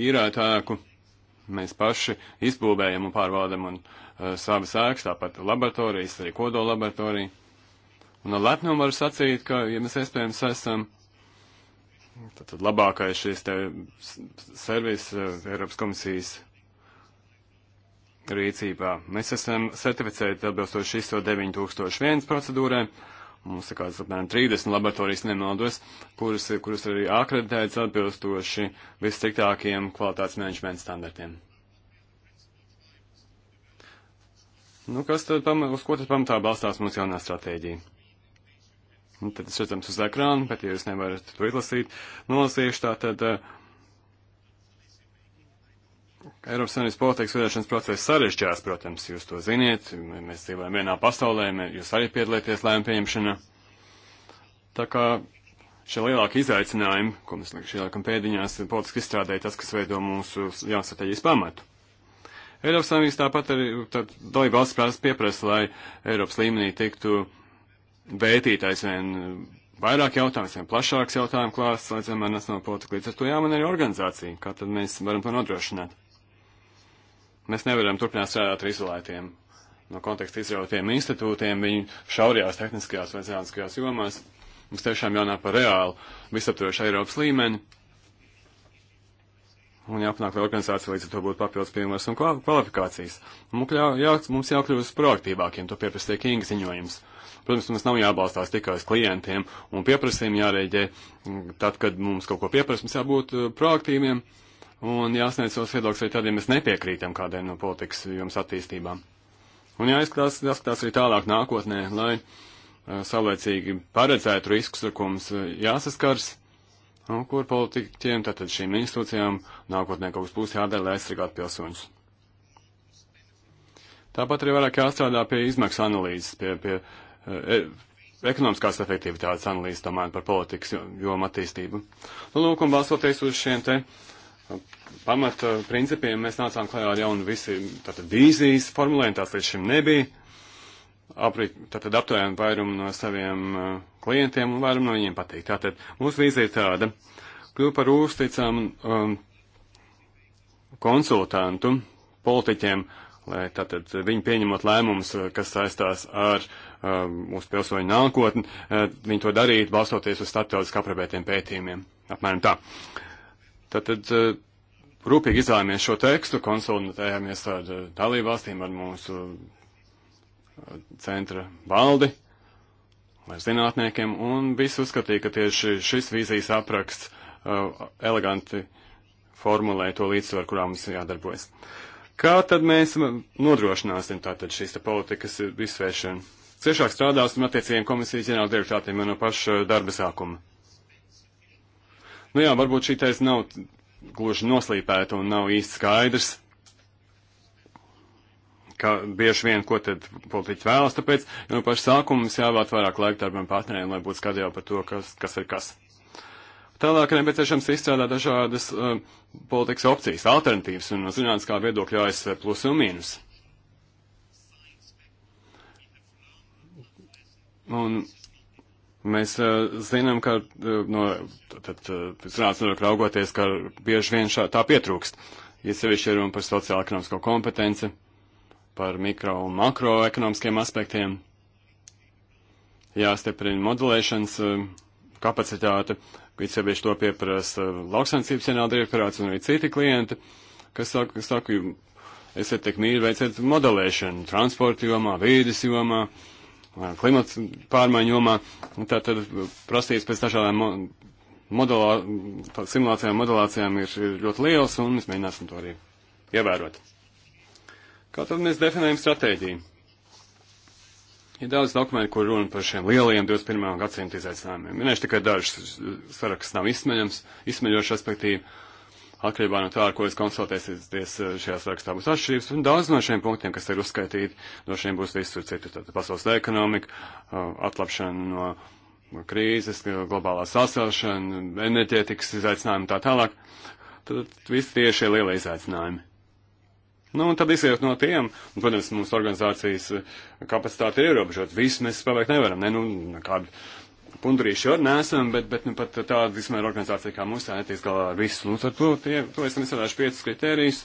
īrētāku. Mēs paši izbūvējam un pārvaldam un uh, savas ēkas, tāpat laboratorijas, arī kodola laboratorija. Un ar lepnumu varu sacīt, ka, ja mēs iespējams esam tad, tad labākais šīs te servis uh, Eiropas komisijas rīcībā. Mēs esam certificēti atbilstoši ISO 9001 procedūrai. Uh, Mums ir kāds apmēram 30 laboratorijas, nemaldos, kuras, kuras arī akreditētas atbilstoši visstriktākiem kvalitātes menedžmenta standartiem. Nu, kas tad, pama, uz ko tad pamatā balstās mūsu jaunā stratēģija? Un nu, tad, tas redzams uz ekrāna, bet, ja jūs nevarat to izlasīt, nolasīšu tā tad. Uh, Eiropas Savienības politikas veidošanas process sarežģās, protams, jūs to ziniet, mēs dzīvojam vienā pasaulē, jūs arī piedalieties lēmumu pieņemšanā. Tā kā šie lielākie izaicinājumi, ko mēs šī laikam pēdiņās politiski izstrādēja, tas, kas veido mūsu jāstrateģijas pamatu. Eiropas Savienības tāpat arī dalība valsts prasa pieprasa, lai Eiropas līmenī tiktu vētītais vien vairāk jautājumu, vien plašāks jautājumu klāsts, lai zemē nacionāla politika līdz ar to jāman arī organizācija, kā tad mēs varam to nodrošināt. Mēs nevaram turpināt strādāt ar izolētiem no konteksta izrautiem institūtiem, viņu šaurajās tehniskajās vai zinātniskajās jomās. Mums tiešām jānāk par reālu visaptvarošu Eiropas līmeni. Un jāpanāk, lai organizācija līdz ar to būtu papildus pilnvars un kvalifikācijas. Mums, jā, jā, mums jākļūst proaktīvākiem, to pieprasīja Kinga ziņojums. Protams, mums nav jābalstās tikai uz klientiem un pieprasījumiem jārēģē. Tad, kad mums kaut ko pieprasa, mums jābūt eh, proaktīviem. Uh, un jāsniedz savs viedoklis arī tad, ja mēs nepiekrītam kādai no politikas jums attīstībām. Un jāizskatās, jāskatās arī tālāk nākotnē, lai uh, eh, saulēcīgi paredzētu riskus, ar ko mums uh, jāsaskars, un kur politiķiem, tātad šīm institūcijām, nākotnē kaut kas būs jādara, lai aizsargātu pilsoņus. Tāpat arī vairāk jāstrādā pie izmaksu analīzes, pie, pie uh, ekonomiskās efektivitātes analīzes, domājot par politikas jomu attīstību. Nu, lūk, un balstoties uz šiem te uh, pamata principiem mēs nācām klajā ar jaunu visi tātad vīzijas formulējumu, tās līdz šim nebija. Aprīt, tātad aptājām vairumu no saviem uh, klientiem un vairumu no viņiem patīk. Tātad mūsu vīzija ir tāda. Kļūt par uzticamu um, konsultantu politiķiem, lai tātad viņi pieņemot lēmumus, uh, kas saistās ar uh, mūsu pilsoņu nākotni, uh, viņi to darītu balstoties uz starptautiski aprabētiem pētījumiem. Apmēram tā. Uh, Tātad eh, rūpīgi izvēlamies šo tekstu, konsultējāmies ar eh, dalībvalstīm, ar mūsu eh, centra valdi, ar zinātniekiem, un visi uzskatīja, ka tieši šis vīzijas apraksts eleganti formulē to līdzsvaru, kurā mums jādarbojas. Kā tad mēs nodrošināsim tātad šīs te politikas izsvēršanu? Ciešāk strādāsim attiecīgiem komisijas ģenerāldirektātiem jau no paša darba sākuma. Nu jā, varbūt šī tēze nav gluži noslīpēta un nav īsti skaidrs, ka bieži vien, ko tad politiķi vēlas, tāpēc jau no pašu sākumu mums jāvēlēt vairāk laika darbiem partneriem, lai būtu skatījā par to, kas, kas ir kas. Tālāk ir nepieciešams izstrādāt dažādas uh, politikas opcijas, alternatīvas un no zinātniskā viedokļa ASV plus un mīnus. Un Mēs uh, zinām, ka uh, no, tad, uh, eh, zinātnē raugoties, ka bieži vien šā, tā pietrūkst. Iesevišķi ir runa par sociālo-ekonomisko kompetenci, par mikro un makroekonomiskiem aspektiem. Jāstiprina modelēšanas uh, kapacitāte, iesevišķi to pieprasa uh, lauksansības cenāla direktorāts un arī citi klienti, kas saka, kas saka esiet tik mīļi, veiciet modelēšanu transporta jomā, vīdes jomā. Uh, klimats pārmaiņu jomā, tā tad prasīs pēc dažādām mo modelā, simulācijām, modelācijām ir, ir ļoti liels, un mēs mēģināsim to arī ievērot. Kā tad mēs definējam stratēģiju? Ir daudz dokumentu, kur runa par šiem lielajiem 21. gadsimta izaicinājumiem. Minēšu tikai dažus, saraksts nav izsmeļams, izsmeļošs, respektīvi. Uh, atkarībā no tā, ar ko es konsultēsies eh, šajās rakstā būs atšķirības, un daudz no šiem punktiem, kas ir uzskaitīti, no šiem būs visur citu, tātad pasaules ekonomika, eh, atlapšana no krīzes, globālā sasilšana, enerģētikas izaicinājumi tā tālāk. Tad visi tie šie lielie izaicinājumi. Nu, un tad izjūt no tiem, un, protams, mūsu organizācijas eh, kapacitāte ir ierobežota. Visu mēs paveikt nevaram, ne, nu, kādu pundarīši arī nesam, bet, bet nu, pat tāda vismēr organizācija kā mūsu ēties galā ar visu. Nu, tad to, nu, tie, to esam izsādājuši piecas kritērijas,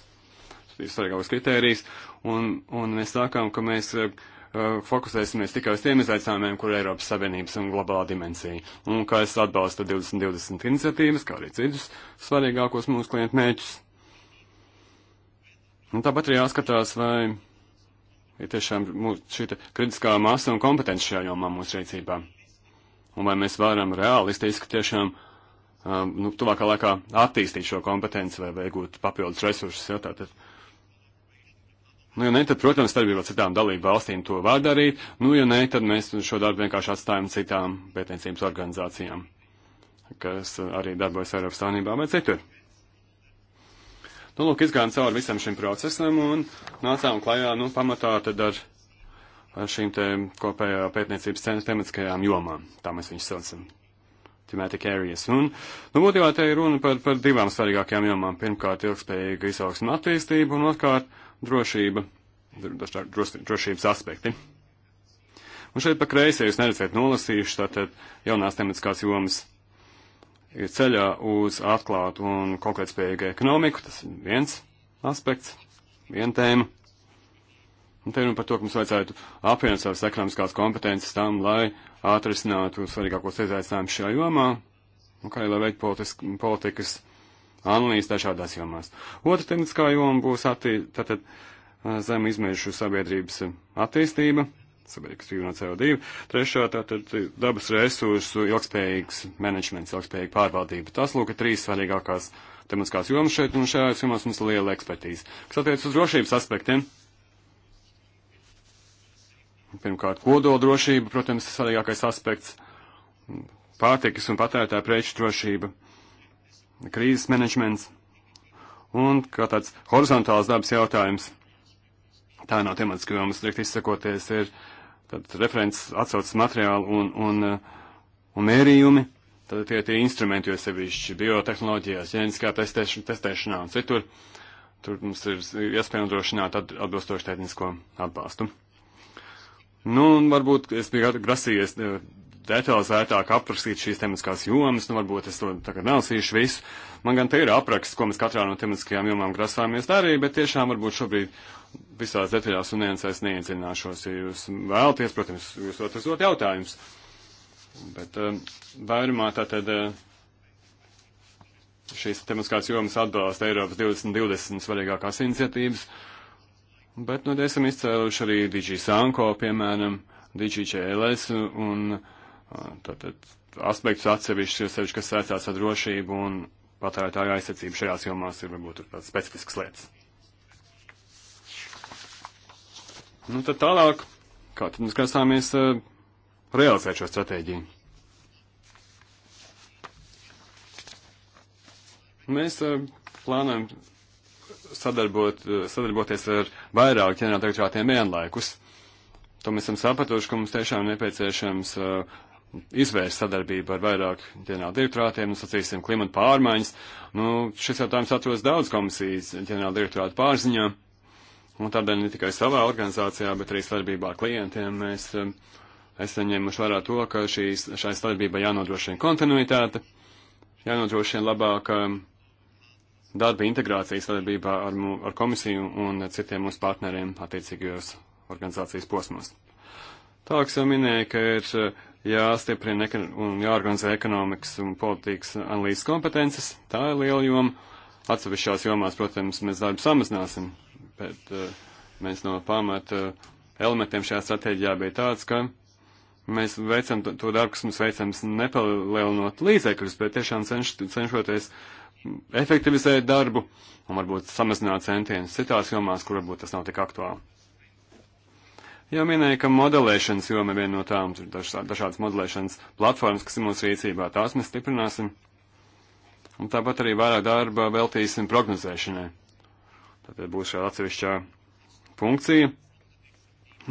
svarīgākos kritērijas, un, un mēs sākām, ka mēs uh, fokusēsimies tikai uz tiem izaicinājumiem, kur ir Eiropas Savienības un globālā dimensija. Un kā es atbalstu 2020 iniciatīvas, kā arī citus svarīgākos mūsu klientu mēķus. Un tāpat arī jāskatās, vai ir tiešām mūs, šī kritiskā masa un kompetence šajā jomā mūsu rīcībā un vai mēs varam realistiski tiešām um, nu, tuvākā laikā attīstīt šo kompetenci vai, vai iegūt papildus resursus. Ja, tātad. Nu, ja ne, tad, protams, starpībā citām dalību valstīm to var darīt. Nu, ja ne, tad mēs šo darbu vienkārši atstājam citām pētniecības organizācijām, kas arī darbojas Eiropas Savienībā vai citur. Nu, lūk, izgājām cauri visam šim procesam un nācām klajā, nu, pamatā tad ar. Ar šīm te kopējā pētniecības centra tematiskajām jomām. Tā mēs viņus saucam. Thematic areas. Un, nu, būtībā te ir runa par, par divām svarīgākajām jomām. Pirmkārt, ilgspējīga izaugsme un attīstība, un otrkārt, drošība, droš, drošības aspekti. Un šeit pa kreisē jūs neredzēt nolasījuši, tātad jaunās tematiskās jomas ir ceļā uz atklātu un konkrētspējīgu ekonomiku, tas ir viens aspekts, viena tēma. Un te runa par to, ka mums vajadzētu apvienot savas ekonomiskās kompetences tam, lai atrisinātu svarīgākos izaicinājumus šajā jomā, un kā arī lai veiktu politisk, politikas analīzes dažādās jomās. Otra tematiskā joma būs attī, tātad zem izmēšu sabiedrības attīstība, sabiedrības brīvā no CO2. Trešā tātad dabas resursu ilgspējīgs menedžments, ilgspējīga pārvaldība. Tas, lūk, ir trīs svarīgākās tematiskās jomas šeit, un šajās jomās mums ir liela ekspertīze. Kas attiec uz drošības aspektiem? Pirmkārt, kodoldrošība, protams, ir svarīgākais aspekts, pārtikas un patērētāja preču drošība, krīzes menedžments un kā tāds horizontāls dabas jautājums. Tā nav tematiska joma, strikt izsakoties, ir tad referents atsaucas materiāli un, un, un mērījumi, tad tie tie instrumenti, jo sevišķi biotehnoloģijās, ģeniskā testēš, testēšanā un citur, tur mums ir iespēja nodrošināt atbilstošu tehnisko atbalstu. Nu, un varbūt es biju grasījies eh, detalizētāk aprakstīt šīs tematiskās jomas, nu, varbūt es to tagad nelasīšu visu. Man gan te ir apraksts, ko mēs katrā no tematiskajām jomām grasāmies darīt, bet tiešām varbūt šobrīd visās detaļās un niansēs neiedzināšos. Ja jūs vēlaties, protams, jūs varat uzdot jautājumus. Bet uh, vairumā tātad uh, šīs tematiskās jomas atbalsta Eiropas 2020 svarīgākās iniciatīvas. Uh, Bet, nu, esam izcēluši arī Digi Sanko, piemēram, Digi ČLS un tātad aspektus atsevišķi, sevišķi, kas saistās ar drošību un patērētāju aizsardzību šajās jomās ir varbūt tāds specifisks lietas. Nu, tad tālāk, kā tad mēs grasāmies uh, realizēt šo stratēģiju? Mēs uh, plānojam sadarbot, sadarboties ar vairāk ģenerāldirektorātiem vienlaikus. To mēs esam sapratuši, ka mums tiešām nepieciešams uh, izvērst sadarbību ar vairāk ģenerāldirektorātiem, nu, sacīsim, klimata pārmaiņas. Nu, šis jautājums atrodas daudz komisijas ģenerāldirektorāta pārziņā, un tādēļ ne tikai savā organizācijā, bet arī sadarbībā ar klientiem mēs uh, esam ņēmuši vērā to, ka šīs, šai sadarbībai jānodrošina kontinuitāte, jānodrošina labāka. Uh, darba integrācijas sadarbībā ar, ar komisiju un citiem mūsu partneriem attiecīgajos organizācijas posmos. Tālāk jau minēja, ka ir eh, jāstiprina un jāorganizē ekonomikas un politikas analīzes kompetences. Tā ir liela joma. Atsevišķās jomās, protams, mēs darbu samazināsim, bet uh, eh, mēs no pamata eh, elementiem šajā stratēģijā bija tāds, ka mēs veicam to darbu, kas mums veicams nepalielinot līdzekļus, bet tiešām cenš, cenšoties uh, efektivizēt darbu un varbūt samazināt centienus citās jomās, kur varbūt tas nav tik aktuāli. Jau minēju, ka modelēšanas joma ir viena no tām, ir dažā, dažādas modelēšanas platformas, kas ir mūsu rīcībā, tās mēs stiprināsim. Un tāpat arī vairāk darba veltīsim prognozēšanai. Tātad būs šāda atsevišķā funkcija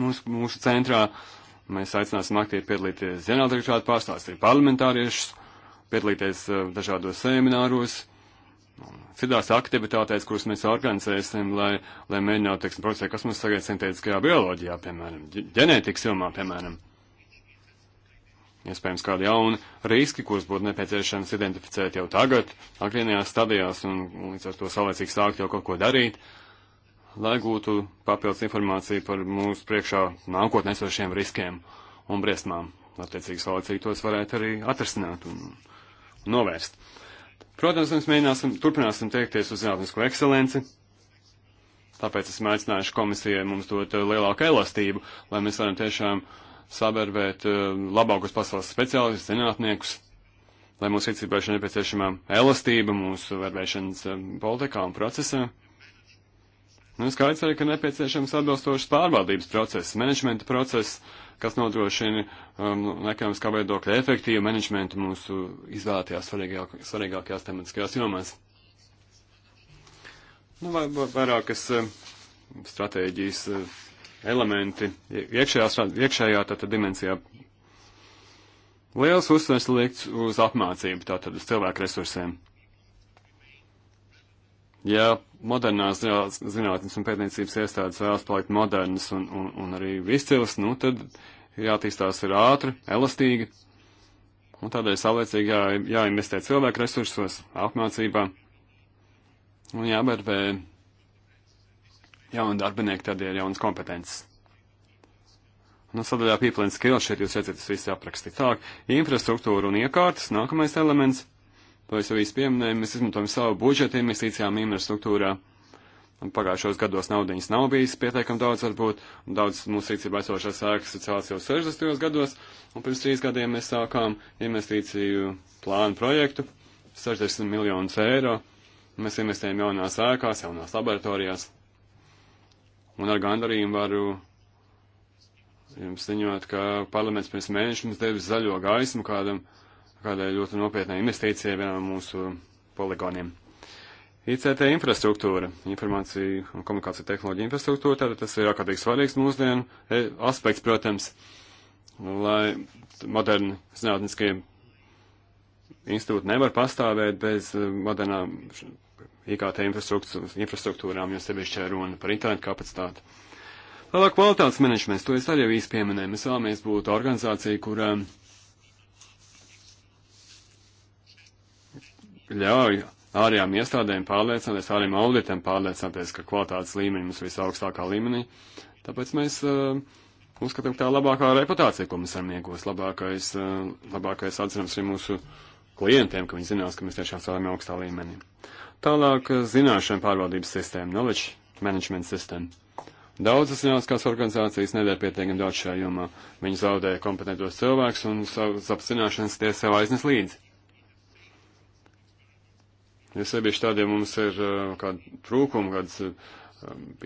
mūsu, mūsu centrā. Mēs aicināsim aktīvi piedalīties ģenerāldirektorāta pārstāstīt parlamentāriešus, piedalīties uh, dažādos semināros, uh, citās aktivitātēs, kuras mēs organizēsim, lai, lai mēģinātu, teiksim, procesē, kas mums tagad sintētiskajā bioloģijā, piemēram, ģenētikas jomā, piemēram. Iespējams, kādi jauni riski, kurus būtu nepieciešams identificēt jau tagad, agrīnajās stadijās, un līdz ar to saulēcīgi sākt jau kaut ko darīt, lai gūtu papildus informāciju par mūsu priekšā nākotnēsošiem riskiem un briesmām. Attiecīgi, saulēcīgi tos varētu arī atrasināt un novērst. Uh, Protams, mēs mēģināsim, turpināsim tiekties uz zinātnisko ekscelenci, tāpēc esmu aicinājuši komisijai mums dot eh, lielāku elastību, lai mēs varam tiešām sabērvēt eh, labākos pasaules speciālistus, zinātniekus, lai mūsu rīcībā ir nepieciešamā elastība mūsu verbēšanas eh, politikā un procesā. Nu, skaidrs arī, ka nepieciešams atbilstošs pārvaldības process, menedžmenta process, kas nodrošina um, ekonomiskā veidokļa efektīvu menedžmentu mūsu izvēlētajās svarīgāk, svarīgākajās tematiskajās jomās. Nu, vai, vai, vairākas uh, stratēģijas uh, elementi iekšējā, iekšējā tātad dimensijā. Liels uzsvers liekts uz apmācību, tātad uz cilvēku resursiem. Ja modernās zinātnes un pētniecības iestādes vēlas palikt modernas un, un, un arī izcils, nu tad jātīstās ir ātri, elastīgi, un tādēļ saulēcīgi jā, jāinvestē cilvēku resursos, apmācībā, un jābērvē jauni darbinieki, tad ir jaunas kompetences. Nu, sadaļā pīplēns skills šeit jūs redzat, tas viss aprakstīt. Tālāk, infrastruktūra un iekārtas, nākamais elements – to es arī pieminēju, mēs izmantojam savu budžetu investīcijām infrastruktūrā. Un pagājušos gados naudiņas nav bijis pietiekami daudz, varbūt, un daudz mūsu rīcībā esošās ēkas ir celts jau 60. gados, un pirms trīs gadiem mēs sākām investīciju plānu projektu, 60 miljonus eiro, mēs investējam jaunās ēkās, jaunās laboratorijās, un ar gandarījumu varu jums ziņot, ka parlaments pirms mēneša mums devis zaļo gaismu kādam uh, kādai ļoti nopietnai investīcijai vienam no mūsu poligoniem. ICT infrastruktūra, informācija un komunikācija tehnoloģija infrastruktūra, tātad tas ir ārkārtīgi svarīgs mūsdienu e, aspekts, protams, lai moderni zinātniskie institūti nevar pastāvēt bez e, modernām IKT infrastruktūrām, jo sevišķi runa par internetu kapacitāti. Tālāk kvalitātes menedžments, to es arī jau īsti pieminēju. Mēs vēlamies būt organizācija, kurām um, ļauj ārējām iestādēm pārliecināties, ārējām auditam pārliecināties, ka kvalitātes līmeņi mums visaugstākā līmenī. Tāpēc mēs uh, uzskatām, ka tā labākā reputācija, ko mēs esam iegūs, labākais, uh, labākais atzinums ir mūsu klientiem, ka viņi zinās, ka mēs tiešām strādājam augstā līmenī. Tālāk eh, zināšana pārvaldības sistēma, knowledge management sistēma. Daudzas zinātniskās organizācijas nedēļ pietiekami daudz šajā jomā. Viņi zaudēja kompetentos cilvēkus un savas apzināšanas tie sev aiznes līdzi. Ja sevišķi tādiem mums ir eh, kāda trūkuma, kādas eh,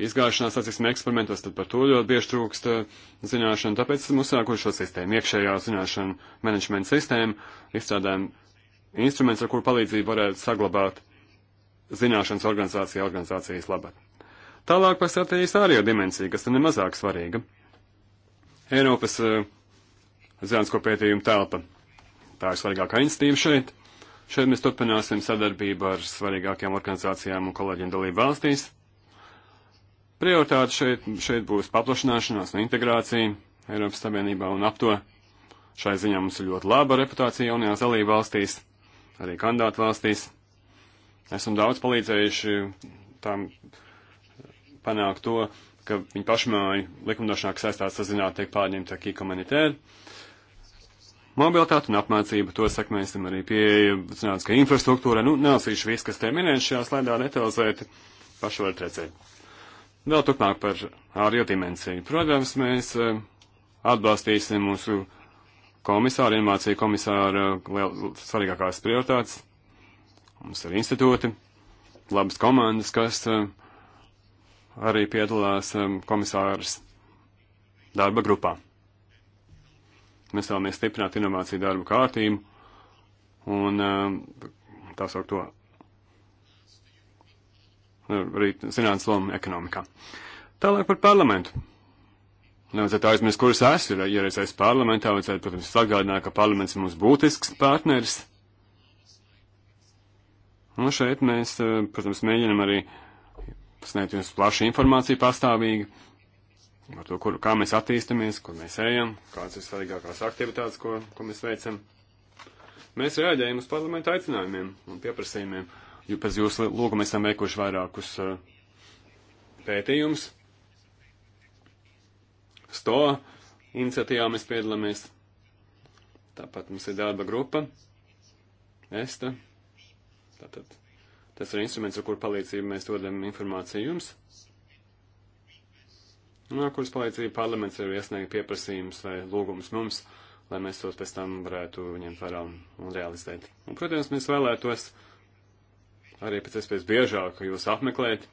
izgāšanās, atcīm eksperimentos, tad par to ļoti bieži trūkst eh, zināšanu. Tāpēc esam uzsākuši šo sistēmu, iekšējā zināšanu menedžmenta sistēmu, izstrādājam instruments, ar kuru palīdzību varētu saglabāt zināšanas organizācija organizācijas labā. Tālāk par stratēģijas ārējo dimensiju, kas ir nemazāk svarīga. Eiropas uh, zinātnisko pētījumu telpa. Tā ir svarīgākā institīva šeit. Šeit mēs turpināsim sadarbību ar svarīgākajām organizācijām un kolēģiem dalību valstīs. Prioritāte šeit, šeit būs paplašināšanās un integrācija Eiropas Savienībā un ap to. Šai ziņā mums ir ļoti laba reputācija jaunajās dalību valstīs, arī kandidātu valstīs. Esam daudz palīdzējuši tām panākt to, ka viņi pašmāju likumdošanā, kas saistās ar zinātnē, tiek pārņemta kī komunitēra mobilitāti un apmācību. To sekmēsim arī pieeja zinātniskai infrastruktūrai. Nu, nelasīšu visu, kas te minēts šajā slēdā detalizēti. Paši varat redzēt. Vēl turpmāk par ārējo dimensiju. Protams, mēs eh, atbalstīsim mūsu komisāru, iemācīju komisāru liel, svarīgākās prioritātes. Mums ir institūti, labas komandas, kas eh, arī piedalās eh, komisāras darba grupā. Mēs vēlamies stiprināt inovāciju darbu kārtību un eh, tā saukt to arī zinātnes lomu ekonomikā. Tālāk par parlamentu. Nevajadzētu aizmirst, kuras es ir ierasais parlamentā, vajadzētu, protams, sagādināt, ka parlaments ir mums būtisks partneris. Un šeit mēs, eh, protams, mēģinam arī sniegt jums plašu informāciju pastāvīgi ar to, kur, kā mēs attīstamies, kur mēs ejam, kādas ir svarīgākās aktivitātes, ko, ko mēs veicam. Mēs reaģējam uz parlamenta aicinājumiem un pieprasījumiem, jo pēc jūsu lūgu mēs esam veikuši vairākus uh, pētījumus. Sto iniciatīvā mēs piedalāmies. Tāpat mums ir darba grupa, ESTA. Tātad tas ir instruments, ar kur palīdzību mēs dodam informāciju jums. Nu, no kuras palīdzību parlaments ir iesniegt pieprasījumus vai lūgumus mums, lai mēs tos pēc tam varētu ņemt vērā un realizēt. Un, protams, mēs vēlētos arī pēc iespējas biežāk jūs apmeklēt,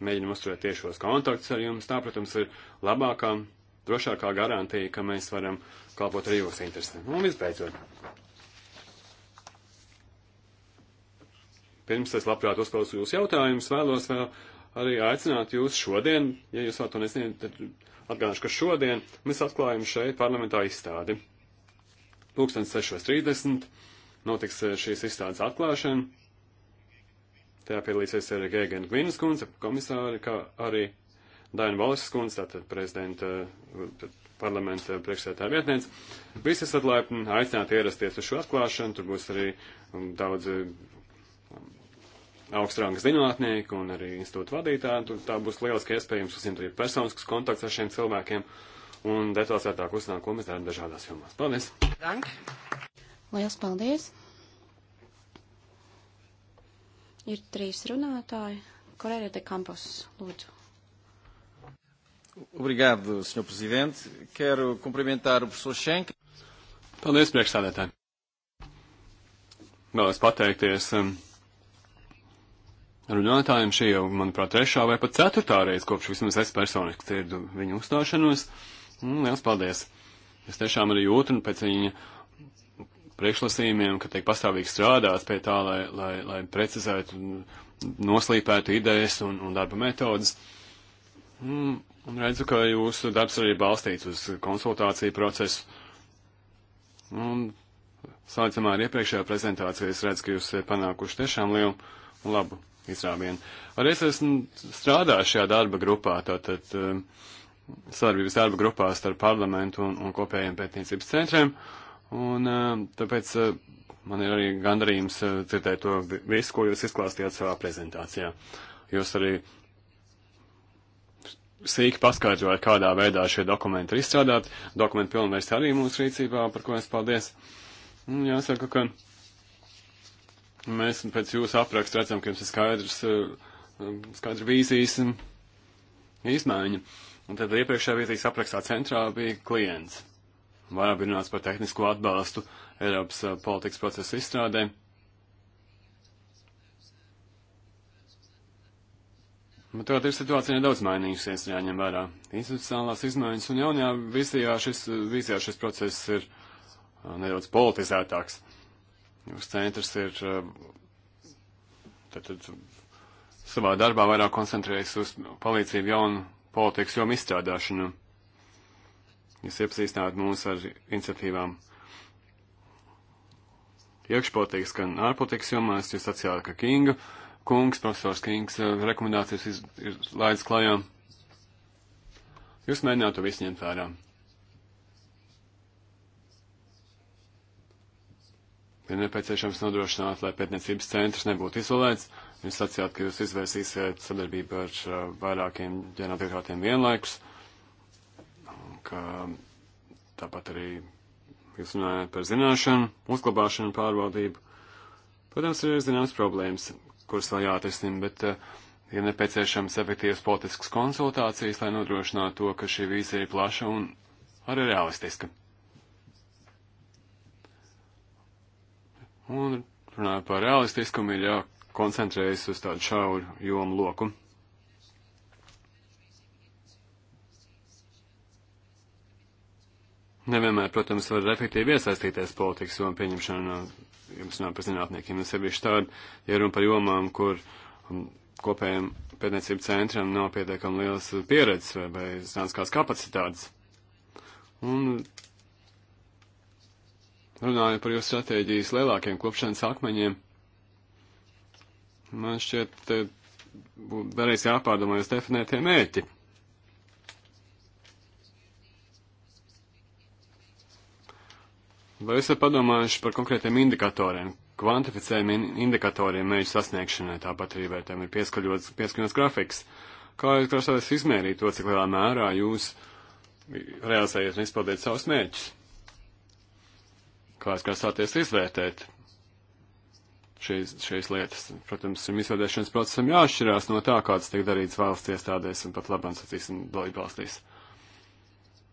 mēģinam uzturēt tiešos kontaktus ar jums. Tā, protams, ir labākā, drošākā garantija, ka mēs varam kalpot arī jūsu interesēm. Nu, un visbeidzot. Pirms es labprāt uzklausu jūsu jautājumus, vēlos vēl arī aicināt jūs šodien, ja jūs vēl to nesniedzat, tad atgādināšu, ka šodien mēs atklājam šeit parlamentā izstādi. 1630 notiks eh, šīs izstādes atklāšana. Tajā piedalīsies arī Gēgena Gvinas kundze, komisāri, kā arī Daina Valisas kundze, tātad prezidenta eh, parlamenta priekšsētāja vietniece. Visi esat laipni aicināti ierasties uz šo atklāšanu, tur būs arī mm, daudzi augstrāngas zinātnieki un arī institūta vadītāji, un tā būs lieliski iespējams uzsimt arī personiskus kontaktus ar šiem cilvēkiem un detalizētāk uzzināt, ko mēs darām dažādās jomās. Paldies! Dank. Liels paldies! Ir trīs runātāji. Korēļa de Campos, lūdzu. Obrigado, Sr. Presidente. Quero cumprimentar o professor Schenk. Paldies, priekšsādētāji. Vēlos pateikties um, runātājiem šī jau, manuprāt, trešā vai pat ceturtā reize, kopš vismaz es personiski dzirdu viņu uzstāšanos. Un mm, liels paldies! Es tiešām arī jūtu nu, pēc viņa priekšlasījumiem, ka tiek pastāvīgi strādāts pie tā, lai, lai, lai precizētu, noslīpētu idejas un, un darba metodas. Un, mm, un redzu, ka jūsu darbs arī balstīts uz konsultāciju procesu. Un salīdzinājumā ar iepriekšējā prezentācijā es redzu, ka jūs esat panākuši tiešām lielu labu izrāvienu. Arī es esmu strādājis šajā darba grupā, tātad eh, sadarbības darba grupā starp parlamentu un, un kopējiem pētniecības centriem, un eh, tāpēc eh, man ir arī gandarījums dzirdēt to visu, ko jūs izklāstījāt savā prezentācijā. Jūs arī sīki paskaidrojāt, kādā veidā šie dokumenti ir izstrādāti. Dokumenti pilnvērsti arī mūsu rīcībā, par ko es paldies. Jāsaka, ka Mēs pēc jūsu apraksta redzam, ka jums ir skaidrs, eh, skaidra vīzijas izmaiņa. Un tad iepriekšējā vīzijas aprakstā centrā bija klients. Vairāk bija runāts par tehnisko atbalstu Eiropas eh, politikas procesu izstrādē. Bet tā ir situācija nedaudz mainījusies, jāņem vērā institucionālās izmaiņas, un jaunajā vīzijā šis, vīzijā šis process ir eh, nedaudz politizētāks. Jūs centrs ir tātad uh, savā darbā vairāk koncentrējas uz palīdzību jaunu politikas jomu izstrādāšanu. Jūs iepazīstināt mūs ar iniciatīvām iekšpolitikas, gan ārpolitikas jomās. Jūs atsījāt, ka Kinga kungs, profesors Kings uh, rekomendācijas iz, ir laidz klajā. Jūs mēģināt to visu ņemt vērā. ir nepieciešams nodrošināt, lai pētniecības centrs nebūtu izolēts. Jūs sacījāt, ka jūs izvērsīsiet sadarbību ar vairākiem ģenerāldirektorātiem vienlaikus, ka tāpat arī jūs runājāt par zināšanu, uzglabāšanu, pārvaldību. Protams, ir zināmas problēmas, kuras vēl jāatrisina, bet uh, ir nepieciešams efektīvas politiskas konsultācijas, lai nodrošinātu to, ka šī vīzija ir plaša un arī realistiska. Un runājot par realistiskumu, ir jākoncentrējas uz tādu šauru jomu loku. Nevienmēr, protams, var efektīvi iesaistīties politikas jomu pieņemšanā, jums nav par zinātniekiem, un sevišķi tādu, ja runa par jomām, kur um, kopējiem pētniecību centram nav pietiekami liels pieredzes vai, vai zinātniskās kapacitātes. Un runāju par jūsu stratēģijas lielākiem kopšanas akmeņiem. Man šķiet, būtu vēlreiz jāpārdomā jūs definētie mērķi. Vai esat padomājuši par konkrētiem indikatoriem, kvantificējumiem indikatoriem mērķu sasniegšanai, tāpat arī vai tam ir pieskaļots, pieskaļots grafiks? Kā jūs prasāties izmērīt to, cik lielā mērā jūs realizējat un izpildījat savus mērķus? kā es grasāties izvērtēt šīs, šīs lietas. Protams, šim izvērtēšanas procesam jāšķirās no tā, kāds tiek darīts valsts iestādēs un pat labam sacīsim dalību valstīs.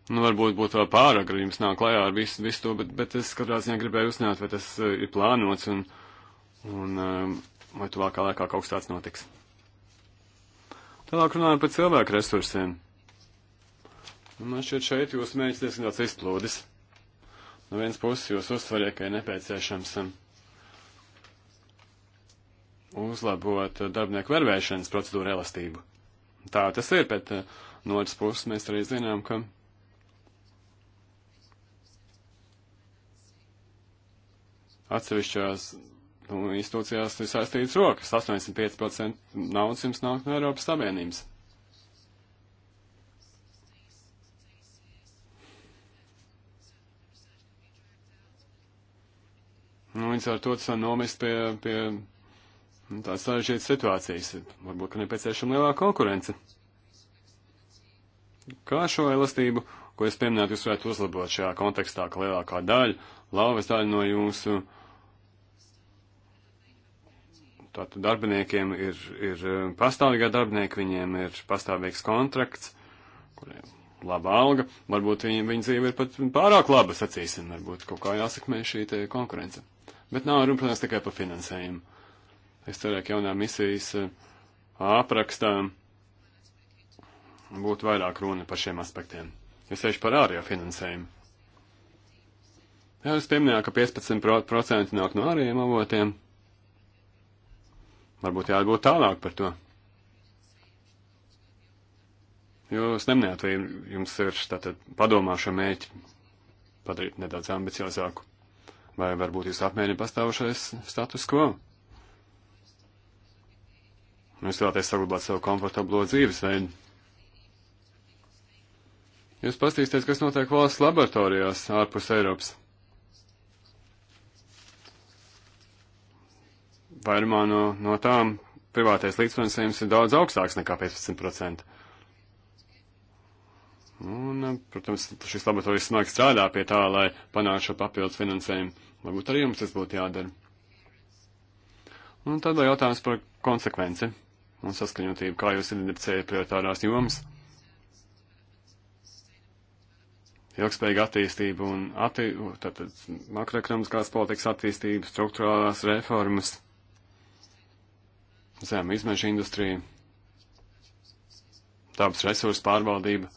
Nu, varbūt būtu vēl pārāk, ja jums nav klajā ar visu, visu to, bet, bet es katrā ziņā gribēju uzzināt, vai tas uh, ir plānots un, un um, vai tuvākā laikā kaut kas tāds notiks. Tālāk runājot par cilvēku resursiem. Nu, man šķiet šeit jūs mēģināt diezgan tāds izplūdes. No vienas puses jūs uzsvarjat, ka ir nepieciešams um, uzlabot darbinieku vervēšanas procedūru elastību. Tā tas ir, bet uh, no otras puses mēs arī zinām, ka atsevišķās nu, institūcijās ir saistīts rokas. 85% naudas jums nāk no Eiropas Savienības. Nu, viņas ar to var nomest pie, pie tādas sarežģītas situācijas. Varbūt, ka nepieciešama lielāka konkurence. Kā šo elastību, ko es pieminētu, jūs varētu uzlabot šajā kontekstā, ka lielākā daļa, lauvas daļa no jūsu tātad darbiniekiem ir, ir eh, pastāvīgā darbinieka, viņiem ir pastāvīgs kontrakts, kuriem laba alga, varbūt viņa, viņa dzīve ir pat pārāk laba, sacīsim, varbūt kaut kā jāsakmē šī konkurence. Bet nav runa, protams, tikai par finansējumu. Es ceru, ka jaunā misijas eh, aprakstā būtu vairāk runa par šiem aspektiem. Es sešu par ārējo finansējumu. Jā, jūs pieminējāt, ka 15% nāk no ārējiem avotiem. Varbūt jābūt tālāk par to. Jūs neminējāt, vai jums ir tātad padomā šo mēķi padarīt nedaudz ambiciozāku vai varbūt jūs apmierina pastāvošais status quo. Un jūs vēlaties saglabāt savu komfortablo dzīvesveidu. Jūs pastīsties, kas notiek valsts laboratorijās ārpus Eiropas. Vairumā no, no tām privātais līdzfinansējums ir daudz augstāks nekā 15%. Un, protams, šis laboratorijas smagi strādā pie tā, lai panāktu šo papildus finansējumu. Varbūt arī jums tas būtu jādara. Un tad vēl jautājums par konsekvenci un saskaņotību, kā jūs identificējat prioritārās jomas. Ilgspējīga attīstība un atti, tātad makroekonomiskās politikas attīstība, struktūrālās reformas, zem izmeša industrija, dabas resursu pārvaldība.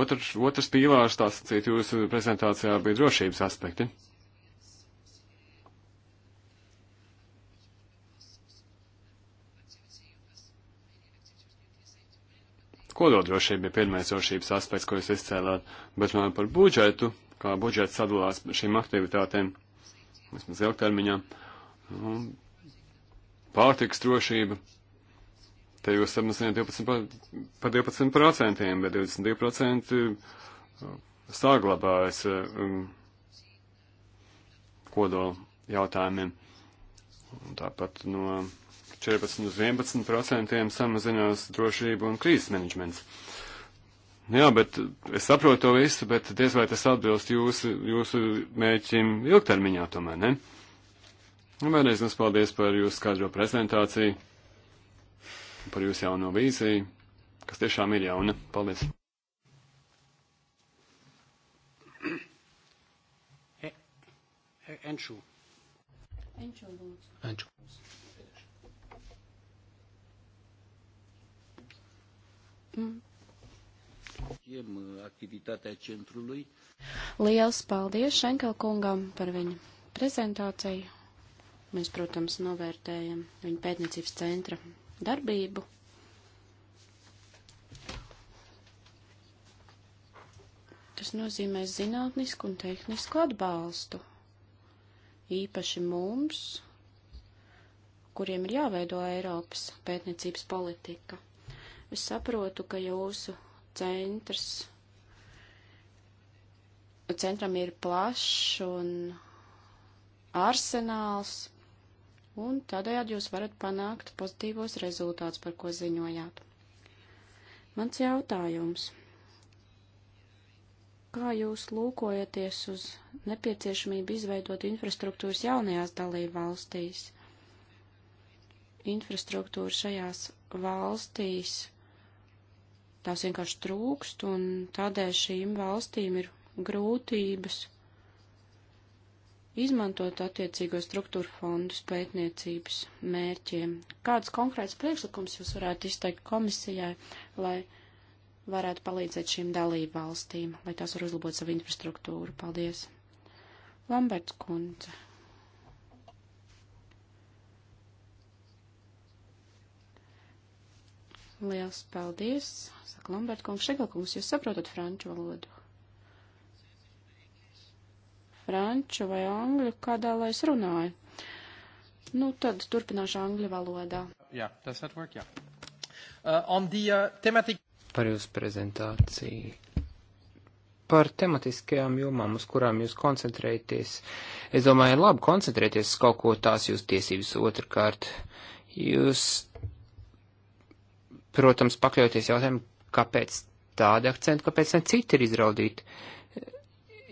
Otrs, otrs pīlārs, tā sacīt, jūsu prezentācijā bija drošības aspekti. Kododrošība ir pirmais drošības aspekts, ko jūs izcēlāt, bet runājot par budžetu, kā budžets sadalās šīm aktivitātēm, vismaz ilgtermiņā, nu, pārtiks drošība, te jūs samazināt 12 par, par 12%, bet 22% uh, saglabājas uh, um, kodola jautājumiem. Un tāpat no. Nu, 14 uz 11 procentiem samazinās drošība un krīzes menedžments. Nu jā, bet es saprotu to visu, bet diez vai tas atbilst jūsu, jūsu mēķim ilgtermiņā tomēr, ne? Un nu, vēlreiz jums paldies par jūsu skaidro prezentāciju, par jūsu jauno vīziju, kas tiešām ir jauna. Paldies! E, e, Enču. Enču, lūdzu. Enču. Uh, Liels paldies Šenkel kungam par viņu prezentāciju. Mēs, protams, novērtējam viņa pētniecības centra darbību. Tas nozīmē zinātnisku un tehnisku atbalstu. Īpaši mums, kuriem ir jāveido Eiropas pētniecības politika. Es saprotu, ka jūsu centrs, centram ir plašs un arsenāls, un tādējādi jūs varat panākt pozitīvos rezultātus, par ko ziņojāt. Mans jautājums. Kā jūs lūkojaties uz nepieciešamību izveidot infrastruktūras jaunajās dalību valstīs? Infrastruktūra šajās valstīs tās vienkārši trūkst, un tādēļ šīm valstīm ir grūtības izmantot attiecīgo struktūru fondus pētniecības mērķiem. Kāds konkrēts priekšlikums jūs varētu izteikt komisijai, lai varētu palīdzēt šīm dalību valstīm, lai tās var uzlabot savu infrastruktūru? Paldies! Lamberts kundze. Liels paldies, saka Lambert kungs. Šegalkungs, jūs saprotat franču valodu? Franču vai angļu, kādā lai es runāju? Nu, tad turpināšu angļu valodā. Jā, yeah, tas network, jā. Yeah. Uh, the, uh, thematic... Par jūsu prezentāciju par tematiskajām jomām, uz kurām jūs koncentrēties. Es domāju, labi koncentrēties uz kaut ko tās jūs tiesības otrkārt. Jūs protams, pakļauties jautājumu, kāpēc tādi akcenti, kāpēc ne citi ir izraudīti.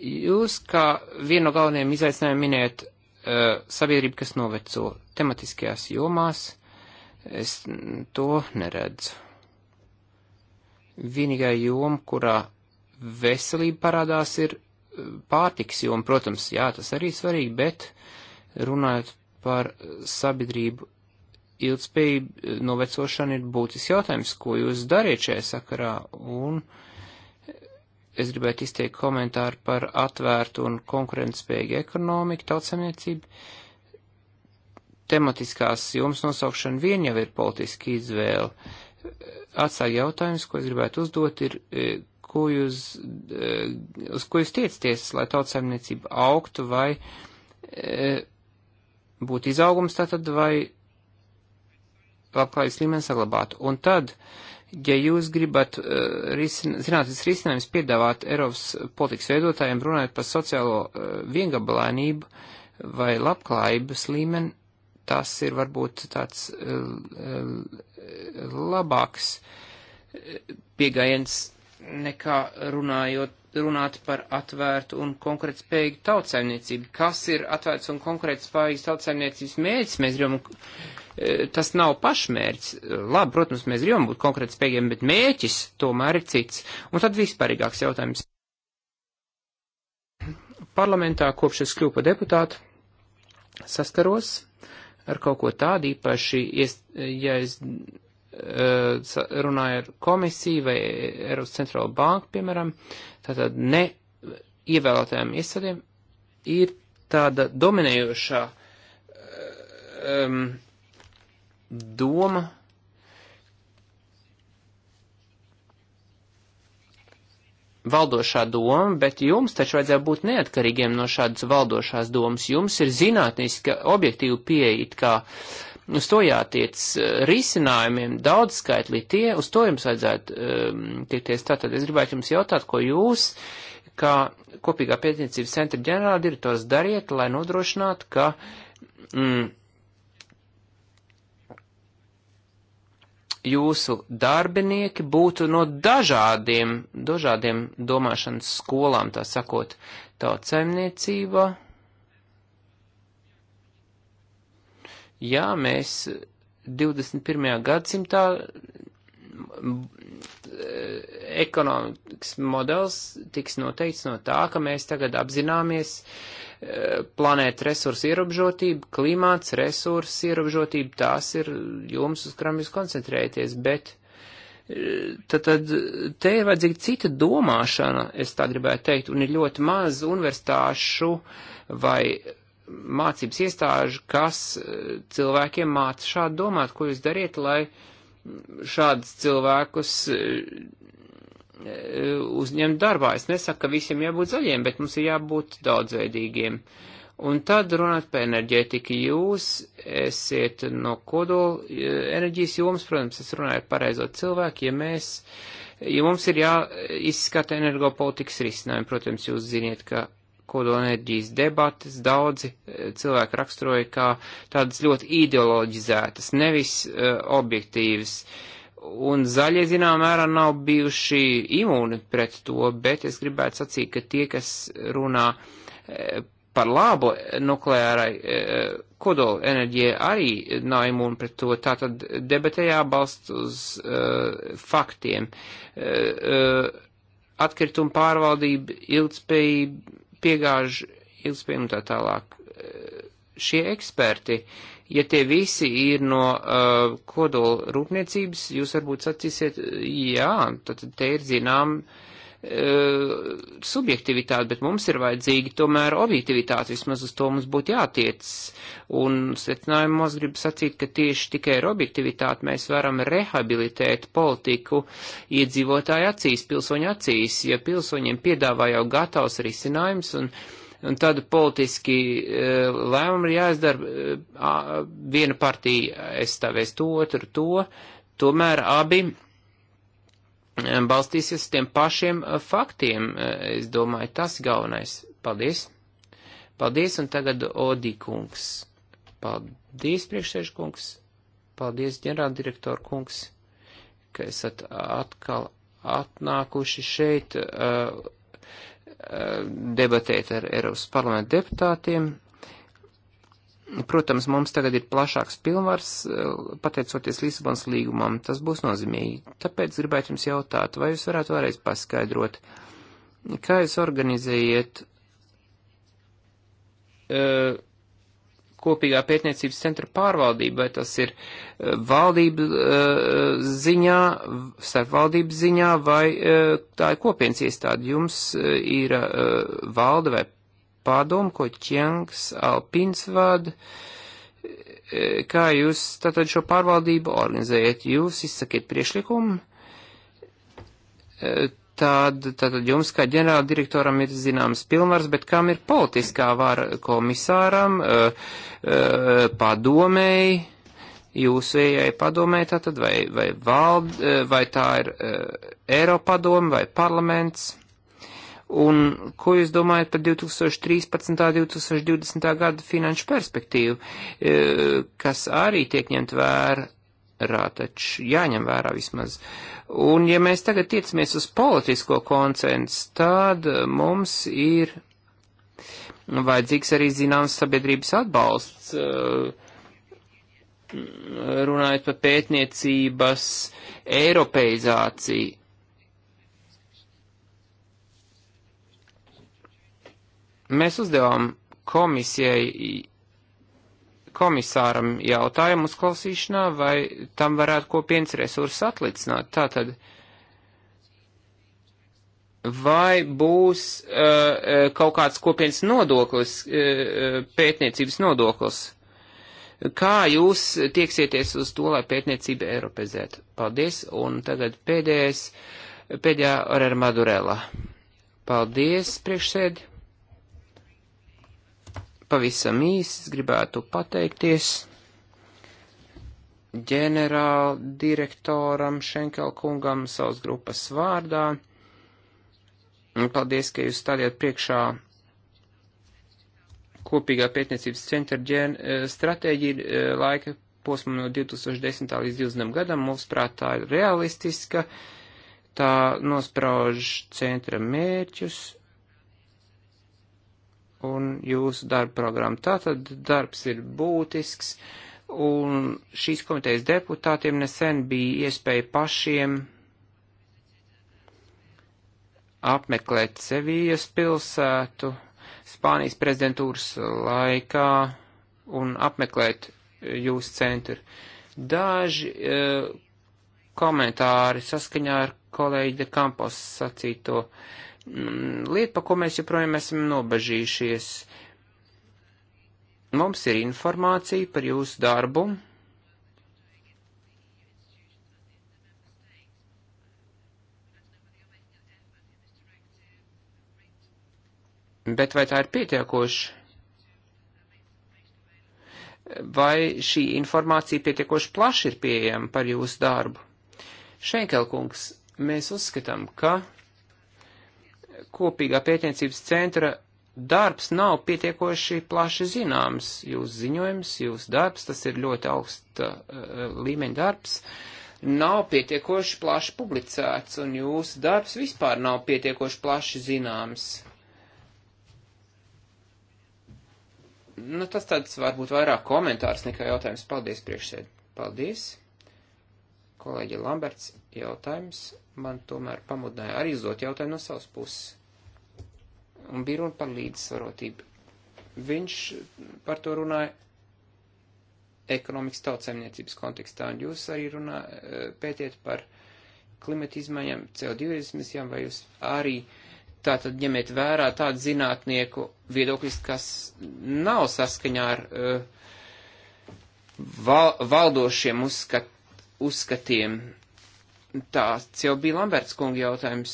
Jūs kā vienu no galvenajiem izaicinājumiem minējat uh, sabiedrību, kas noveco tematiskajās jomās, es to neredzu. Vienīgā joma, kurā veselība parādās, ir uh, pārtiks joma. Protams, jā, tas arī svarīgi, bet runājot par sabiedrību ilgspējība novecošana ir būtis jautājums, ko jūs dariet šajā sakarā, un es gribētu izteikt komentāru par atvērtu un konkurentspējīgu ekonomiku, tautsamniecību. Tematiskās jums nosaukšana vien jau ir politiski izvēle. Atsāk jautājums, ko es gribētu uzdot, ir, e, ko jūs, e, uz ko jūs tiecties, lai tautsamniecība augtu vai e, būtu izaugums tātad vai labklājības līmeni saglabātu. Un tad, ja jūs gribat uh, risin, zinātnes risinājums piedāvāt Eiropas politikas veidotājiem runājot par sociālo uh, viengabalainību vai labklājības līmeni, tas ir varbūt tāds uh, uh, labāks uh, pieejams nekā runājot, runāt par atvērtu un konkrēt spējīgu tautsaimniecību. Kas ir atvērts un konkrēt spējīgas tautsaimniecības mērķis? Mēs gribam E, tas nav pašmērķis. Labi, protams, mēs gribam būt konkrēti spējiem, bet mērķis tomēr ir cits. Un tad vispārīgāks jautājums. Parlamentā kopš es kļuvu par deputātu saskaros ar kaut ko tādu īpaši, ja es e, runāju ar komisiju vai Eiropas centrālo banku, piemēram, tātad ne ievēlētajām iestādēm ir tāda dominējošā um, doma, valdošā doma, bet jums taču vajadzēja būt neatkarīgiem no šādas valdošās domas. Jums ir zinātniska objektīva pieeja, kā uz to jātiec eh, risinājumiem, daudz skaitlī tie, uz to jums vajadzētu um, tiekties. Tātad es gribētu jums jautāt, ko jūs, kā kopīgā pētniecības centra ģenerāldirektors, dariet, lai nodrošinātu, ka. Mm, jūsu darbinieki būtu no dažādiem, dažādiem domāšanas skolām, tā sakot, tautsaimniecība. Jā, mēs 21. gadsimtā ekonomikas modelis tiks noteikts no tā, ka mēs tagad apzināmies, uh, planēta resursu ierobežotība, klimāts resursu ierobežotība, tās ir jums, uz kurām jūs koncentrēties, bet e, tad, tad te ir vajadzīga cita domāšana, es tā gribētu teikt, un ir ļoti maz universitāšu vai mācības iestāžu, kas e, cilvēkiem māca šādi domāt, ko jūs dariet, lai šādus cilvēkus Eh, uzņemt darbā. Es nesaku, ka visiem jābūt zaļiem, bet mums ir jābūt daudzveidīgiem. Un tad runāt par enerģētiku. Jūs esiet no kodola eh, enerģijas jomas, protams, es runāju pareizo cilvēku, ja mēs, ja mums ir jāizskata energopolitikas risinājumi, protams, jūs ziniet, ka kodolenerģijas debatas daudzi eh, cilvēki raksturoja kā tādas ļoti ideoloģizētas, nevis uh, objektīvas. Uh, Un zaļie, zinām, mērā nav bijuši imūni pret to, bet es gribētu sacīt, ka tie, kas runā eh, par labu nukleārai eh, kodola enerģijai, arī nav imūni pret to. Tātad debatē jābalst uz uh, faktiem. Uh, atkritumu pārvaldība, ilgspējība, piegāžu ilgspējība un tā tālāk. Uh, šie eksperti uh, Ja tie visi ir no uh, kodola rūpniecības, jūs varbūt sacīsiet, jā, tad te ir zinām uh, subjektivitāte, bet mums ir vajadzīga tomēr objektivitāte, vismaz uz to mums būtu jātiec. Un secinājumos gribu sacīt, ka tieši tikai ar objektivitāti mēs varam rehabilitēt politiku iedzīvotāju acīs, pilsoņu acīs, ja pilsoņiem piedāvā jau gatavs risinājums un uh, un tad politiski eh, lēmumi ir jāizdara eh, viena partija aizstāvēs to, otru to, tomēr abi eh, balstīsies tiem pašiem faktiem, es domāju, tas galvenais. Paldies! Paldies, un tagad Odī kungs. Paldies, priekšsēžu kungs! Paldies, ģenerāldirektoru kungs, ka esat atkal atnākuši šeit. Uh, Eh, debatēt ar Eiropas parlamentu deputātiem. Protams, mums tagad ir plašāks pilnvars, eh, pateicoties Lisabonas līgumam, tas būs nozīmīgi. Tāpēc gribētu jums jautāt, vai jūs varētu vēlreiz paskaidrot, kā jūs organizējiet uh, eh, kopīgā pētniecības centra pārvaldība, vai tas ir eh, valdība uh, eh, ziņā, starp valdības ziņā, vai uh, tā ir kopienas iestāde. Jums uh, ir uh, valda vai pārdoma, ko Čengs Alpins vada. Kā jūs tātad šo pārvaldību organizējat? Jūs izsakiet priešlikumu, tad, tad jums kā ģenerāla direktoram ir zināms pilnvars, bet kam ir politiskā vara komisāram, eh, eh, padomēji, jūsu ejai padomēji tātad, vai, vai, vald, eh, vai tā ir Eiropadoma vai parlaments? Un ko jūs domājat par 2013. 2020. gada finanšu perspektīvu, kas arī tiek ņemt vērā vērā, taču jāņem vērā vismaz. Un ja mēs tagad tiecamies uz politisko konsensu, tad eh, mums ir vajadzīgs arī zināms sabiedrības atbalsts. Eh, runājot par pētniecības eiropeizāciju. Mēs uzdevām komisijai komisāram jautājumu uzklausīšanā, vai tam varētu kopienas resursus atlicināt. Tātad, vai būs uh, uh kaut kāds kopienas nodoklis, uh, uh, pētniecības nodoklis? Kā jūs tieksieties uz to, lai pētniecība eiropezētu? Paldies, un tagad pēdējais, pēdējā Orera Madurela. Paldies, priekšsēdi. Pavisam īsts gribētu pateikties ģenerāla direktoram Šenkel kungam savas grupas vārdā. Paldies, ka jūs stādījāt priekšā kopīgā pētniecības centra ģen, eh, stratēģija eh, laika posmu no 2010. līdz 2020. gadam. Mūsuprāt, tā ir realistiska, tā nosprauž centra mērķus un jūsu darba programmu. Tātad darbs ir būtisks, un šīs komitejas deputātiem nesen bija iespēja pašiem apmeklēt Sevijas pilsētu Spānijas prezidentūras laikā un apmeklēt jūsu centru. Daži e, komentāri saskaņā ar kolēģi de Kampos sacīto. E, Mm, lieta, pa ko mēs joprojām esam nobežījušies. Mums ir informācija par jūsu darbu. Bet vai tā ir pietiekoša? Vai šī informācija pietiekoši plaši ir pieejama par jūsu darbu? Šenkelkungs, mēs uzskatām, ka kopīgā pētniecības centra darbs nav pietiekoši plaši zināms. Jūsu ziņojums, jūsu darbs, tas ir ļoti augsta uh, līmeņa darbs, nav pietiekoši plaši publicēts, un jūsu darbs vispār nav pietiekoši plaši zināms. Nu, tas tāds varbūt vairāk komentārs nekā jautājums. Paldies, priekšsēd. Paldies. Kolēģi Lamberts, jautājums man tomēr pamudināja arī uzdot jautājumu no savas puses. Un bija runa par līdzsvarotību. Viņš par to runāja ekonomikas tautsēmniecības kontekstā, un jūs arī runā, e, pētiet par klimata izmaiņām, CO2 emisijām, vai jūs arī tātad ņemiet vērā tādu zinātnieku viedoklis, kas nav saskaņā ar uh, val, valdošiem uzskat, uzskatiem Tās jau bija Lamberts kunga jautājums.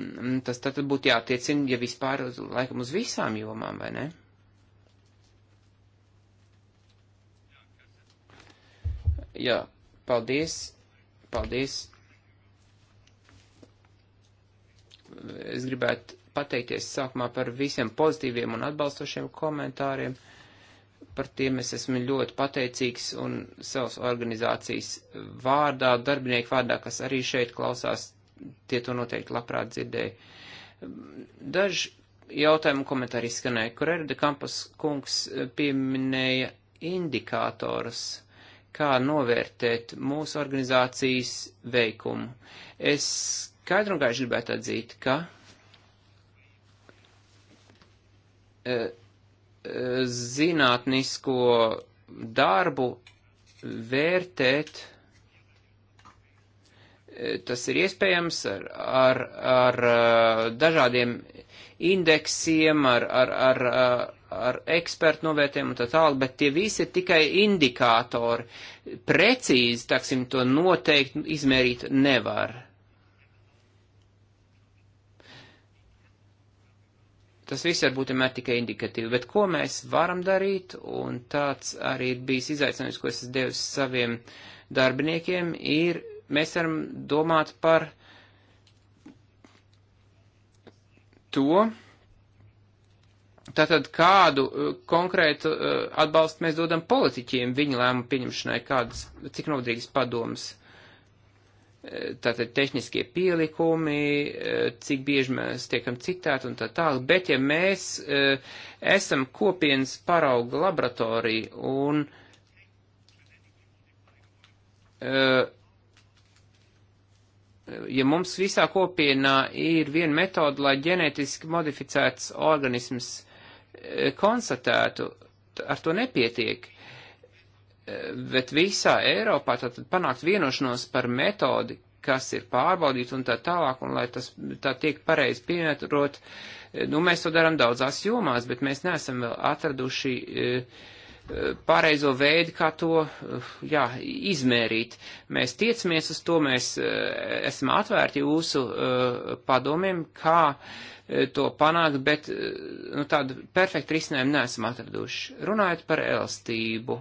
Mm, tas tad būtu jātiecina, ja vispār, uz, laikam, uz visām jomām, vai ne? Jā, paldies. Paldies. Es gribētu pateikties sākumā par visiem pozitīviem un atbalstošiem komentāriem. Uh, par tiem es esmu ļoti pateicīgs un savas organizācijas vārdā, darbinieku vārdā, kas arī šeit klausās, tie to noteikti labprāt dzirdēja. Daži jautājumi komentāri skanēja, kur Erda Kampas kungs pieminēja indikātorus, kā novērtēt mūsu organizācijas veikumu. Es skaidru un gaiši gribētu atzīt, ka eh, zinātnisko darbu vērtēt, tas ir iespējams ar, ar, ar uh, dažādiem indeksiem, ar, ar, ar, uh, ar ekspertu novērtējumu un tā tālāk, bet tie visi ir tikai indikātori. Precīzi, taksim, to noteikti izmērīt nevar. Tas viss varbūt vienmēr tikai indikatīvi, bet ko mēs varam darīt, un tāds arī ir bijis izaicinājums, ko es devu saviem darbiniekiem, ir mēs varam domāt par to, Tātad kādu uh, konkrētu uh, atbalstu mēs dodam politiķiem viņa lēmu pieņemšanai, kādas, cik nodrīgas padomas tātad tehniskie pielikumi, e, cik bieži mēs tiekam citāti un tā tālāk, bet ja mēs e, esam kopienas parauga laboratorija un e, ja mums visā kopienā ir viena metoda, lai ģenētiski modificēts organisms konstatētu, ar to nepietiek. Uh, bet visā Eiropā tātad panākt vienošanos par metodi, kas ir pārbaudīta un tā tālāk, un lai tas tā tiek pareizi piemetrot, nu, mēs to darām daudzās jomās, bet mēs neesam vēl atraduši e, e, pareizo veidu, kā to, e, jā, izmērīt. Mēs tiecamies uz to, mēs esam atvērti jūsu padomiem, kā to panākt, bet, nu, tādu perfektu risinājumu neesam atraduši. Runājot par elastību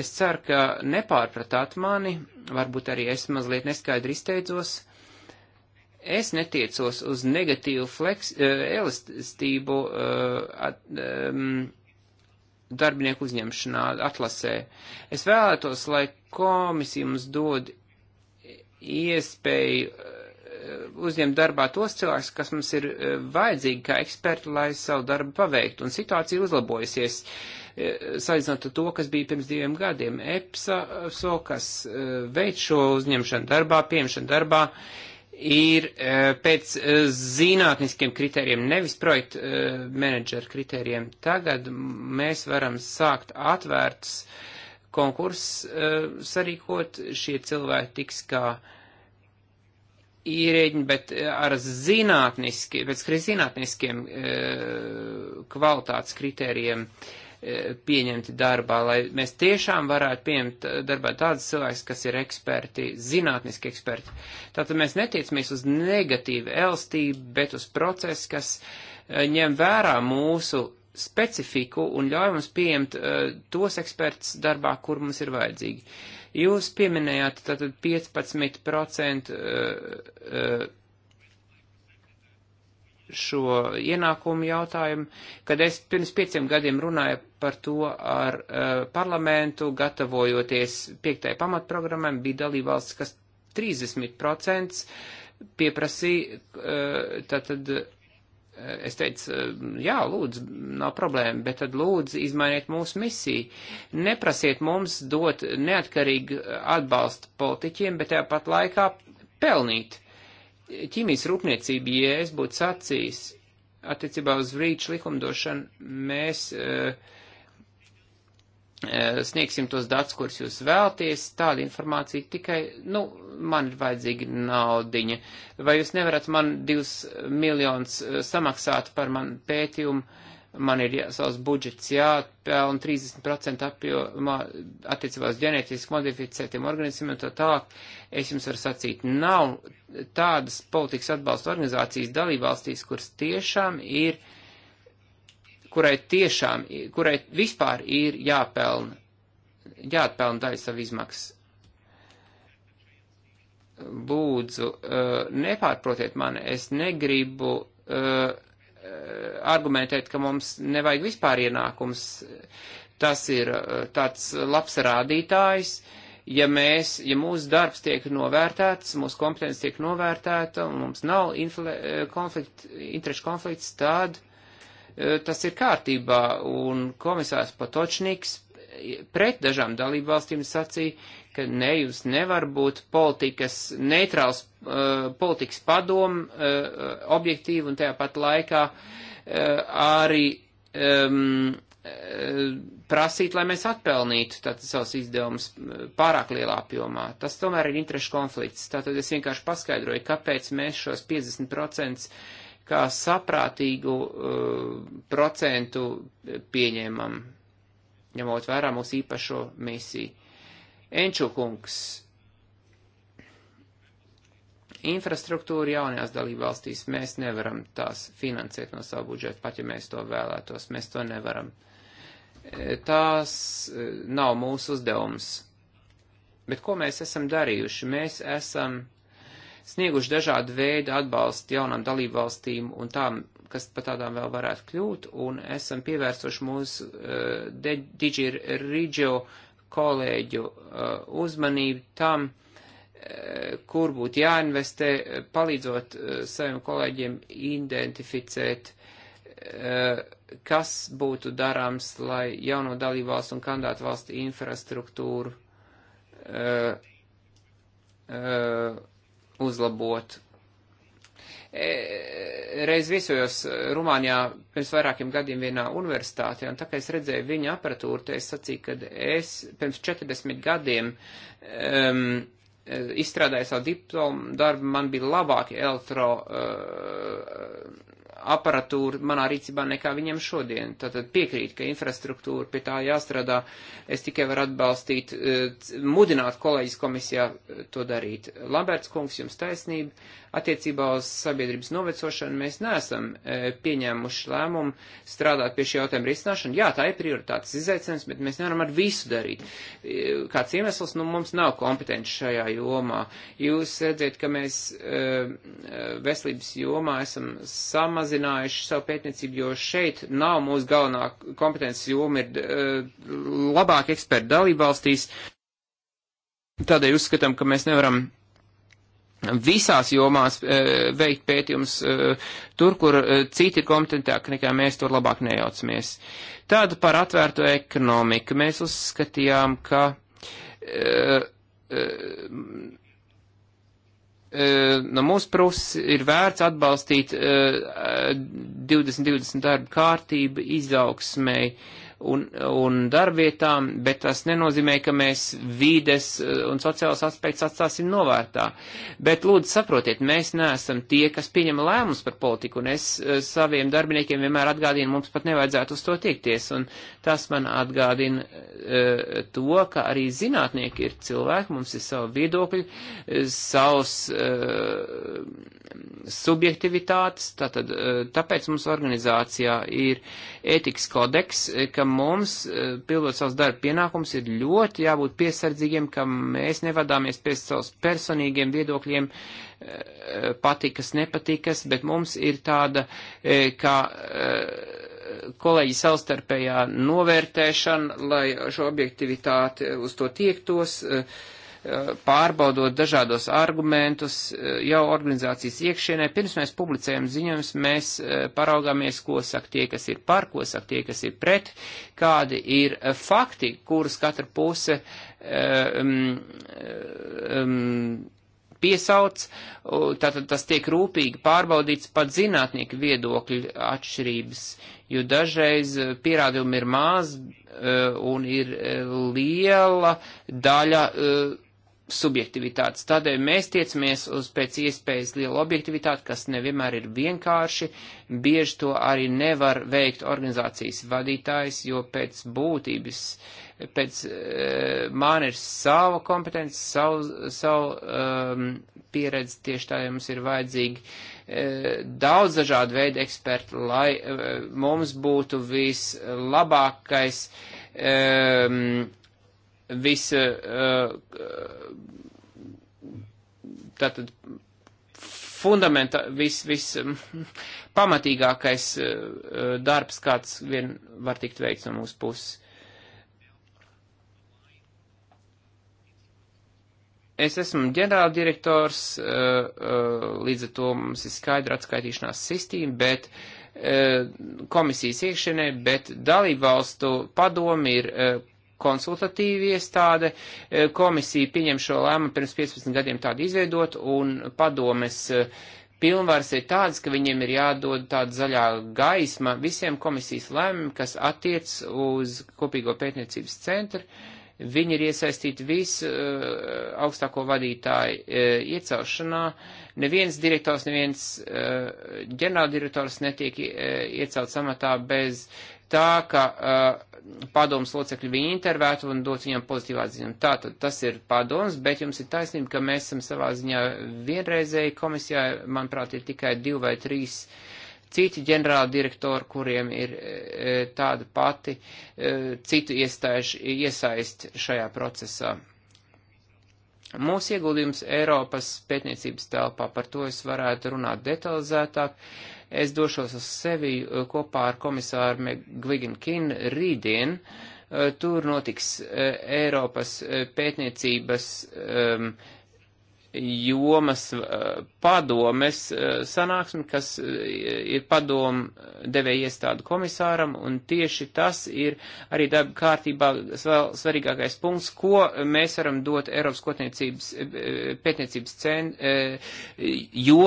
Es ceru, ka nepārpratāt mani, varbūt arī es mazliet neskaidri izteicos. Es netiecos uz negatīvu fleks, e, elastību e, at, e, darbinieku uzņemšanā, atlasē. Es vēlētos, lai komisija mums dod iespēju uzņemt darbā tos cilvēkus, kas mums ir vajadzīgi kā eksperti, lai savu darbu paveiktu. Un situācija uzlabojusies. Uh, E, salīdzinot ar to, kas bija pirms diviem gadiem. EPSA, so, kas e, veic šo uzņemšanu darbā, pieņemšanu darbā, ir e, pēc zinātniskiem kritērijiem, nevis projekta menedžera kritērijiem. Tagad mēs varam sākt atvērts konkurss sarīkot, šie cilvēki tiks kā ierēģi, bet ar zinātniski, pēc zinātniskiem kvalitātes kritērijiem. Uh, E, pieņemti darbā, lai mēs tiešām varētu pieņemt e, darbā tādus cilvēkus, kas ir eksperti, zinātniski eksperti. Tātad mēs netiecamies uz negatīvu elstību, bet uz procesu, kas e, ņem vērā mūsu specifiku un ļauj mums pieņemt uh, tos eksperts darbā, kur mums ir vajadzīgi. Jūs pieminējāt tātad 15% uh, uh, šo ienākumu jautājumu, kad es pirms pieciem gadiem runāju par to ar uh, parlamentu, gatavojoties piektajai pamatprogrammai, bija dalībvalsts, kas 30% pieprasīja, uh, eh, tātad eh, es teicu, jā, lūdzu, nav problēma, bet tad lūdzu izmainiet mūsu misiju. Neprasiet mums dot neatkarīgu atbalstu politiķiem, bet tāpat laikā pelnīt ķīmijas rūpniecība, ja es būtu sacījis, attiecībā uz rīču likumdošanu, mēs uh, sniegsim tos datus, kurus jūs vēlties, tāda informācija tikai, nu, man ir vajadzīga naudiņa. Vai jūs nevarat man divus miljonus eh, samaksāt par man pētījumu? man ir jā, savs budžets jāatpelna 30% apjomā attiecībā uz ģenētiski modificētiem organismiem un tā tālāk. Es jums varu sacīt, nav tādas politikas atbalsta organizācijas dalībvalstīs, kuras tiešām ir, kurai tiešām, kurai vispār ir jāpelna, jāatpelna daļa savu izmaksas. Lūdzu, uh, nepārprotiet mani, es negribu uh, Eh, argumentēt, ka mums nevajag vispār ienākums. Tas ir eh, tāds labs rādītājs. Ja mēs, ja mūsu darbs tiek novērtēts, mūsu kompetence tiek novērtēta un mums nav eh, konflikt, interešu konflikts, tad tas ir kārtībā. Un komisārs Patočniks pret dažām dalību valstīm sacīja, ka ne, jūs nevar būt politikas, neitrāls uh, politikas padom, uh, uh objektīvi un tajā pat laikā uh, arī um, uh, prasīt, lai mēs atpelnītu tātad savus izdevumus uh, pārāk lielā apjomā. Tas tomēr ir interešu konflikts. Tātad es vienkārši paskaidroju, kāpēc mēs šos 50% kā saprātīgu uh, procentu pieņēmam ņemot vērā mūsu īpašo misiju. Enčukungs. Infrastruktūra jaunajās dalībvalstīs mēs nevaram tās finansēt no savu budžetu, pat ja mēs to vēlētos, mēs to nevaram. Tās eh, nav mūsu uzdevums. Bet ko mēs esam darījuši? Mēs esam snieguši dažādu veidu atbalstu jaunām dalībvalstīm un tām kas pa tādām vēl varētu kļūt, un esam pievērsuši mūsu uh, eh, Digir Rigio kolēģu uh, uzmanību tam, uh, kur būtu jāinvestē, palīdzot uh, saviem kolēģiem identificēt, uh, kas būtu darāms, lai jauno dalībvalstu un kandidātu valstu infrastruktūru uh, uh, uzlabotu E, reiz viesojos Rumānijā pirms vairākiem gadiem vienā universitātē, un tā kā es redzēju viņa aparatūru, es sacīju, ka es pirms 40 gadiem um, izstrādāju savu diplomu darbu, man bija labāki elektro uh, e, aparatūra manā rīcībā nekā viņiem šodien. Tātad piekrīt, ka infrastruktūra pie tā jāstrādā. Es tikai varu atbalstīt, uh, mudināt kolēģis komisijā to darīt. Lamberts kungs, jums taisnība. Uh, Attiecībā uz sabiedrības novecošanu mēs neesam e, pieņēmuši lēmumu strādāt pie šī jautājuma risināšanu. Jā, tā ir prioritātes izaicinājums, bet mēs nevaram ar visu darīt. E, kāds iemesls, nu, mums nav kompetenci šajā jomā. Jūs redzat, ka mēs e, veselības jomā esam samazinājuši savu pētniecību, jo šeit nav mūsu galvenā kompetences joma, ir labāk eksperti dalībvalstīs. Tādēļ uzskatām, ka mēs nevaram visās jomās eh, veikt pētījums eh, tur, kur eh, citi ir kompetentāki nekā mēs, tur labāk nejaucamies. Tāda par atvērto ekonomiku. Mēs uzskatījām, ka no mūsu puses ir vērts atbalstīt 2020 darba kārtību izaugsmēji un, un darbvietām, bet tas nenozīmē, ka mēs vīdes eh, un sociālos aspektus atstāsim novērtā. Bet lūdzu saprotiet, mēs neesam tie, kas pieņem lēmumus par politiku, un es eh, saviem darbiniekiem vienmēr atgādinu, mums pat nevajadzētu uz to tiekties, un tas man atgādina e, to, ka arī zinātnieki ir cilvēki, mums ir savi viedokļi, savs. E, subjektivitātes, tātad, e, tāpēc mums organizācijā ir ētikas kodeks, e, ka mums, e, pildot savus darba pienākums, ir ļoti jābūt piesardzīgiem, ka mēs nevadāmies pēc savus personīgiem viedokļiem, patikas, nepatikas, bet mums ir tāda, kā kolēģi savstarpējā novērtēšana, lai šo objektivitāti uz to tiektos, uh, Eh, pārbaudot dažādos argumentus eh, jau organizācijas iekšienē. Pirms mēs publicējam ziņojums, mēs eh, paraugāmies, ko saka tie, kas ir par, ko saka tie, kas ir pret, kādi ir fakti, kurus katra puse um, um, piesauc, tātad tas tiek rūpīgi pārbaudīts pat zinātnieku viedokļu atšķirības, jo dažreiz pierādījumi ir maz un ir liela daļa subjektivitātes. Tādēļ mēs tiecamies uz pēc iespējas lielu objektivitāti, kas nevienmēr ir vienkārši, bieži to arī nevar veikt organizācijas vadītājs, jo pēc būtības, pēc uh, man ir sava kompetence, savu, savu um, pieredzi, tieši tā jums ir vajadzīgi uh, daudz dažādu veidu ekspertu, lai uh, mums būtu vislabākais um, visa uh, tātad fundamenta, viss vis, [LAUGHS] pamatīgākais uh, darbs, kāds vien var tikt veikts no mūsu puses. Es esmu ģenerāldirektors, uh, līdz ar to mums ir skaidra atskaitīšanās sistēma, bet komisijas iekšienē, bet dalībvalstu padomi ir konsultatīva iestāde. E, komisija pieņem šo lēmumu pirms 15 gadiem tādu izveidot, un padomes e, pilnvars ir tāds, ka viņiem ir jādod tāda zaļā gaisma visiem komisijas lēmumiem, kas attiec uz kopīgo pētniecības centru. Viņi ir iesaistīti visu uh, e, augstāko vadītāju uh, iecelšanā. Neviens direktors, neviens uh, ģenerāldirektors netiek uh, iecelt samatā bez tā, ka uh, padomas locekļi viņu intervētu un dot viņam pozitīvā ziņa. Tātad tas ir padoms, bet jums ir taisnība, ka mēs esam savā ziņā vienreizēji komisijā, manuprāt, ir tikai divi vai trīs citi ģenerāli direktori, kuriem ir e, tāda pati e, citu iestājuši iesaist šajā procesā. Mūsu ieguldījums Eiropas pētniecības telpā, par to es varētu runāt detalizētāk. E, Es došos uz sevi uh, kopā ar komisāru Gviginkinu rītdien. Uh, tur notiks uh, Eiropas pētniecības um, jomas padomes sanāksmi, kas ir padomu devēja iestādu komisāram, un tieši tas ir arī darba kārtībā svarīgākais punkts, ko mēs varam dot Eiropas kotniecības pētniecības cen, jo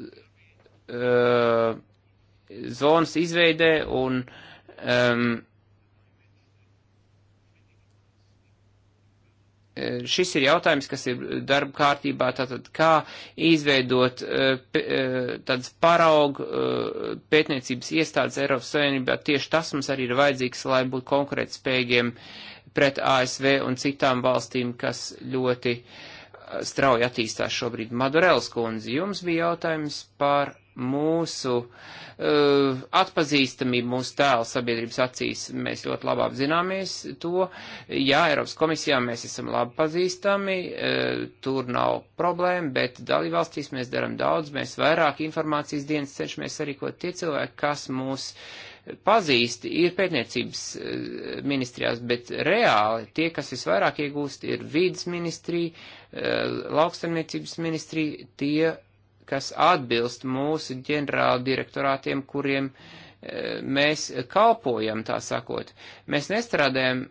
uh, zonas izveidē un um, uh, šis ir jautājums, kas ir darba kārtībā, tātad kā izveidot uh, uh, tādas paraugu pētniecības iestādes Eiropas Savienībā. Tieši tas mums arī ir vajadzīgs, lai būtu konkurētspējīgiem pret ASV un citām valstīm, kas ļoti uh, strauji attīstās šobrīd. Madurels kundze, jums bija jautājums par mūsu uh, atpazīstamību, mūsu tēlu sabiedrības acīs. Mēs ļoti labi apzināmies to. Jā, Eiropas komisijā mēs esam labi pazīstami, uh, tur nav problēma, bet dalībvalstīs mēs darām daudz, mēs vairāk informācijas dienas cenšamies sarīkot tie cilvēki, kas mūs uh, pazīsti, ir pētniecības eh, ministrijās, bet reāli tie, kas visvairāk iegūst, ir vīdas ministrija, eh, lauksaimniecības ministrija, tie, kas atbilst mūsu ģenerāla direktorātiem, kuriem eh, mēs kalpojam, tā sakot. Mēs nestrādājam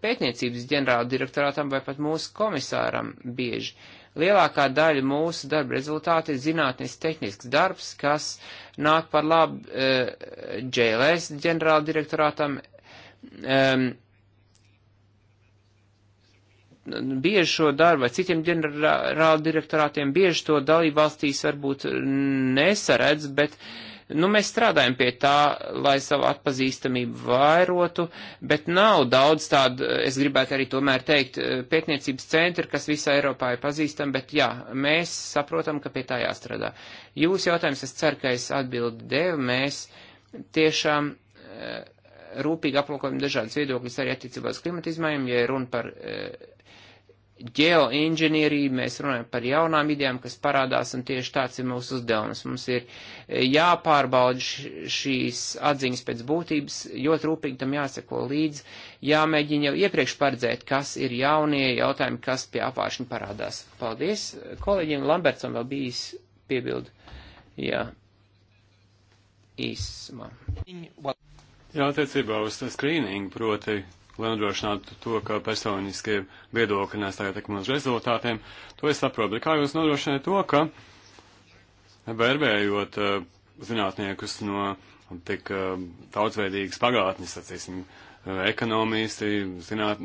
pētniecības ģenerāla direktorātam vai pat mūsu komisāram bieži. Uh, Lielākā daļa mūsu darba rezultāti ir zinātnis tehnisks darbs, kas nāk par labu uh, eh, JLS ģenerāla direktorātam. Um, bieži šo darbu vai citiem ģenerāla direktorātiem, bieži to dalību valstīs varbūt nesaredz, bet uh, Nu, mēs strādājam pie tā, lai savu atpazīstamību vairotu, bet nav daudz tādu, es gribētu arī tomēr teikt, eh, pētniecības centri, kas visā Eiropā ir pazīstami, bet jā, mēs saprotam, ka pie tā jāstrādā. Jūs jautājums, es ceru, ka es atbildi devu, mēs tiešām eh, rūpīgi aplūkojam dažādas viedokļas arī attiecībā uz klimata izmaiņām, ja runa par e, ģeoinženierību, mēs runājam par jaunām idejām, kas parādās, un tieši tāds ir mūsu uzdevums. Mums ir e, jāpārbauda šīs atziņas pēc būtības, ļoti rūpīgi tam jāseko līdz, jāmēģina jau iepriekš paredzēt, kas ir jaunie jautājumi, kas pie apvāršņa parādās. Paldies. Kolēģiem Lambertsam vēl bijis piebildu. Jā. Īsumā. Jā, attiecībā uz skrīningu proti lai nodrošinātu to, ka personiskie viedokļi nestāja tekmē uz rezultātiem, to es saprotu. Bet kā jūs nodrošināt to, ka vērvējot eh, zinātniekus no tik eh, daudzveidīgas pagātnes, sacīsim, eh, ekonomisti, zināt,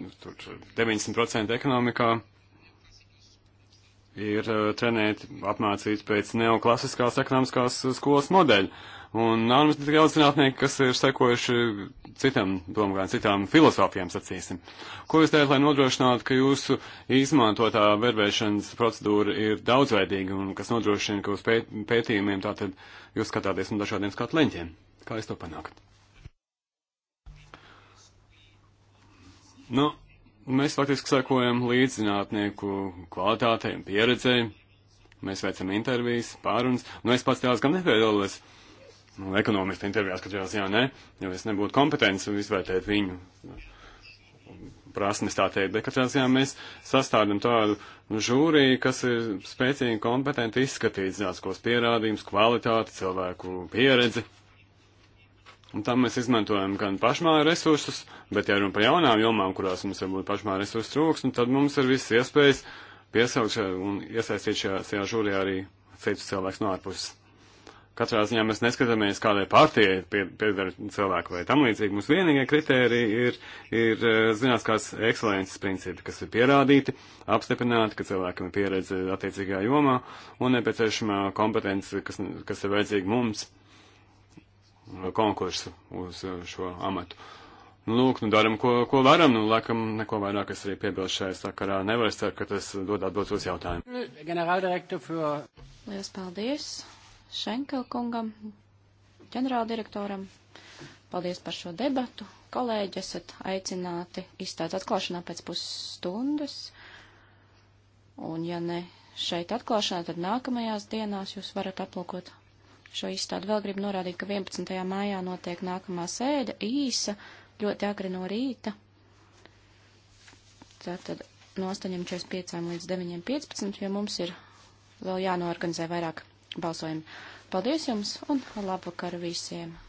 90% ekonomikā ir trenēti apmācīti pēc neoklasiskās ekonomiskās skolas modeļa. Un nav mums tikai daudz zinātnieki, kas ir sekojuši citam domām, citām filozofijām, sacīsim. Ko jūs teicat, lai nodrošinātu, ka jūsu izmantotā verbēšanas procedūra ir daudzveidīga un kas nodrošina, ka uz pēt, pētījumiem tātad jūs skatāties no dažādiem skatu leņķiem? Kā jūs to panākat? Nu, mēs faktiski sekojam līdz zinātnieku kvalitātei un pieredzei. Mēs veicam intervijas, pārunas, un nu, es pats tās gan nepiedalos. Uh, nu, ekonomista intervijās katrās jā, nē, jo es nebūtu kompetents izvērtēt viņu prasmes tā teikt, bet katrā ziņā mēs sastādam tādu nu, žūriju, kas ir spēcīgi kompetenti izskatīt zinātniskos pierādījumus, kvalitāti, cilvēku pieredzi. Un tam mēs izmantojam gan pašmāju resursus, bet ja runa par jaunām jomām, kurās mums varbūt pašmāju resursu trūks, un nu, tad mums ir visas iespējas piesaukt un iesaistīt šajā, šajā žūrijā arī citus cilvēkus no ārpuses. Katrā ziņā mēs neskatāmies, kādai partijai piedara cilvēku vai tam līdzīgi. Mums vienīgie kritēriji ir, ir eh, zinās, kāds ekscelences principi, kas ir pierādīti, apstiprināti, ka cilvēkam ir pieredze attiecīgajā jomā un nepieciešamā kompetence, kas, kas ir vajadzīga mums konkursu uz eh, šo amatu. Nu, lūk, nu daram, ko, ko varam, nu, laikam, neko vairāk es arī piebilst šajā sakarā. Nevar es ceru, ka tas dod atbildes uz jautājumu. Liels paldies! Šenkel kungam, ģenerāldirektoram. Paldies par šo debatu. Kolēģi esat aicināti izstāst atklāšanā pēc pusstundas. Un ja ne šeit atklāšanā, tad nākamajās dienās jūs varat aplūkot šo izstādi. Vēl gribu norādīt, ka 11. mājā notiek nākamā sēde, īsa, ļoti agri no rīta. Tātad no 8.45 līdz 9.15, jo mums ir vēl jānoorganizē vairāk balsojumu. Paldies jums un labvakar visiem!